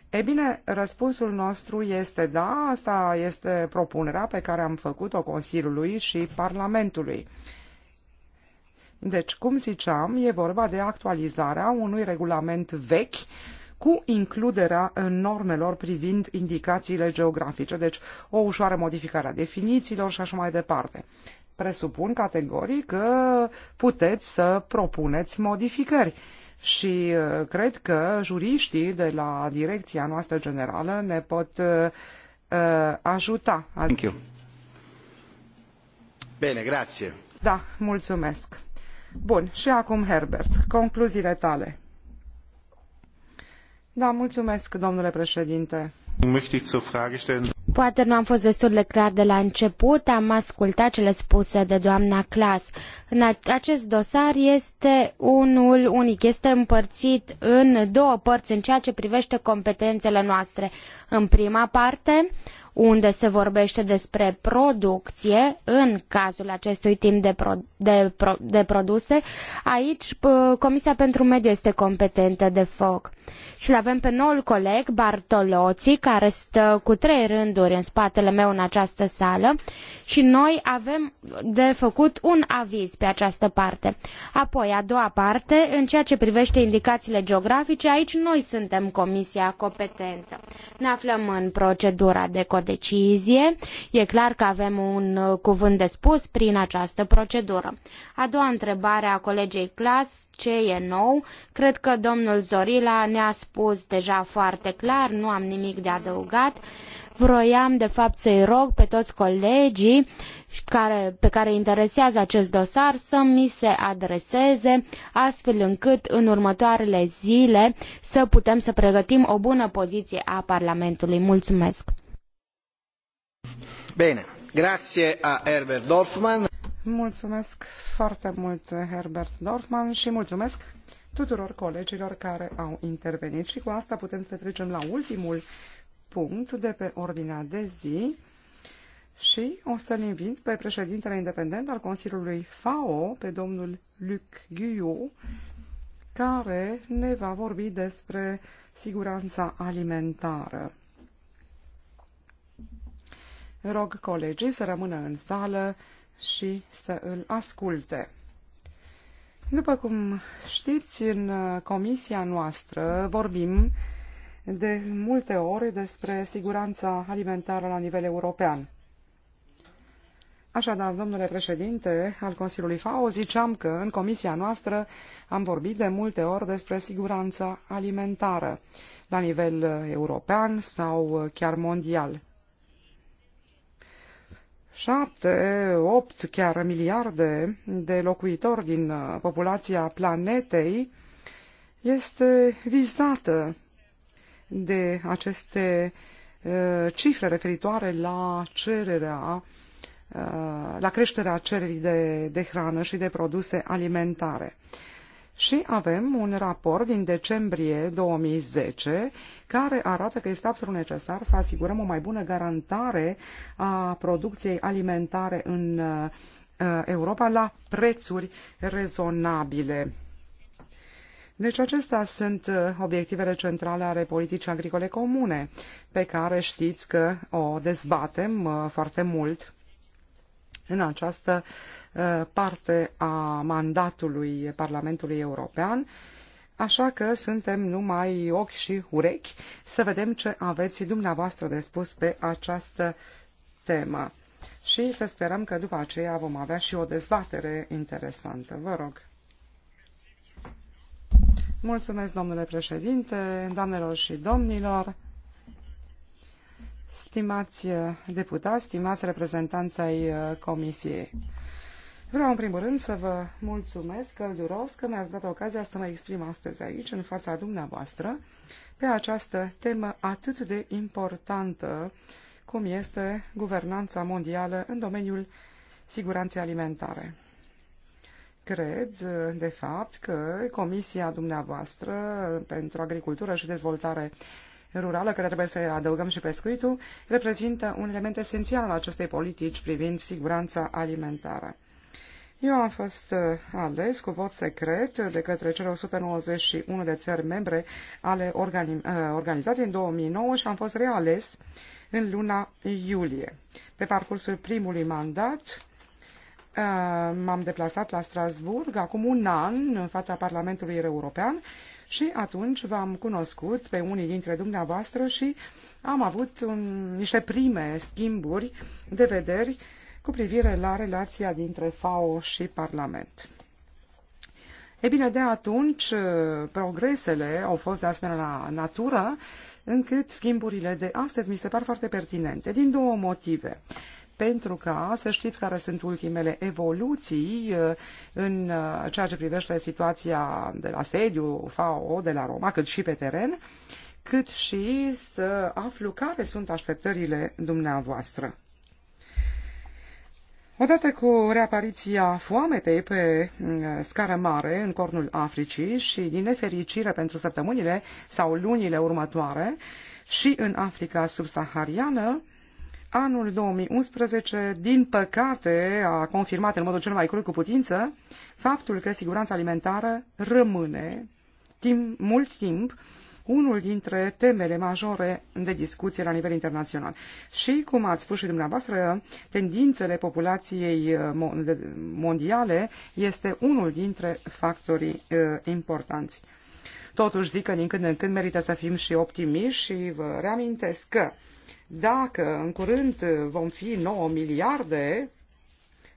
e bine, răspunsul nostru este da, asta este propunerea pe care am făcut-o Consiliului și Parlamentului. Uh, deci, cum ziceam, e vorba de actualizarea unui regulament vechi cu includerea uh, normelor privind indicațiile geografice, deci o ușoară modificare a definițiilor și așa mai departe. Presupun categoric că puteți să propuneți modificări și uh, cred că juriștii de la direcția noastră generală ne pot uh, uh ajuta. Thank you. Bine, grație. Da, mulțumesc. Bun, și acum Herbert, concluziile tale. Da, mulțumesc, domnule președinte. Poate nu am fost destul de clar de la început, am ascultat cele spuse de doamna Clas. În acest dosar este unul unic, este împărțit în două părți în ceea ce privește competențele noastre. În prima parte, unde se vorbește despre producție în cazul acestui timp de, pro, de, pro, de produse, aici Comisia pentru Mediu este competentă de foc. Și l-avem pe noul coleg, Bartoloții, care stă cu trei rânduri în spatele meu în această sală și noi avem de făcut un aviz pe această parte. Apoi, a doua parte, în ceea ce privește indicațiile geografice, aici noi suntem comisia competentă. Ne aflăm în procedura de Decizie. E clar că avem un uh, cuvânt de spus prin această procedură. A doua întrebare a colegei Clas, ce e nou? Cred că domnul Zorila ne-a spus deja foarte clar, nu am nimic de adăugat vroiam de fapt să-i rog pe toți colegii care, pe care interesează acest dosar să mi se adreseze astfel încât în următoarele zile să putem să pregătim o bună poziție a Parlamentului. Mulțumesc! Bine, Mulțumesc foarte mult, Herbert Dorfman, și mulțumesc tuturor colegilor care au intervenit. Și cu asta putem să trecem la ultimul punct de pe ordinea de zi și o să-l invit pe președintele independent al Consiliului FAO, pe domnul Luc Guyot, care ne va vorbi despre siguranța alimentară. Rog colegii să rămână în sală și să îl asculte. După cum știți, în uh, comisia noastră vorbim de multe ori despre siguranța alimentară la nivel european. Așadar, domnule președinte al Consiliului FAO, ziceam că în comisia noastră am vorbit de multe ori despre siguranța alimentară la nivel uh, european sau uh, chiar mondial șapte, opt chiar miliarde de locuitori din uh, populația planetei este vizată de aceste uh, cifre referitoare la cererea, uh, la creșterea cererii de, de hrană și de produse alimentare. Și avem un raport din decembrie 2010 care arată că este absolut necesar să asigurăm o mai bună garantare a producției alimentare în uh, Europa la prețuri rezonabile. Deci acestea sunt uh, obiectivele centrale ale politicii agricole comune, pe care știți că o dezbatem uh, foarte mult în această uh, parte a mandatului Parlamentului European, așa că suntem numai ochi și urechi să vedem ce aveți dumneavoastră de spus pe această temă. Și să sperăm că după aceea vom avea și o dezbatere interesantă. Vă rog. Mulțumesc, domnule președinte, doamnelor și domnilor. Stimați eh, deputați, stimați reprezentanți ai eh, Comisiei, vreau în primul rând să vă mulțumesc călduros că mi-ați dat ocazia să mă exprim astăzi aici, în fața dumneavoastră, pe această temă atât de importantă cum este guvernanța mondială în domeniul siguranței alimentare. Cred, de fapt, că Comisia dumneavoastră pentru Agricultură și Dezvoltare rurală, care trebuie să adăugăm și pescuitul, reprezintă un element esențial al acestei politici privind siguranța alimentară. Eu am fost uh, ales cu vot secret de către cele 191 de țări membre ale organi uh, organizației în 2009 și am fost reales în luna iulie. Pe parcursul primului mandat uh, m-am deplasat la Strasburg acum un an în fața Parlamentului European și atunci v-am cunoscut pe unii dintre dumneavoastră și am avut un, niște prime schimburi de vederi cu privire la relația dintre FAO și Parlament. E bine, de atunci uh, progresele au fost de asemenea natură încât schimburile de astăzi mi se par foarte pertinente, din două motive pentru ca să știți care sunt ultimele evoluții uh, în uh, ceea ce privește situația de la sediu FAO, de la Roma, cât și pe teren, cât și să aflu care sunt așteptările dumneavoastră. Odată cu reapariția foametei pe uh, scară mare în cornul Africii și din nefericire pentru săptămânile sau lunile următoare și în Africa subsahariană, Anul 2011, din păcate, a confirmat în modul cel mai crud cu putință faptul că siguranța alimentară rămâne timp, mult timp unul dintre temele majore de discuție la nivel internațional. Și, cum ați spus și dumneavoastră, tendințele populației uh, mondiale este unul dintre factorii uh, importanți. Totuși zic că din când în când merită să fim și optimiști și vă reamintesc că dacă în curând vom fi 9 miliarde,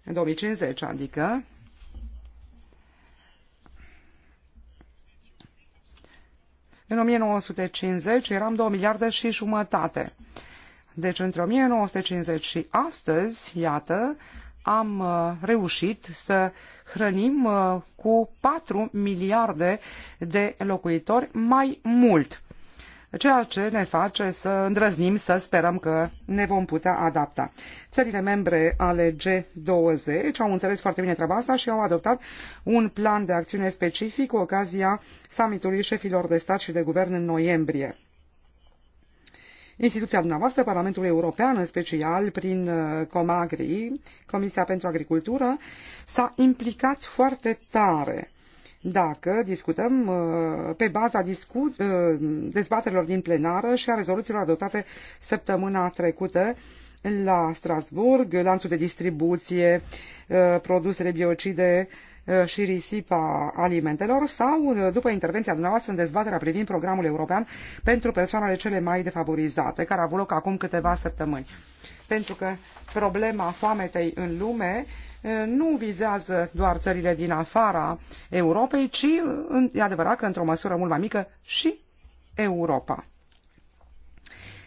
în 2050 adică, În 1950 eram 2 miliarde și jumătate. Deci între 1950 și astăzi, iată, am uh, reușit să hrănim uh, cu 4 miliarde de locuitori mai mult ceea ce ne face să îndrăznim să sperăm că ne vom putea adapta. Țările membre ale G20 au înțeles foarte bine treaba asta și au adoptat un plan de acțiune specific cu ocazia summitului șefilor de stat și de guvern în noiembrie. Instituția dumneavoastră, Parlamentul European, în special prin uh, Comagri, Comisia pentru Agricultură, s-a implicat foarte tare dacă discutăm uh, pe baza discu- uh, dezbaterilor din plenară și a rezoluțiilor adoptate săptămâna trecută la Strasburg, lanțul de distribuție, uh, produsele biocide și risipa alimentelor sau după intervenția dumneavoastră în dezbaterea privind programul european pentru persoanele cele mai defavorizate, care a avut loc acum câteva săptămâni. Pentru că problema foametei în lume nu vizează doar țările din afara Europei, ci, e adevărat că într-o măsură mult mai mică, și Europa.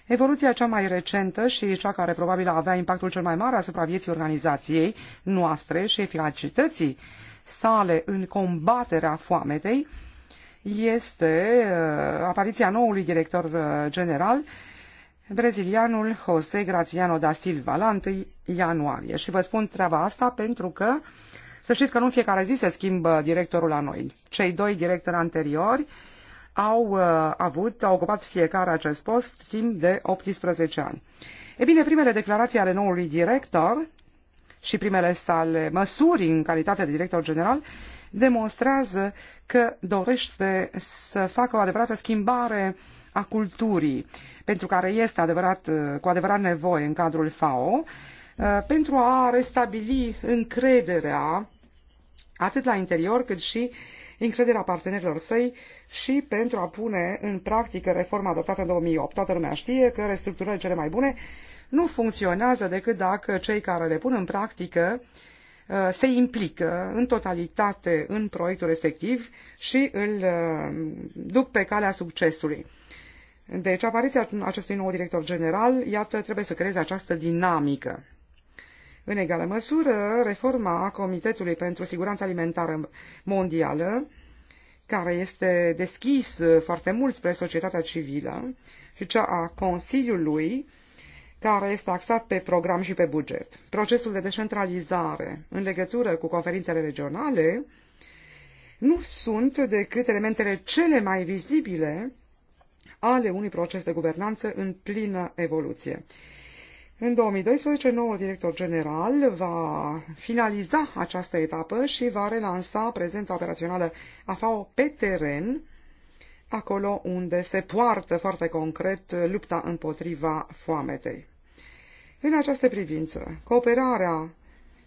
Evoluția cea mai recentă și cea care probabil avea impactul cel mai mare asupra vieții organizației noastre și eficacității sale în combaterea foametei este uh, apariția noului director uh, general brazilianul José Graziano da Silva la 1 ianuarie. Și vă spun treaba asta pentru că să știți că nu în fiecare zi se schimbă directorul la noi. Cei doi directori anteriori au uh, avut, au ocupat fiecare acest post timp de 18 ani. E bine, primele declarații ale noului director și primele sale măsuri în calitate de director general demonstrează că dorește să facă o adevărată schimbare uh, a culturii, pentru care este adevărat, uh, cu adevărat nevoie în cadrul FAO, uh, pentru a restabili încrederea atât la interior cât și încrederea partenerilor săi și pentru a pune în practică reforma adoptată în 2008. Toată lumea știe că restructurările cele mai bune nu funcționează decât dacă cei care le pun în practică uh, se implică în totalitate în proiectul respectiv și îl duc pe calea succesului. Deci apariția acestui nou director general, iată, trebuie să creeze această dinamică. În egală măsură, reforma Comitetului pentru Siguranța Alimentară Mondială, care este deschis foarte mult spre societatea civilă, și cea a Consiliului, care este axat pe program și pe buget. Procesul de decentralizare în legătură cu conferințele regionale nu sunt decât elementele cele mai vizibile ale unui proces de guvernanță în plină evoluție. În 2012, noul director general va finaliza această etapă și va relansa prezența operațională a FAO pe teren, acolo unde se poartă foarte concret lupta împotriva foametei. În această privință, cooperarea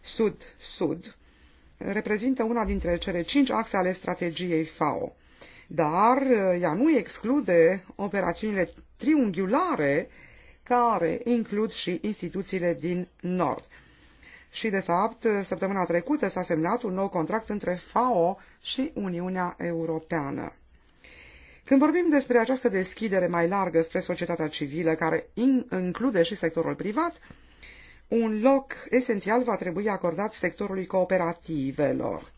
Sud-Sud reprezintă una dintre cele cinci axe ale strategiei FAO dar uh, ea nu exclude operațiunile triunghiulare care includ și instituțiile din Nord. Și, de fapt, uh, săptămâna trecută s-a semnat un nou contract între FAO și Uniunea Europeană. Când vorbim despre această deschidere mai largă spre societatea civilă, care in, include și sectorul privat, un loc esențial va trebui acordat sectorului cooperativelor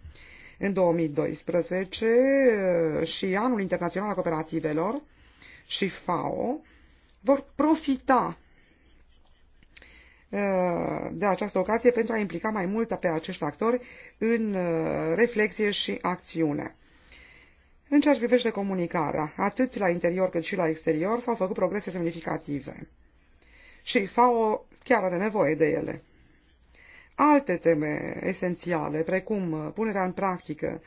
în 2012 uh, și Anul Internațional al Cooperativelor și FAO vor profita uh, de această ocazie pentru a implica mai mult pe acești actori în uh, reflexie și acțiune. În ceea ce privește comunicarea, atât la interior cât și la exterior, s-au făcut progrese semnificative. Și FAO chiar are nevoie de ele alte teme esențiale, precum uh, punerea în practică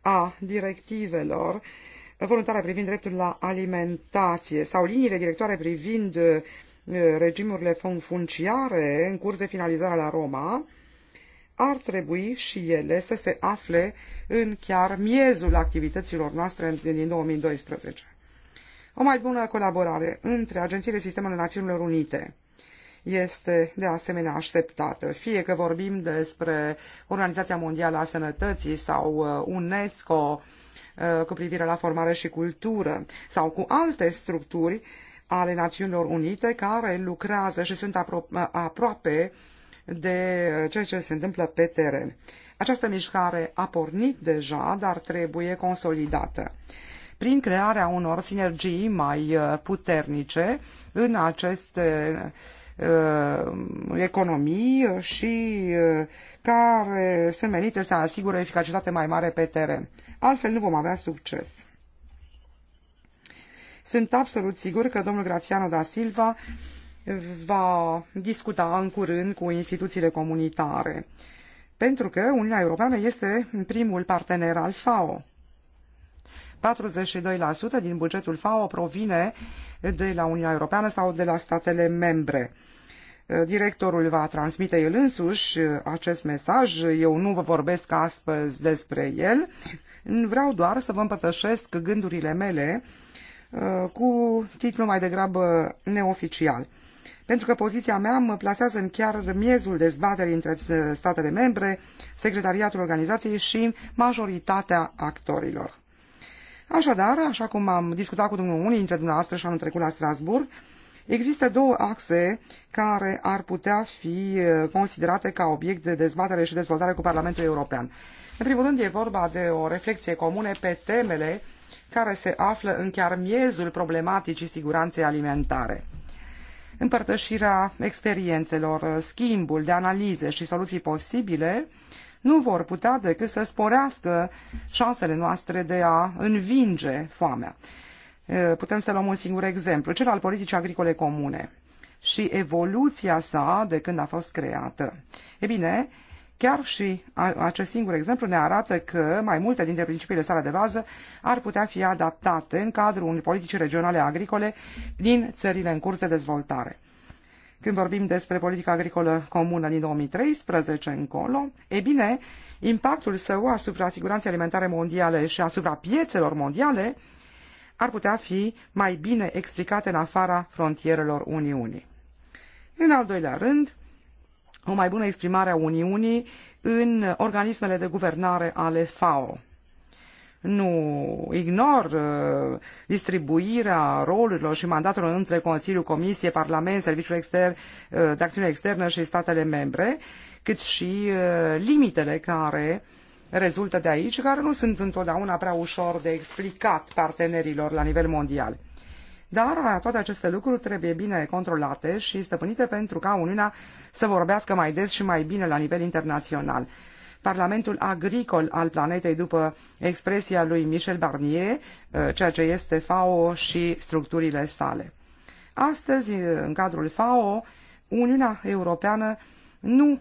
a directivelor uh, voluntare privind dreptul la alimentație sau liniile directoare privind uh, regimurile funciare în curs de finalizare la Roma, ar trebui și ele să se afle în chiar miezul activităților noastre din 2012. O mai bună colaborare între agențiile Sistemului Națiunilor Unite, este de asemenea așteptată. Fie că vorbim despre Organizația Mondială a Sănătății sau uh, UNESCO uh, cu privire la formare și cultură sau cu alte structuri ale Națiunilor Unite care lucrează și sunt apro- aproape de ceea ce se întâmplă pe teren. Această mișcare a pornit deja, dar trebuie consolidată prin crearea unor sinergii mai uh, puternice în aceste Uh, economii și uh, care sunt menite să asigure eficacitate mai mare pe teren. Altfel nu vom avea succes. Sunt absolut sigur că domnul Grațiano da Silva va discuta în curând cu instituțiile comunitare, pentru că Uniunea Europeană este primul partener al FAO. 42% din bugetul FAO provine de la Uniunea Europeană sau de la statele membre. Directorul va transmite el însuși acest mesaj, eu nu vă vorbesc astăzi despre el, vreau doar să vă împărtășesc gândurile mele uh, cu titlu mai degrabă neoficial. Pentru că poziția mea mă plasează în chiar miezul dezbaterii între statele membre, secretariatul organizației și majoritatea actorilor. Așadar, așa cum am discutat cu domnul unii dintre dumneavoastră și anul trecut la Strasburg, Există două axe care ar putea fi considerate ca obiect de dezbatere și dezvoltare cu Parlamentul European. În primul rând e vorba de o reflexie comune pe temele care se află în chiar miezul problematicii siguranței alimentare. Împărtășirea experiențelor, schimbul de analize și soluții posibile nu vor putea decât să sporească șansele noastre de a învinge foamea. Putem să luăm un singur exemplu, cel al politicii agricole comune și evoluția sa de când a fost creată. E bine, Chiar și acest singur exemplu ne arată că mai multe dintre principiile sale de bază ar putea fi adaptate în cadrul unei politici regionale agricole din țările în curs de dezvoltare când vorbim despre politica agricolă comună din 2013 încolo, e bine, impactul său asupra siguranței alimentare mondiale și asupra piețelor mondiale ar putea fi mai bine explicate în afara frontierelor Uniunii. În al doilea rând, o mai bună exprimare a Uniunii în organismele de guvernare ale FAO. Nu ignor uh, distribuirea rolurilor și mandatelor între Consiliu, Comisie, Parlament, Serviciul Extern, uh, de Acțiune Externă și statele membre, cât și uh, limitele care rezultă de aici, care nu sunt întotdeauna prea ușor de explicat partenerilor la nivel mondial. Dar uh, toate aceste lucruri trebuie bine controlate și stăpânite pentru ca Uniunea să vorbească mai des și mai bine la nivel internațional. Parlamentul agricol al planetei, după expresia lui Michel Barnier, uh, ceea ce este FAO și structurile sale. Astăzi, uh, în cadrul FAO, Uniunea Europeană nu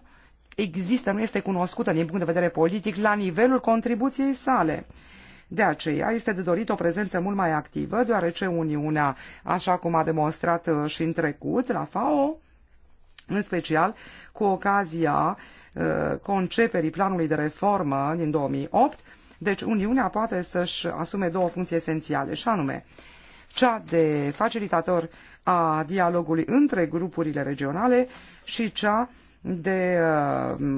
există, nu este cunoscută din punct de vedere politic la nivelul contribuției sale. De aceea este de dorit o prezență mult mai activă, deoarece Uniunea, așa cum a demonstrat uh, și în trecut la FAO, în special cu ocazia uh, Uh, conceperii planului de reformă din 2008, deci Uniunea poate să-și asume două funcții esențiale, și anume cea de facilitator a dialogului între grupurile regionale și cea de uh,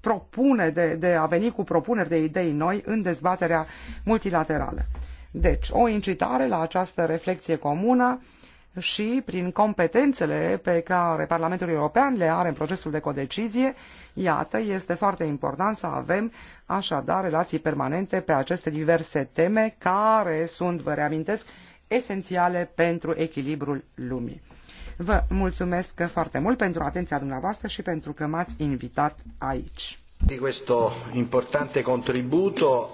propune, de, de a veni cu propuneri de idei noi în dezbaterea multilaterală. Deci, o incitare la această reflexie comună și prin competențele pe care Parlamentul European le are în procesul de codecizie, iată, este foarte important să avem așadar relații permanente pe aceste diverse teme care sunt, vă reamintesc, esențiale pentru echilibrul lumii. Vă mulțumesc foarte mult pentru atenția dumneavoastră și pentru că m-ați invitat aici. Di questo importante contributo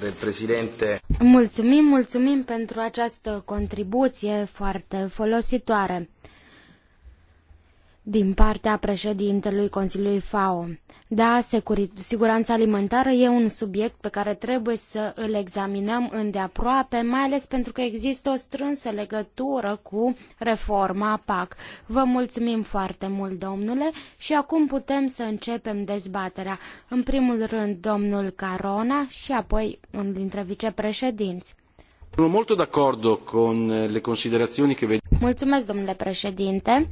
del presidente. Mulțumim, mulțumim pentru această contribuție foarte folositoare din partea președintelui Consiliului FAO. Da, siguranța alimentară e un subiect pe care trebuie să îl examinăm îndeaproape, mai ales pentru că există o strânsă legătură cu reforma PAC. Vă mulțumim foarte mult, domnule, și acum putem să începem dezbaterea. În primul rând, domnul Carona și apoi unul dintre vicepreședinți. le Mulțumesc, domnule președinte.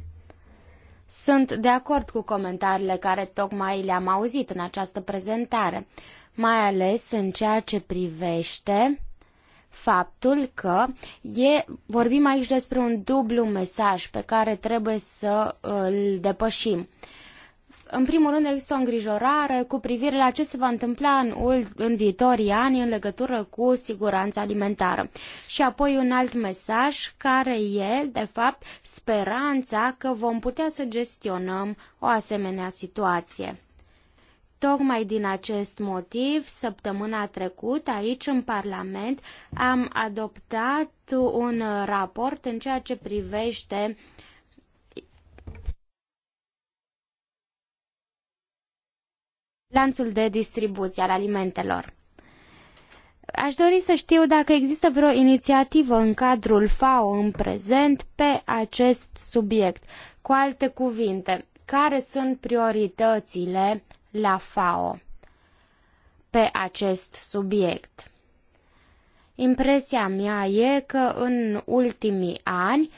Sunt de acord cu comentariile care tocmai le-am auzit în această prezentare, mai ales în ceea ce privește faptul că e, vorbim aici despre un dublu mesaj pe care trebuie să îl depășim. Uh, în primul rând există o îngrijorare cu privire la ce se va întâmpla în, în viitorii ani în legătură cu siguranța alimentară. Și apoi un alt mesaj care e, de fapt, speranța că vom putea să gestionăm o asemenea situație. Tocmai din acest motiv, săptămâna trecută, aici în Parlament, am adoptat un raport în ceea ce privește uh, lanțul de distribuție al alimentelor. Aș dori să știu dacă există vreo inițiativă în cadrul FAO în prezent pe acest subiect. Cu alte cuvinte, care sunt prioritățile la FAO pe acest subiect? Impresia mea e că în ultimii ani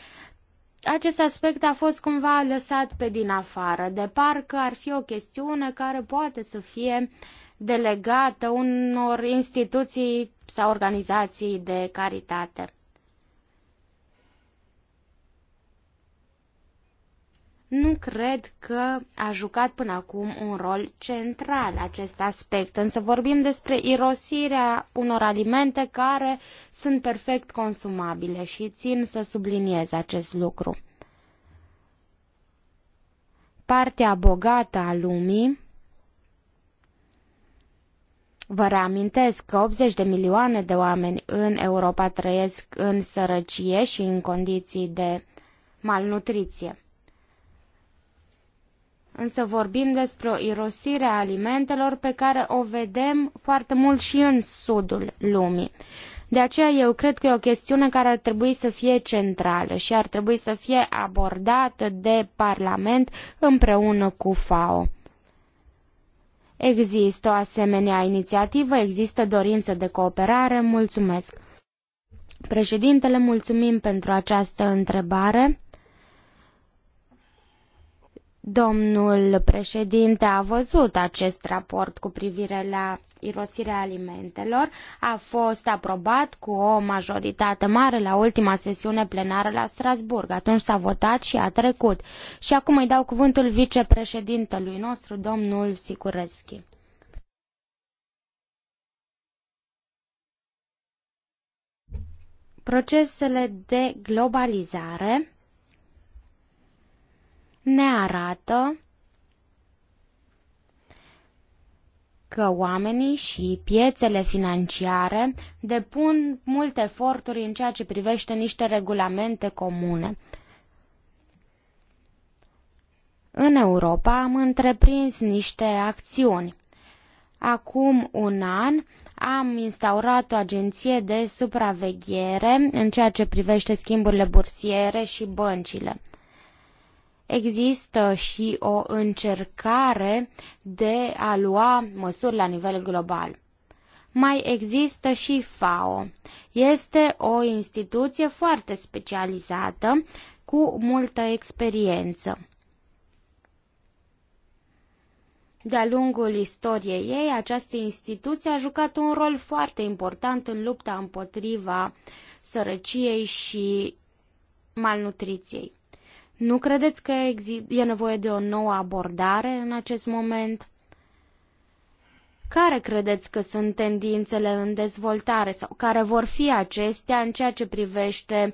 acest aspect a fost cumva lăsat pe din afară, de parcă ar fi o chestiune care poate să fie delegată unor instituții sau organizații de caritate. nu cred că a jucat până acum un rol central acest aspect, însă vorbim despre irosirea unor alimente care sunt perfect consumabile și țin să subliniez acest lucru. Partea bogată a lumii Vă reamintesc că 80 de milioane de oameni în Europa trăiesc în sărăcie și în condiții de malnutriție însă vorbim despre o irosire a alimentelor pe care o vedem foarte mult și în sudul lumii. De aceea eu cred că e o chestiune care ar trebui să fie centrală și ar trebui să fie abordată de Parlament împreună cu FAO. Există o asemenea inițiativă, există dorință de cooperare, mulțumesc. Președintele, mulțumim pentru această întrebare. Domnul președinte a văzut acest raport cu privire la irosirea alimentelor. A fost aprobat cu o majoritate mare la ultima sesiune plenară la Strasburg. Atunci s-a votat și a trecut. Și acum îi dau cuvântul vicepreședintelui nostru, domnul Sicureschi. Procesele de globalizare ne arată că oamenii și piețele financiare depun multe eforturi în ceea ce privește niște regulamente comune. În Europa am întreprins niște acțiuni. Acum un an am instaurat o agenție de supraveghere în ceea ce privește schimburile bursiere și băncile există și o încercare de a lua măsuri la nivel global. Mai există și FAO. Este o instituție foarte specializată cu multă experiență. De-a lungul istoriei ei, această instituție a jucat un rol foarte important în lupta împotriva sărăciei și malnutriției. Nu credeți că e nevoie de o nouă abordare în acest moment? Care credeți că sunt tendințele în dezvoltare sau care vor fi acestea în ceea ce privește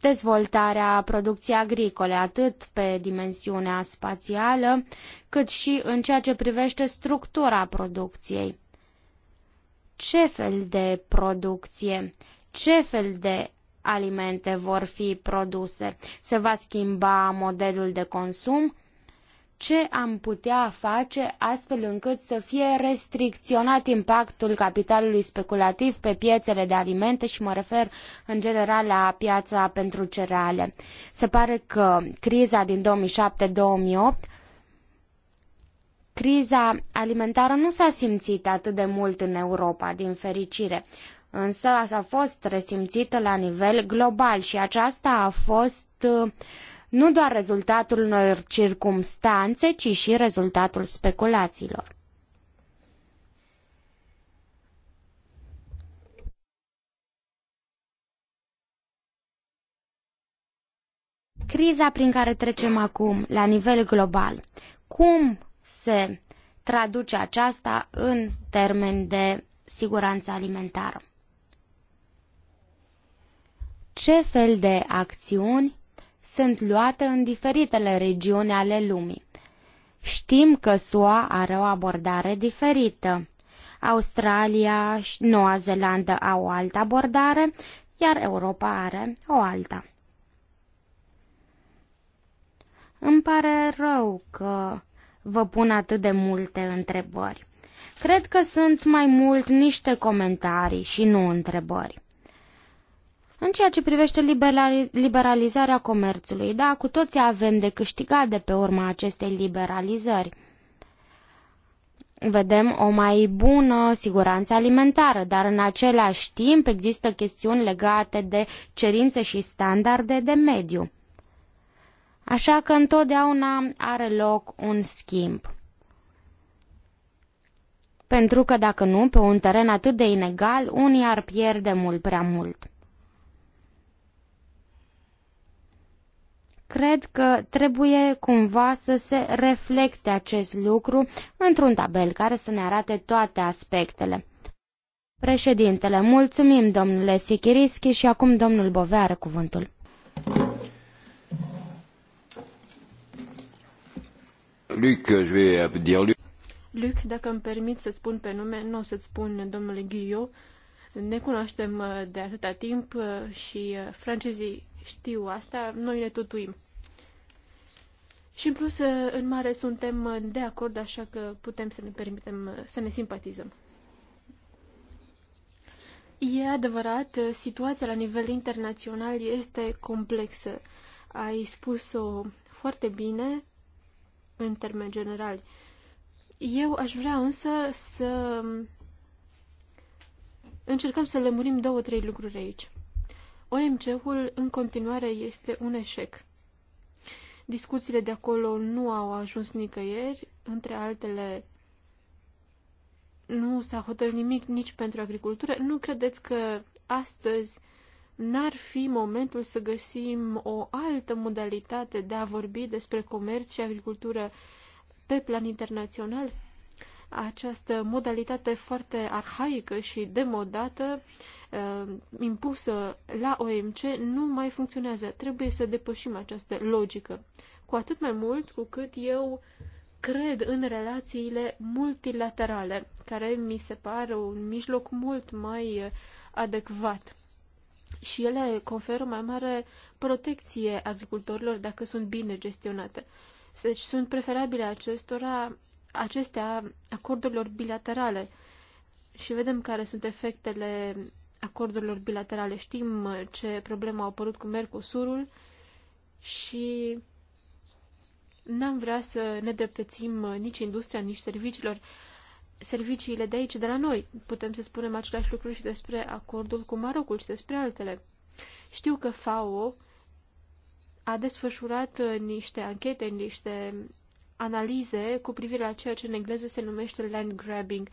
dezvoltarea producției agricole, atât pe dimensiunea spațială, cât și în ceea ce privește structura producției? Ce fel de producție? Ce fel de alimente vor fi produse? Se va schimba modelul de consum? Ce am putea face astfel încât să fie restricționat impactul capitalului speculativ pe piețele de alimente și mă refer în general la piața pentru cereale? Se pare că criza din 2007-2008 criza alimentară nu s-a simțit atât de mult în Europa, din fericire însă a fost resimțită la nivel global și aceasta a fost uh, nu doar rezultatul unor circumstanțe, ci și rezultatul speculațiilor. Criza prin care trecem acum la nivel global, cum se traduce aceasta în termen de siguranță alimentară? ce fel de acțiuni sunt luate în diferitele regiuni ale lumii. Știm că SUA are o abordare diferită. Australia și Noua Zeelandă au o altă abordare, iar Europa are o alta. Îmi pare rău că vă pun atât de multe întrebări. Cred că sunt mai mult niște comentarii și nu întrebări. În ceea ce privește liberalizarea comerțului, da, cu toții avem de câștigat de pe urma acestei liberalizări. Vedem o mai bună siguranță alimentară, dar în același timp există chestiuni legate de cerințe și standarde de mediu. Așa că întotdeauna are loc un schimb pentru că dacă nu, pe un teren atât de inegal, unii ar pierde mult prea mult. Cred că trebuie cumva să se reflecte acest lucru într-un tabel care să ne arate toate aspectele. Președintele, mulțumim domnule Sikirischi și acum domnul Bovea are cuvântul. Luc, je vais dire Luc. Luc, dacă îmi permit să-ți spun pe nume, nu o să-ți spun domnule Guyot, ne cunoaștem uh, de atâta timp uh, și uh, francezii știu asta, noi ne tutuim. Și în plus, în mare suntem de acord, așa că putem să ne permitem să ne simpatizăm. E adevărat, situația la nivel internațional este complexă. Ai spus-o foarte bine în termeni generali. Eu aș vrea însă să încercăm să lămurim două, trei lucruri aici. OMC-ul în continuare este un eșec. Discuțiile de acolo nu au ajuns nicăieri, între altele nu s-a hotărât nimic nici pentru agricultură. Nu credeți că astăzi n-ar fi momentul să găsim o altă modalitate de a vorbi despre comerț și agricultură pe plan internațional? Această modalitate foarte arhaică și demodată uh, uh, impusă la OMC nu mai funcționează. Trebuie să depășim această logică. Cu atât mai mult cu cât eu cred în relațiile multilaterale, care mi se pare un mijloc mult mai adecvat. Și ele conferă mai mare protecție agricultorilor dacă sunt bine gestionate. Deci sunt preferabile acestora, acestea acordurilor bilaterale și vedem care sunt efectele acordurilor bilaterale. Știm uh, ce probleme au apărut cu Mercosurul și n-am vrea să ne dreptățim uh, nici industria, nici serviciilor. Serviciile de aici, de la noi, putem să spunem același lucru și despre acordul cu Marocul și despre altele. Știu că FAO a desfășurat uh, niște anchete, niște analize cu privire la ceea ce în engleză se numește land grabbing,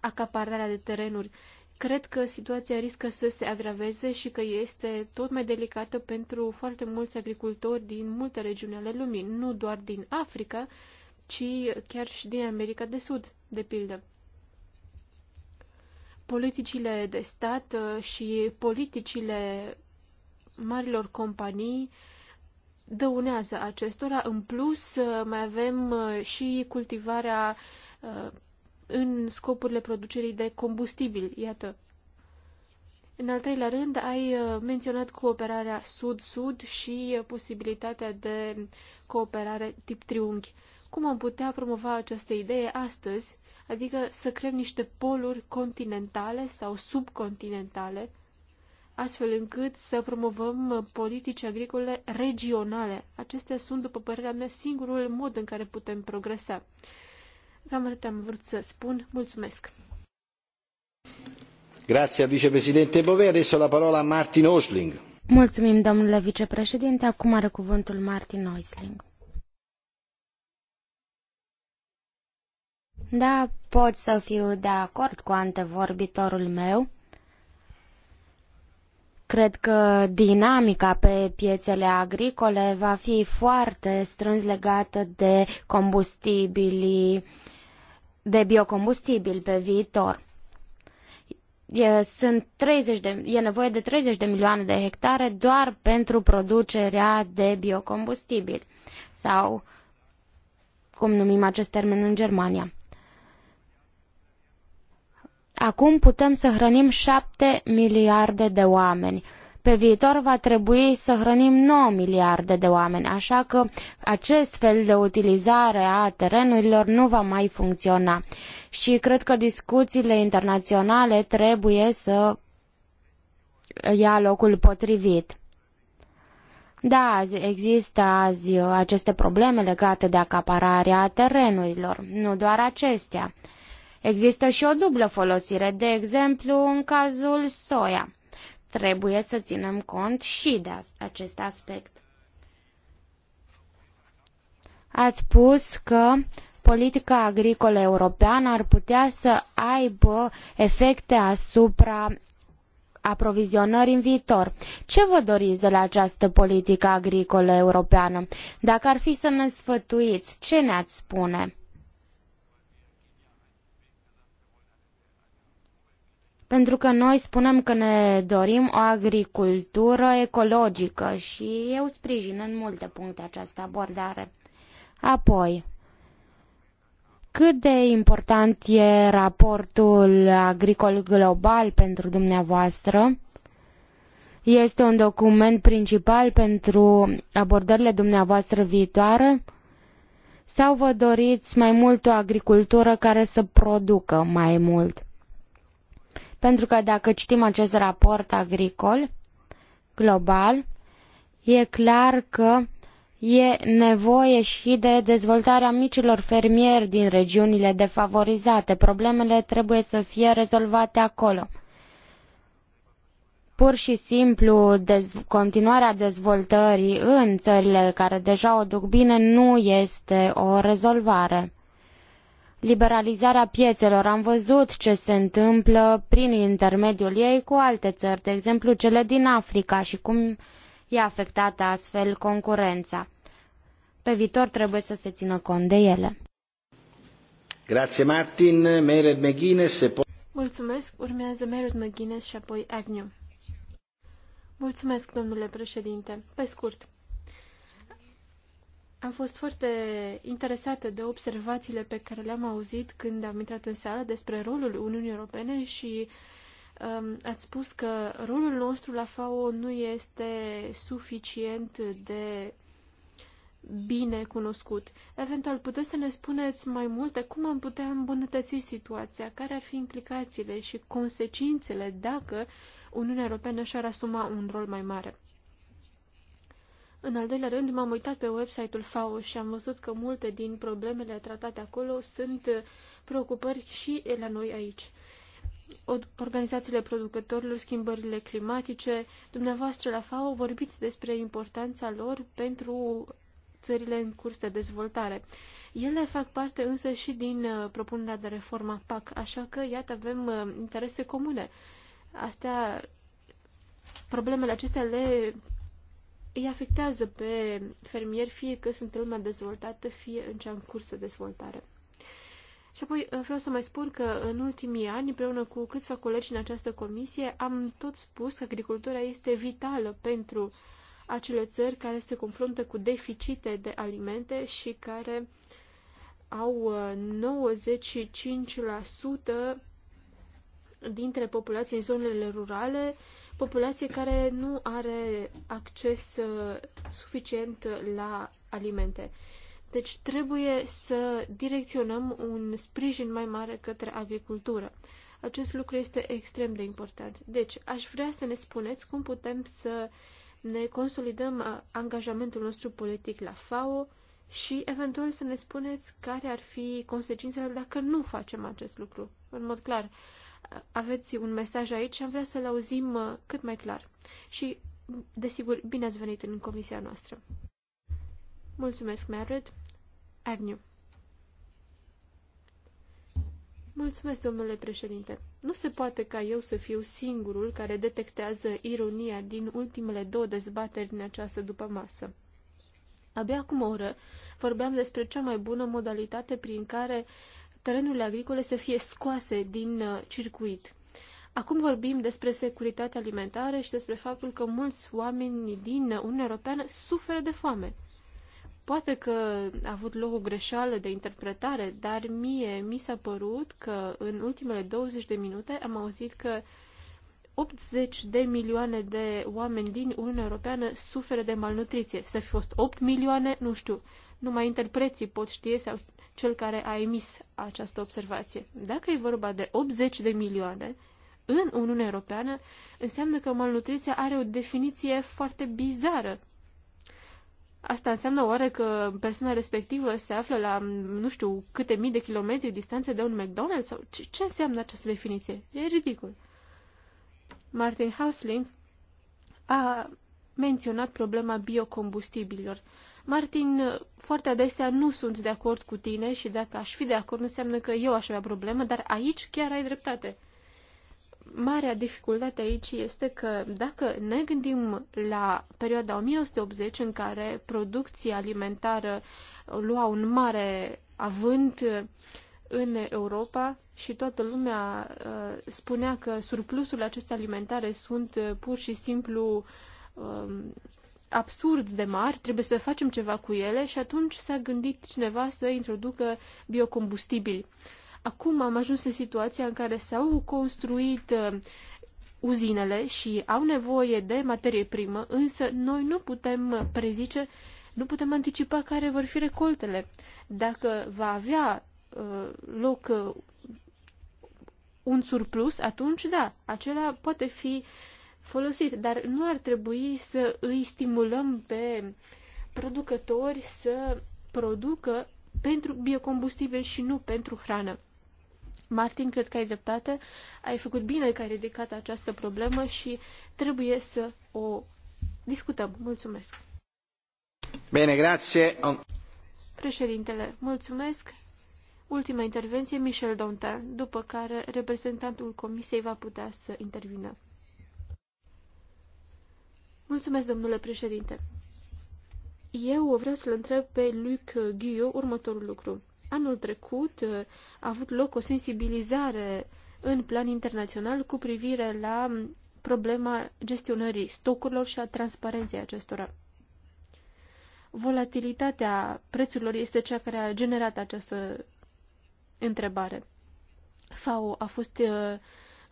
acapararea de terenuri. Cred că situația riscă să se agraveze și că este tot mai delicată pentru foarte mulți agricultori din multe regiuni ale lumii, nu doar din Africa, ci chiar și din America de Sud, de pildă. Politicile de stat uh, și politicile marilor companii dăunează acestora. În plus, uh, mai avem uh, și cultivarea în scopurile producerii de combustibil. Iată. În al treilea rând, ai uh, menționat cooperarea sud-sud și uh, posibilitatea de cooperare tip triunghi. Cum am putea promova această idee astăzi, adică să creăm niște poluri continentale sau subcontinentale, astfel încât să promovăm uh, politici agricole regionale. Acestea sunt, după părerea mea, singurul mod în care putem progresa. Cam atât am vrut să spun. Mulțumesc! Grazie, vicepresidente Bove. Adesso la parola Martin Osling. Mulțumim, domnule vicepreședinte. Acum are cuvântul Martin Oisling. Da, pot să fiu de acord cu antevorbitorul meu. Cred că dinamica pe piețele agricole va fi foarte strâns legată de combustibilii de biocombustibil pe viitor. E, sunt 30 de, e nevoie de 30 de milioane de hectare doar pentru producerea de biocombustibil sau cum numim acest termen în Germania. Acum putem să hrănim 7 miliarde de oameni pe viitor va trebui să hrănim 9 miliarde de oameni, așa că acest fel de utilizare a terenurilor nu va mai funcționa. Și cred că discuțiile internaționale trebuie să ia locul potrivit. Da, azi există azi aceste probleme legate de acapararea terenurilor, nu doar acestea. Există și o dublă folosire, de exemplu în cazul soia. Trebuie să ținem cont și de acest aspect. Ați spus că politica agricolă europeană ar putea să aibă efecte asupra aprovizionării în viitor. Ce vă doriți de la această politică agricolă europeană? Dacă ar fi să ne sfătuiți, ce ne-ați spune? Pentru că noi spunem că ne dorim o agricultură ecologică și eu sprijin în multe puncte această abordare. Apoi, cât de important e raportul agricol global pentru dumneavoastră? Este un document principal pentru abordările dumneavoastră viitoare? Sau vă doriți mai mult o agricultură care să producă mai mult? Pentru că dacă citim acest raport agricol global, e clar că e nevoie și de dezvoltarea micilor fermieri din regiunile defavorizate. Problemele trebuie să fie rezolvate acolo pur și simplu dez- continuarea dezvoltării în țările care deja o duc bine nu este o rezolvare liberalizarea piețelor. Am văzut ce se întâmplă prin intermediul ei cu alte țări, de exemplu cele din Africa și cum e afectată astfel concurența. Pe viitor trebuie să se țină cont de ele. Grazie Martin, Mered McGuinness poi... Mulțumesc, urmează Mered McGuinness și apoi Agnew. Mulțumesc, domnule președinte. Pe scurt, am fost foarte interesată de observațiile pe care le-am auzit când am intrat în sală despre rolul Uniunii Europene și um, ați spus că rolul nostru la FAO nu este suficient de bine cunoscut. Eventual, puteți să ne spuneți mai multe cum am putea îmbunătăți situația, care ar fi implicațiile și consecințele dacă Uniunea Europeană și-ar asuma un rol mai mare. În al doilea rând, m-am uitat pe website-ul FAO și am văzut că multe din problemele tratate acolo sunt uh, preocupări și la noi aici. Organizațiile producătorilor, schimbările climatice, dumneavoastră la FAO vorbiți despre importanța lor pentru țările în curs de dezvoltare. Ele fac parte însă și din uh, propunerea de reformă PAC, așa că, iată, avem uh, interese comune. Astea, problemele acestea le îi afectează pe fermieri, fie că sunt în lumea dezvoltată, fie în cea în curs de dezvoltare. Și apoi uh, vreau să mai spun că în ultimii ani, împreună cu câțiva colegi în această comisie, am tot spus că agricultura este vitală pentru acele țări care se confruntă cu deficite de alimente și care au 95% uh, dintre populații în zonele rurale populație care nu are acces uh, suficient la alimente. Deci trebuie să direcționăm un sprijin mai mare către agricultură. Acest lucru este extrem de important. Deci, aș vrea să ne spuneți cum putem să ne consolidăm uh, angajamentul nostru politic la FAO și, eventual, să ne spuneți care ar fi consecințele dacă nu facem acest lucru, în mod clar aveți un mesaj aici și am vrea să-l auzim uh, cât mai clar. Și, desigur, bine ați venit în comisia noastră. Mulțumesc, Merit. Agnew. Mulțumesc, domnule președinte. Nu se poate ca eu să fiu singurul care detectează ironia din ultimele două dezbateri din această după masă. Abia acum o oră vorbeam despre cea mai bună modalitate prin care uh, terenurile agricole să fie scoase din uh, circuit. Acum vorbim despre securitatea alimentară și despre faptul că mulți oameni din Uniunea Europeană suferă de foame. Poate că a avut loc o greșeală de interpretare, dar mie mi s-a părut că în ultimele 20 de minute am auzit că 80 de milioane de oameni din Uniunea Europeană suferă de malnutriție. Să fi fost 8 milioane, nu știu. Numai interpreții pot ști sau cel care a emis această observație. Dacă e vorba de 80 de milioane în Uniunea Europeană, înseamnă că malnutriția are o definiție foarte bizară. Asta înseamnă oare că persoana respectivă se află la nu știu câte mii de kilometri distanță de un McDonald's? Sau ce, ce înseamnă această definiție? E ridicol. Martin Hausling a menționat problema biocombustibililor. Martin, foarte adesea nu sunt de acord cu tine și dacă aș fi de acord înseamnă că eu aș avea problemă, dar aici chiar ai dreptate. Marea dificultate aici este că dacă ne gândim la perioada 1980 în care producția alimentară lua un mare avânt în Europa și toată lumea uh, spunea că surplusurile acestea alimentare sunt uh, pur și simplu um, absurd de mari, trebuie să facem ceva cu ele și atunci s-a gândit cineva să introducă biocombustibili. Acum am ajuns în situația în care s-au construit uh, uzinele și au nevoie de materie primă, însă noi nu putem prezice, nu putem anticipa care vor fi recoltele. Dacă va avea uh, loc uh, un surplus, atunci da, acela poate fi uh, folosit, dar nu ar trebui să îi stimulăm pe producători să producă pentru biocombustibil și nu pentru hrană. Martin, cred că ai dreptate, ai făcut bine că ai ridicat această problemă și trebuie să o discutăm. Mulțumesc! Bine, grație! Președintele, mulțumesc! Ultima intervenție, Michel Dantin, după care reprezentantul Comisiei va putea să intervină. Mulțumesc, domnule președinte. Eu vreau să-l întreb pe Luc Ghiu următorul lucru. Anul trecut uh, a avut loc o sensibilizare în plan internațional cu privire la problema gestionării stocurilor și a transparenței acestora. Volatilitatea prețurilor este cea care a generat această întrebare. FAO a fost uh,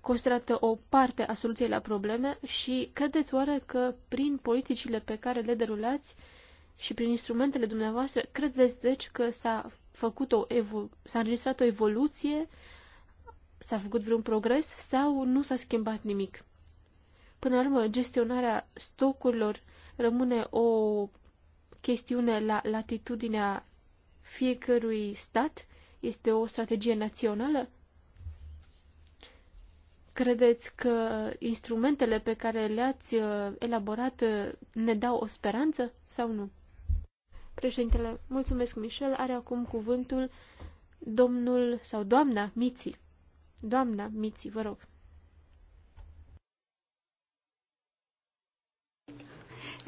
considerată o parte a soluției la probleme și credeți oare că prin politicile pe care le derulați și prin instrumentele dumneavoastră, credeți deci că s-a făcut o s-a înregistrat o evoluție, s-a făcut vreun progres sau nu s-a schimbat nimic? Până la urmă, gestionarea stocurilor rămâne o chestiune la latitudinea fiecărui stat? Este o strategie națională? Credeți că instrumentele pe care le-ați uh, elaborat uh, ne dau o speranță sau nu? Președintele, mulțumesc, Michel. Are acum cuvântul domnul sau doamna Miții. Doamna Miții, vă rog.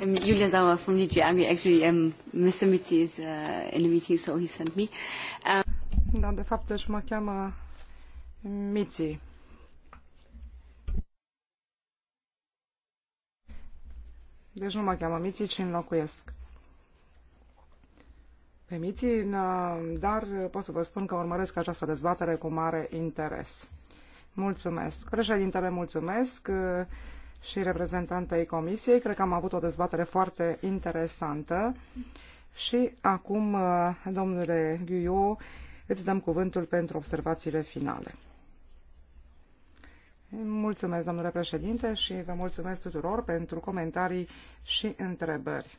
Um, Julia Sauer from DG Agri. Actually, um, Mr. Mitzi is uh, in a meeting, so he sent me. Um... Da, de fapt, își mă cheamă Mitzi. Deci nu mă cheamă Miții, ci înlocuiesc pe Miții, dar pot să vă spun că urmăresc această dezbatere cu mare interes. Mulțumesc. Președintele, mulțumesc uh, și reprezentantei comisiei. Cred că am avut o dezbatere foarte interesantă. Și acum, uh, domnule Guillot, îți dăm cuvântul pentru observațiile finale. Mulțumesc, domnule președinte, și vă mulțumesc tuturor pentru comentarii și întrebări.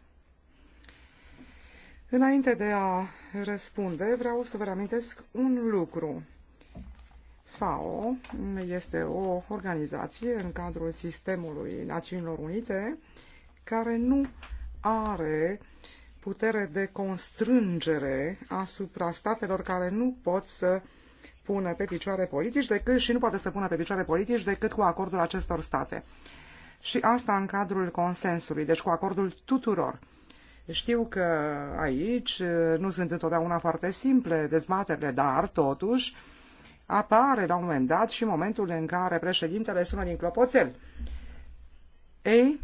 Înainte de a răspunde, vreau să vă reamintesc un lucru. FAO este o organizație în cadrul sistemului Națiunilor Unite care nu are putere de constrângere asupra statelor care nu pot să uh, pune pe picioare politici decât, și nu poate să pună pe picioare politici decât cu acordul acestor state. Și asta în cadrul consensului, deci cu acordul tuturor. Știu că aici uh, nu sunt întotdeauna foarte simple dezbaterile, dar totuși apare la un moment dat și momentul în care președintele sună din clopoțel. Ei,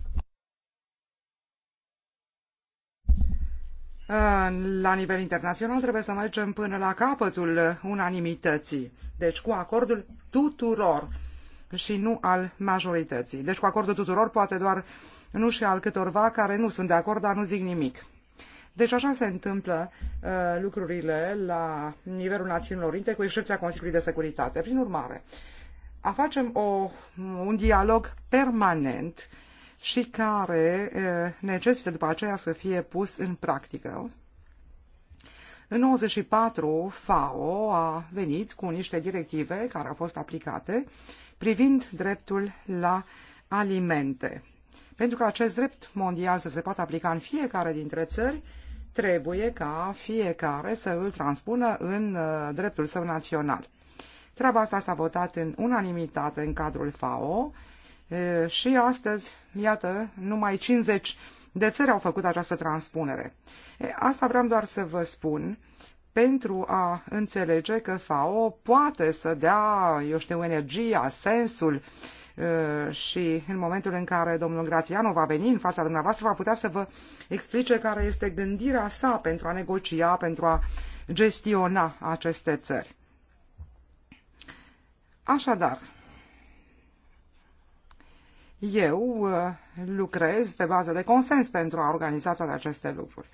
la nivel internațional trebuie să mergem până la capătul unanimității, deci cu acordul tuturor și nu al majorității. Deci cu acordul tuturor poate doar nu și al câtorva care nu sunt de acord, dar nu zic nimic. Deci așa se întâmplă uh, lucrurile la nivelul Națiunilor Unite, cu excepția Consiliului de Securitate. Prin urmare, a facem o, un dialog permanent și care necesită după aceea să fie pus în practică. În 94, FAO a venit cu niște directive care au fost aplicate privind dreptul la alimente. Pentru că acest drept mondial să se poată aplica în fiecare dintre țări, trebuie ca fiecare să îl transpună în dreptul său național. Treaba asta s-a votat în unanimitate în cadrul FAO E, și astăzi, iată, numai 50 de țări au făcut această transpunere. E, asta vreau doar să vă spun pentru a înțelege că FAO poate să dea, eu știu, energia, sensul e, și în momentul în care domnul Grațianu va veni în fața dumneavoastră, va putea să vă explice care este gândirea sa pentru a negocia, pentru a gestiona aceste țări. Așadar, eu uh, lucrez pe bază de consens pentru a organiza toate aceste lucruri.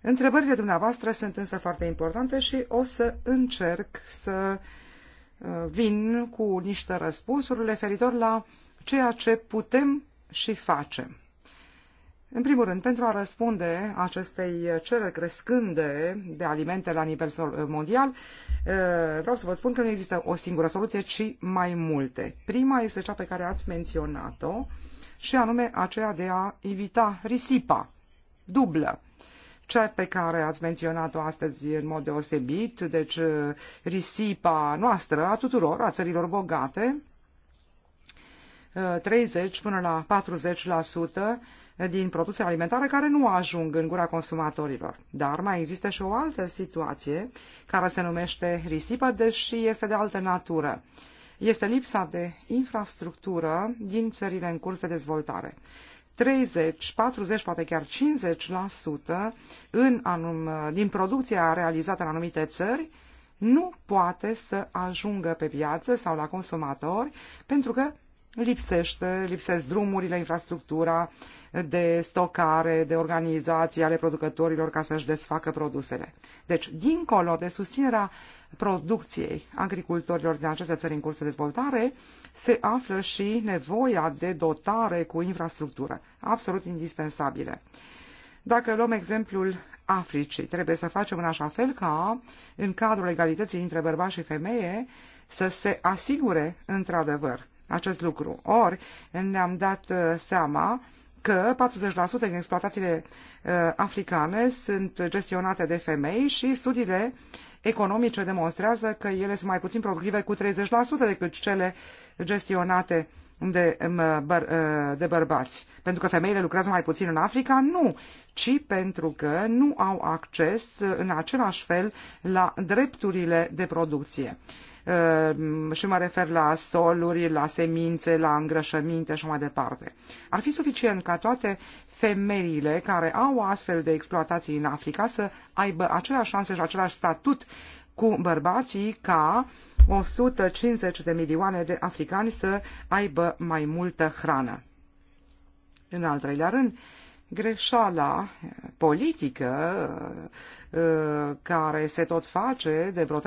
Întrebările dumneavoastră sunt însă foarte importante și o să încerc să uh, vin cu niște răspunsuri referitor la ceea ce putem și facem. În primul rând, pentru a răspunde acestei cereri crescânde de alimente la nivel mondial, eh, vreau să vă spun că nu există o singură soluție, ci mai multe. Prima este cea pe care ați menționat-o, și anume aceea de a evita risipa dublă. Cea pe care ați menționat-o astăzi în mod deosebit, deci eh, risipa noastră a tuturor, a țărilor bogate, 30 eh, până la 40%, din produse alimentare care nu ajung în gura consumatorilor. Dar mai există și o altă situație care se numește risipă, deși este de altă natură. Este lipsa de infrastructură din țările în curs de dezvoltare. 30, 40, poate chiar 50% în anum, din producția realizată în anumite țări nu poate să ajungă pe piață sau la consumatori pentru că lipsește, lipsesc drumurile, infrastructura, de stocare, de organizații ale producătorilor ca să-și desfacă produsele. Deci, dincolo de susținerea producției agricultorilor din aceste țări în curs de dezvoltare, se află și nevoia de dotare cu infrastructură, absolut indispensabile. Dacă luăm exemplul Africii, trebuie să facem în așa fel ca, în cadrul egalității dintre bărbați și femeie, să se asigure într-adevăr acest lucru. Ori ne-am dat uh, seama că 40% din exploatațiile uh, africane sunt gestionate de femei și studiile economice demonstrează că ele sunt mai puțin productive cu 30% decât cele gestionate de, um, băr, uh, de bărbați. Pentru că femeile lucrează mai puțin în Africa? Nu, ci pentru că nu au acces uh, în același fel la drepturile de producție. Uh, Uh, și mă refer la soluri, la semințe, la îngrășăminte și mai departe. Ar fi suficient ca toate femeile care au astfel de exploatații în Africa să aibă aceleași șanse și același statut cu bărbații ca 150 de milioane de africani să aibă mai multă hrană. În al treilea rând, greșeala politică uh, care se tot face de vreo 30-40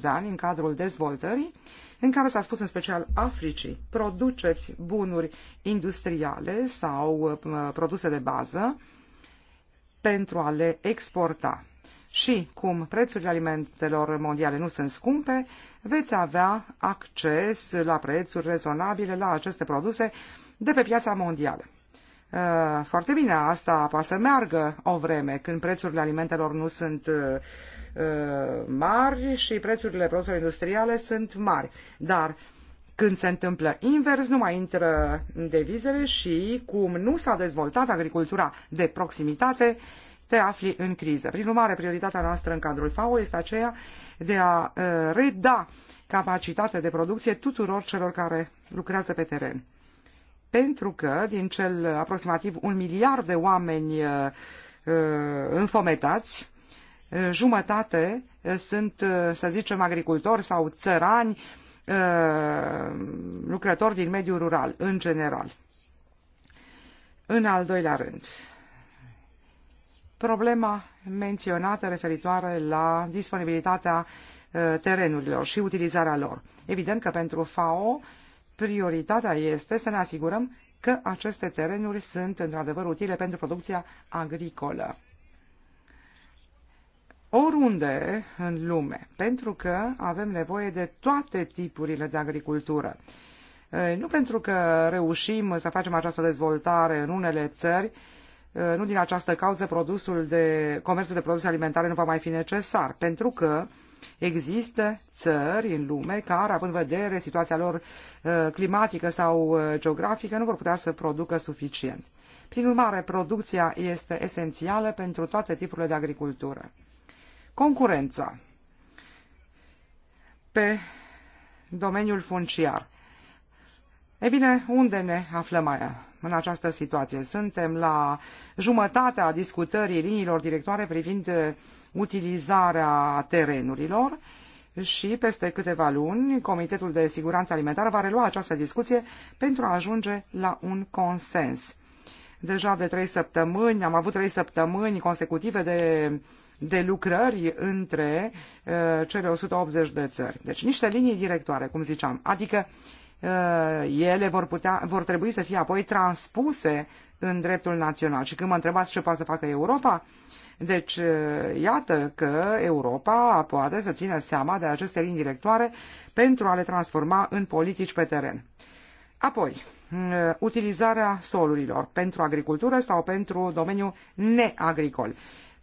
de ani în cadrul dezvoltării, în care s-a spus în special Africii, produceți bunuri industriale sau uh, produse de bază pentru a le exporta. Și cum prețurile alimentelor mondiale nu sunt scumpe, veți avea acces la prețuri rezonabile la aceste produse de pe piața mondială. Uh, foarte bine, asta poate să meargă o vreme când prețurile alimentelor nu sunt uh, uh, mari și prețurile produselor industriale sunt mari. Dar când se întâmplă invers, nu mai intră devizele și cum nu s-a dezvoltat agricultura de proximitate, te afli în criză. Prin urmare, prioritatea noastră în cadrul FAO este aceea de a reda capacitatea de producție tuturor celor care lucrează pe teren pentru că din cel aproximativ un miliard de oameni uh, uh, înfometați, uh, jumătate sunt, să zicem, agricultori sau țărani, lucrători din mediul rural, în general. În al doilea rând, problema menționată referitoare la disponibilitatea terenurilor și utilizarea lor. Evident că pentru FAO prioritatea este să ne asigurăm că aceste terenuri sunt într-adevăr utile pentru producția agricolă. Oriunde în lume, pentru că avem nevoie de toate tipurile de agricultură. Eh, nu pentru că reușim să facem această dezvoltare în unele țări, eh, nu din această cauză produsul de, comerțul de produse alimentare nu va mai fi necesar, pentru că uh, Există țări în lume care, având vedere situația lor uh, climatică sau uh, geografică, nu vor putea să producă suficient. Prin urmare, producția este esențială pentru toate tipurile de agricultură. Concurența pe domeniul funciar. E bine, unde ne aflăm aia? în această situație. Suntem la jumătatea discutării liniilor directoare privind uh, utilizarea terenurilor și peste câteva luni Comitetul de Siguranță Alimentară va relua această discuție pentru a ajunge la un consens. Deja de trei săptămâni, am avut trei săptămâni consecutive de, de lucrări între uh, cele 180 de țări. Deci niște linii directoare, cum ziceam, adică uh, ele vor, putea, vor trebui să fie apoi transpuse în dreptul național. Și când mă întrebați ce poate să facă Europa, uh, deci, iată că Europa poate să țină seama de aceste linii directoare pentru a le transforma în politici pe teren. Apoi, utilizarea solurilor pentru agricultură sau pentru domeniul neagricol.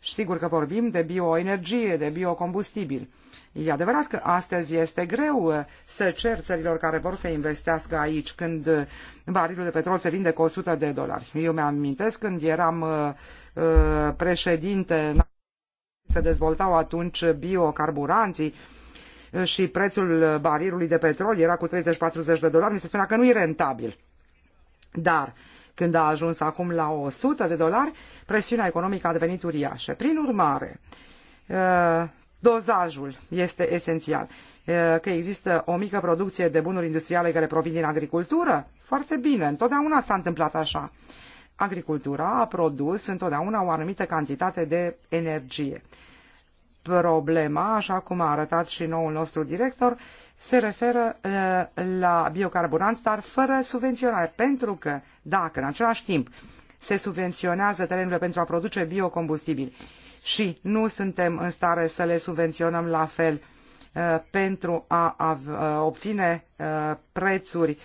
Sigur că vorbim de bioenergie, de biocombustibil. E adevărat că astăzi este greu să cer țărilor care vor să investească aici când barilul de petrol se vinde cu 100 de dolari. Eu mi-am amintesc când eram Uh, președinte se dezvoltau atunci biocarburanții și prețul barilului de petrol era cu 30-40 de dolari, mi se spunea că nu e rentabil. Dar când a ajuns acum la 100 de dolari, presiunea economică a devenit uriașă. Prin urmare, uh, dozajul este esențial. Uh, că există o mică producție de bunuri industriale care provin din agricultură? Foarte bine, întotdeauna s-a întâmplat așa agricultura a produs întotdeauna o anumită cantitate de energie. Problema, așa cum a arătat și noul nostru director, se referă uh, la biocarburanți, dar fără subvenționare, pentru că dacă în același timp se subvenționează terenurile pentru a produce biocombustibili și nu suntem în stare să le subvenționăm la fel uh, Uh, pentru a uh, obține uh, prețuri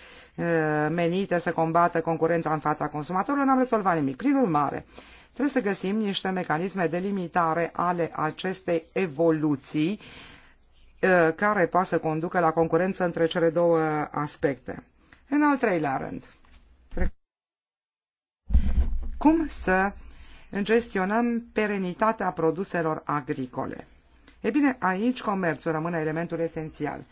menite să combată concurența în fața consumatorilor, n-am rezolvat nimic. Prin urmare, trebuie să găsim niște mecanisme de limitare ale acestei evoluții care poate să conducă la concurență între cele două aspecte. În al treilea rând, cum să gestionăm perenitatea produselor agricole? E bine, aici comerțul rămâne elementul esențial.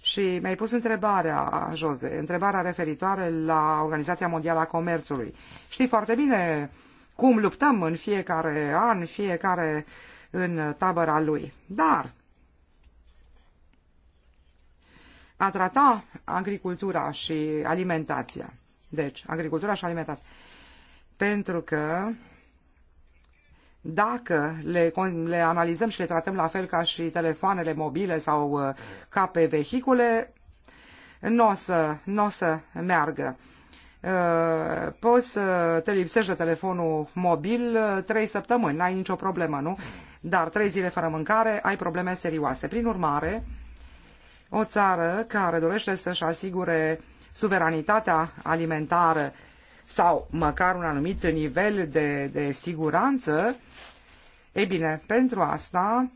Și mi-ai pus întrebarea, Jose, întrebarea referitoare la Organizația Mondială a Comerțului. Știi foarte bine cum luptăm în fiecare an, fiecare în tabăra lui. Dar a trata agricultura și alimentația. Deci, agricultura și alimentația. Pentru că dacă le, le analizăm și le tratăm la fel ca și telefoanele mobile sau uh, ca pe vehicule, nu o să, n -o să meargă. Uh, poți să te lipsești de telefonul mobil uh, trei săptămâni, n-ai nicio problemă, nu? Dar trei zile fără mâncare ai probleme serioase. Prin urmare, o țară care dorește să-și asigure suveranitatea alimentară sau măcar un anumit nivel de, de siguranță, E bine, pentru asta,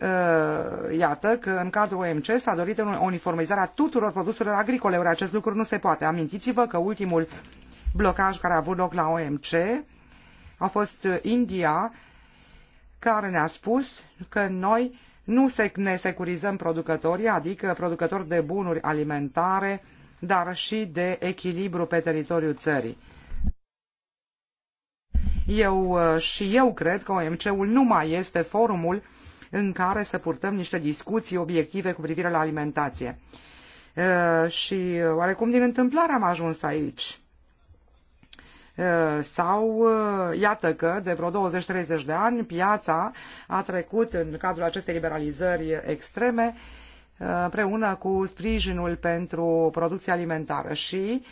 uh, iată că în cadrul OMC s-a dorit uniformizarea tuturor produselor agricole, ori acest lucru nu se poate. Amintiți-vă că ultimul blocaj care a avut loc la OMC a fost India, care ne-a spus că noi nu ne securizăm producătorii, adică producători de bunuri alimentare, dar și de echilibru pe teritoriul țării. Eu uh, și eu cred că OMC-ul nu mai este forumul în care să purtăm niște discuții obiective cu privire la alimentație. Uh, și oarecum din întâmplare am ajuns aici uh, sau iată că de vreo 20-30 de ani piața a trecut în cadrul acestei liberalizări extreme Uh, împreună cu sprijinul pentru producție alimentară și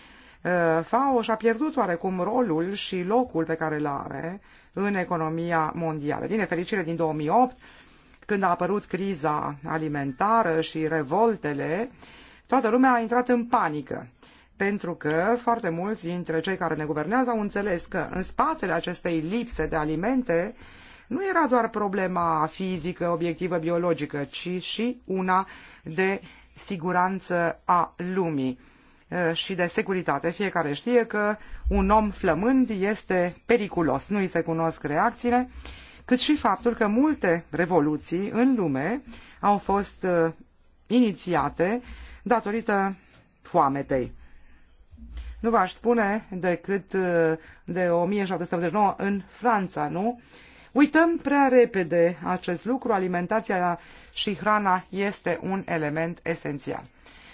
uh, FAO și-a pierdut oarecum rolul și locul pe care îl are în economia mondială. Din nefericire, din 2008, când a apărut criza alimentară și revoltele, toată lumea a intrat în panică pentru că foarte mulți dintre cei care ne guvernează au înțeles că în spatele acestei lipse de alimente nu era doar problema fizică, obiectivă, biologică, ci și una de siguranță a lumii și de securitate. Fiecare știe că un om flămând este periculos, nu i se cunosc reacțiile, cât și faptul că multe revoluții în lume au fost inițiate datorită foametei. Nu v-aș spune decât de 1789 în Franța, nu? Uităm prea repede acest lucru, alimentația și hrana este un element esențial.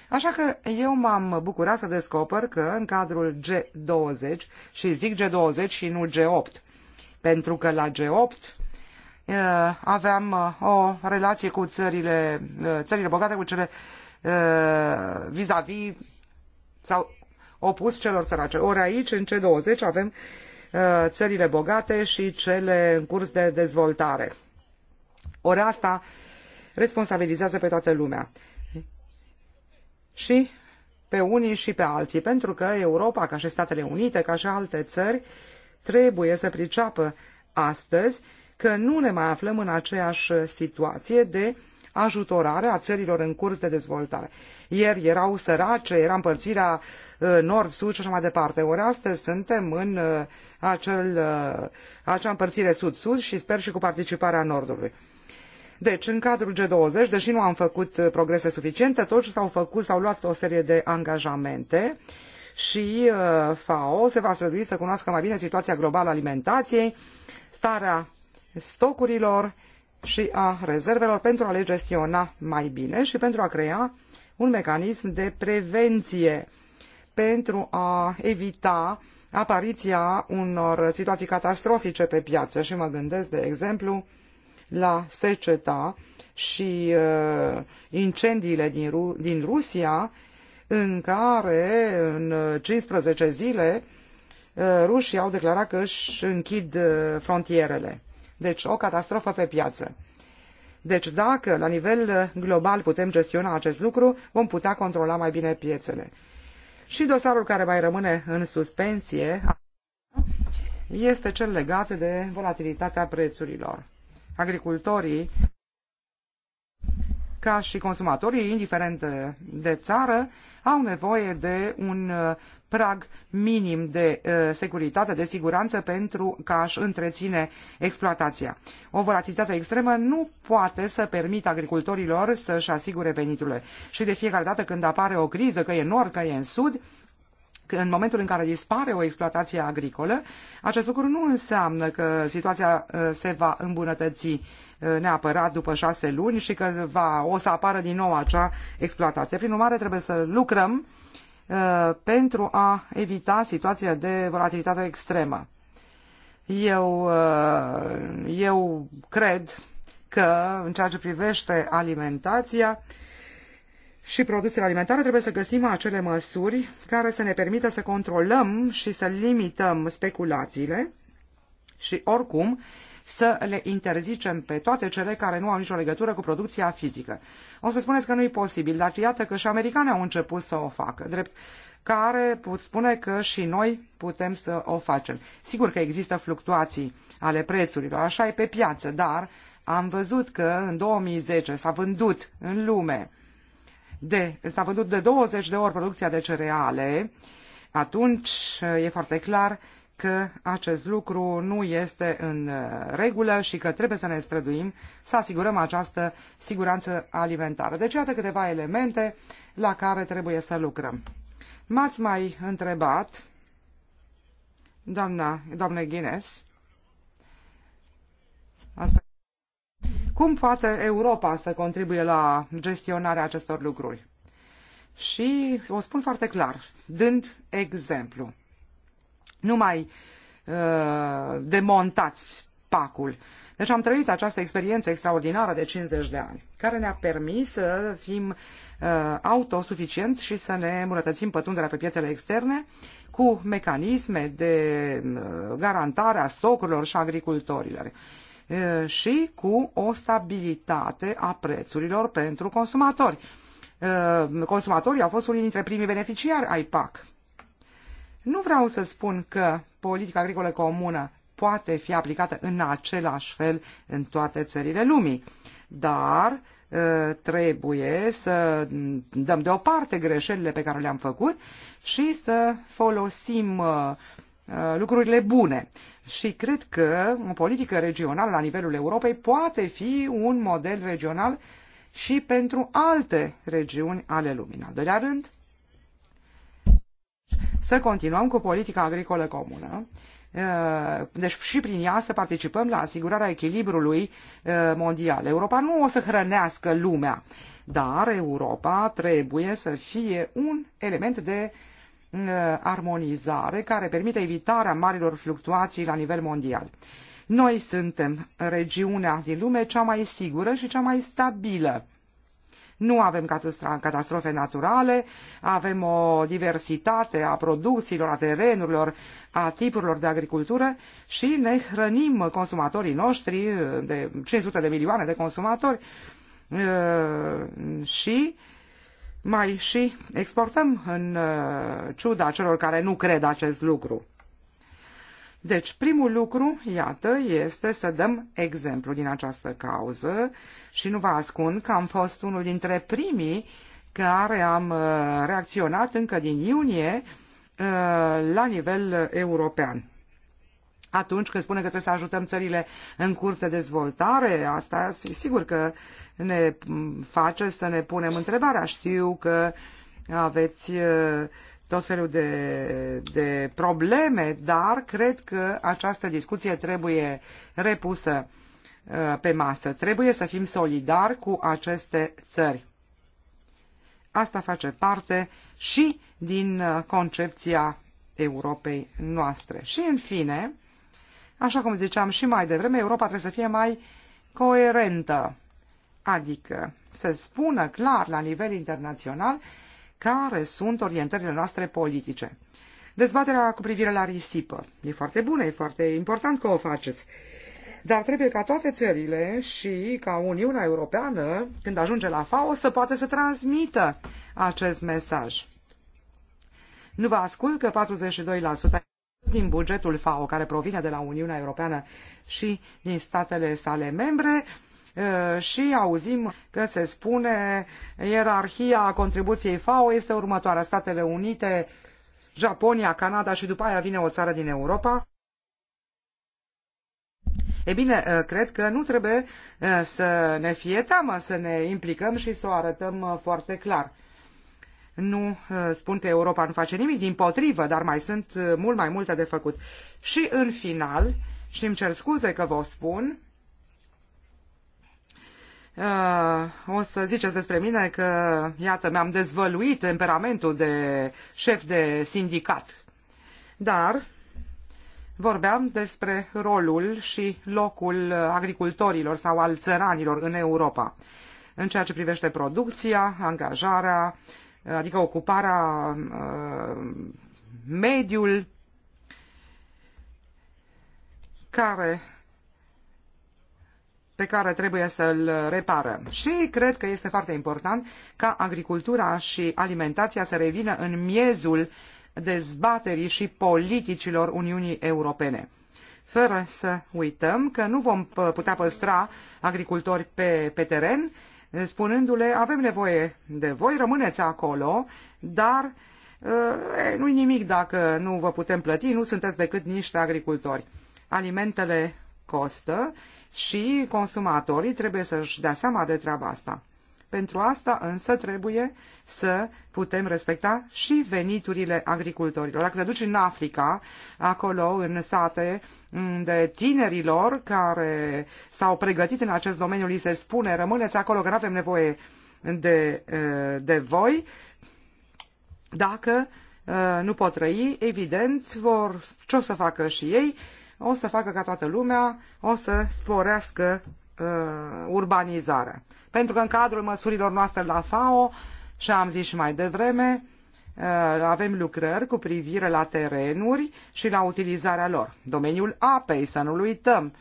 Așa că eu m-am bucurat să descoper că în cadrul G20, și zic G20 și nu G8, pentru că la G8 eh, aveam eh, o relație cu țările, eh, țările bogate, cu cele vis-a-vis -vis, sau opus celor sărace. Ori aici, în C20, avem Uh, ările bogate și cele în curs de dezvoltare. Ori asta responsabilizează pe toată lumea. Și pe unii și pe alții, pentru că Europa, ca și Statele Unite, ca și alte țări, trebuie să priceapă astăzi că nu ne mai aflăm în aceeași situație de uh, ajutorare a țărilor în curs de dezvoltare. Ieri erau sărace, era împărțirea uh, nord-sud și așa mai departe. Ori astăzi suntem în uh, acel, uh, acea împărțire sud-sud și sper și cu participarea nordului. Deci, în cadrul G20, deși nu am făcut progrese suficiente, totuși s-au făcut, s-au luat o serie de angajamente și uh, FAO se va strădui să cunoască mai bine situația globală a alimentației, starea stocurilor și a rezervelor pentru a le gestiona mai bine și pentru a crea un mecanism de prevenție pentru a evita apariția unor situații catastrofice pe piață și mă gândesc, de exemplu, la seceta și uh, incendiile din, Ru- din Rusia, în care în 15 zile uh, rușii au declarat că își închid uh, frontierele. Deci o catastrofă pe piață. Deci dacă la nivel uh, global putem gestiona acest lucru, vom putea controla mai bine piețele. Și dosarul care mai rămâne în suspensie este cel legat de volatilitatea prețurilor. Agricultorii, ca și consumatorii, indiferent uh, de țară, au nevoie de un uh, prag minim de uh, securitate, de siguranță pentru ca a-și întreține exploatația. O volatilitate extremă nu poate să permită agricultorilor să-și asigure veniturile. Și de fiecare dată când apare o criză, că e în nord, că e în sud, în momentul în care dispare o exploatație agricolă, acest lucru nu înseamnă că situația uh, se va îmbunătăți uh, neapărat după șase luni și că va, o să apară din nou acea exploatație. Prin urmare, trebuie să lucrăm Uh, pentru a evita situația de volatilitate extremă. Eu, uh, eu cred că în ceea ce privește alimentația și produsele alimentare trebuie să găsim acele măsuri care să ne permită să controlăm și să limităm speculațiile și oricum să le interzicem pe toate cele care nu au nicio legătură cu producția fizică. O să spuneți că nu e posibil, dar iată că și americanii au început să o facă, drept care pot spune că și noi putem să o facem. Sigur că există fluctuații ale prețurilor, așa e pe piață, dar am văzut că în 2010 s-a vândut în lume de, s-a vândut de 20 de ori producția de cereale, atunci e foarte clar că acest lucru nu este în uh, regulă și că trebuie să ne străduim să asigurăm această siguranță alimentară. Deci iată câteva elemente la care trebuie să lucrăm. M-ați mai întrebat, doamna, doamne Guinness, asta, cum poate Europa să contribuie la gestionarea acestor lucruri? Și o spun foarte clar, dând exemplu. Nu mai uh, demontați pacul. Deci am trăit această experiență extraordinară de 50 de ani, care ne-a permis să fim uh, autosuficienți și să ne îmbunătățim pătrunderea pe piețele externe cu mecanisme de uh, garantare a stocurilor și agricultorilor uh, și cu o stabilitate a prețurilor pentru consumatori. Uh, consumatorii au fost unii dintre primii beneficiari ai PAC nu vreau să spun că politica agricolă comună poate fi aplicată în același fel în toate țările lumii, dar ă, trebuie să dăm deoparte greșelile pe care le-am făcut și să folosim ă, ă, lucrurile bune. Și cred că o politică regională la nivelul Europei poate fi un model regional și pentru alte regiuni ale lumii. În al doilea rând, să continuăm cu politica agricolă comună, deci și prin ea să participăm la asigurarea echilibrului mondial. Europa nu o să hrănească lumea, dar Europa trebuie să fie un element de armonizare care permite evitarea marilor fluctuații la nivel mondial. Noi suntem regiunea din lume cea mai sigură și cea mai stabilă nu avem catastrofe naturale, avem o diversitate a producțiilor, a terenurilor, a tipurilor de agricultură și ne hrănim consumatorii noștri, de 500 de milioane de consumatori, uh, și mai și exportăm în uh, ciuda celor care nu cred acest lucru. Deci, primul lucru, iată, este să dăm exemplu din această cauză și nu vă ascund că am fost unul dintre primii care am uh, reacționat încă din iunie uh, la nivel european. Atunci când spune că trebuie să ajutăm țările în curs de dezvoltare, asta sigur că ne face să ne punem întrebarea. Știu că aveți uh, tot felul de, de probleme, dar cred că această discuție trebuie repusă uh, pe masă. Trebuie să fim solidari cu aceste țări. Asta face parte și din uh, concepția Europei noastre. Și în fine, așa cum ziceam și mai devreme, Europa trebuie să fie mai coerentă, adică să spună clar la nivel internațional care sunt orientările noastre politice. Dezbaterea cu privire la risipă e foarte bună, e foarte important că o faceți. Dar trebuie ca toate țările și ca Uniunea Europeană, când ajunge la FAO, să poată să transmită acest mesaj. Nu vă ascult că 42% din bugetul FAO, care provine de la Uniunea Europeană și din statele sale membre, și auzim că se spune ierarhia contribuției FAO este următoarea. Statele Unite, Japonia, Canada și după aia vine o țară din Europa. E bine, cred că nu trebuie să ne fie teamă, să ne implicăm și să o arătăm foarte clar. Nu spun că Europa nu face nimic, din potrivă, dar mai sunt mult mai multe de făcut. Și în final, și îmi cer scuze că vă spun, Uh, o să ziceți despre mine că, iată, mi-am dezvăluit temperamentul de șef de sindicat. Dar vorbeam despre rolul și locul agricultorilor sau al țăranilor în Europa în ceea ce privește producția, angajarea, adică ocuparea, uh, mediul care pe care trebuie să-l reparăm. Și cred că este foarte important ca agricultura și alimentația să revină în miezul dezbaterii și politicilor Uniunii Europene. Fără să uităm că nu vom putea păstra agricultori pe, pe teren, spunându-le avem nevoie de voi, rămâneți acolo, dar ă, nu-i nimic dacă nu vă putem plăti, nu sunteți decât niște agricultori. Alimentele costă, și consumatorii trebuie să-și dea seama de treaba asta. Pentru asta însă trebuie să putem respecta și veniturile agricultorilor. Dacă te duci în Africa, acolo, în sate, de tinerilor care s-au pregătit în acest domeniu, li se spune rămâneți acolo că nu avem nevoie de, eh, de voi, dacă eh, nu pot trăi, evident, vor, ce o să facă și ei? o să facă ca toată lumea, o să sporească uh, urbanizarea. Pentru că în cadrul măsurilor noastre la FAO, și am zis și mai devreme, uh, avem lucrări cu privire la terenuri și la utilizarea lor. Domeniul apei, să nu uităm,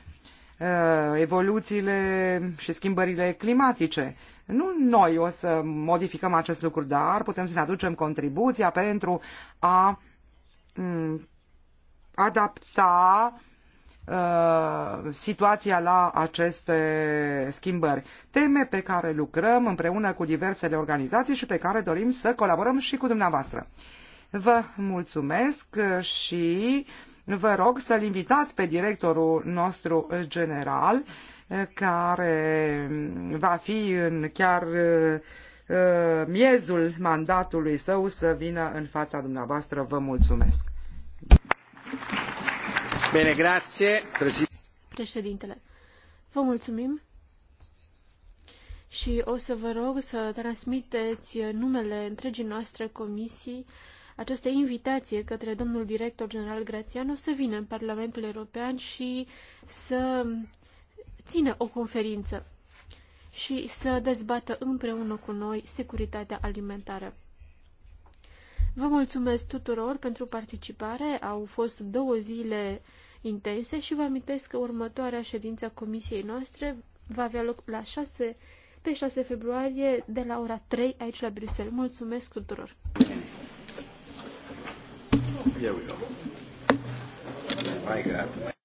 uh, evoluțiile și schimbările climatice, nu noi o să modificăm acest lucru, dar putem să ne aducem contribuția pentru a mm, adapta Uh, situația la aceste schimbări. Teme pe care lucrăm împreună cu diversele organizații și pe care dorim să colaborăm și cu dumneavoastră. Vă mulțumesc și vă rog să-l invitați pe directorul nostru general care va fi în chiar uh, miezul mandatului său să vină în fața dumneavoastră. Vă mulțumesc! Bine, Președintele, vă mulțumim și o să vă rog să transmiteți numele întregii noastre comisii această invitație către domnul director general Graziano să vină în Parlamentul European și să țină o conferință și să dezbată împreună cu noi securitatea alimentară. Vă mulțumesc tuturor pentru participare. Au fost două zile intense și vă amintesc că următoarea ședință a comisiei noastre va avea loc la 6, pe 6 februarie de la ora 3 aici la Bruxelles. Mulțumesc tuturor! Here we go. My God.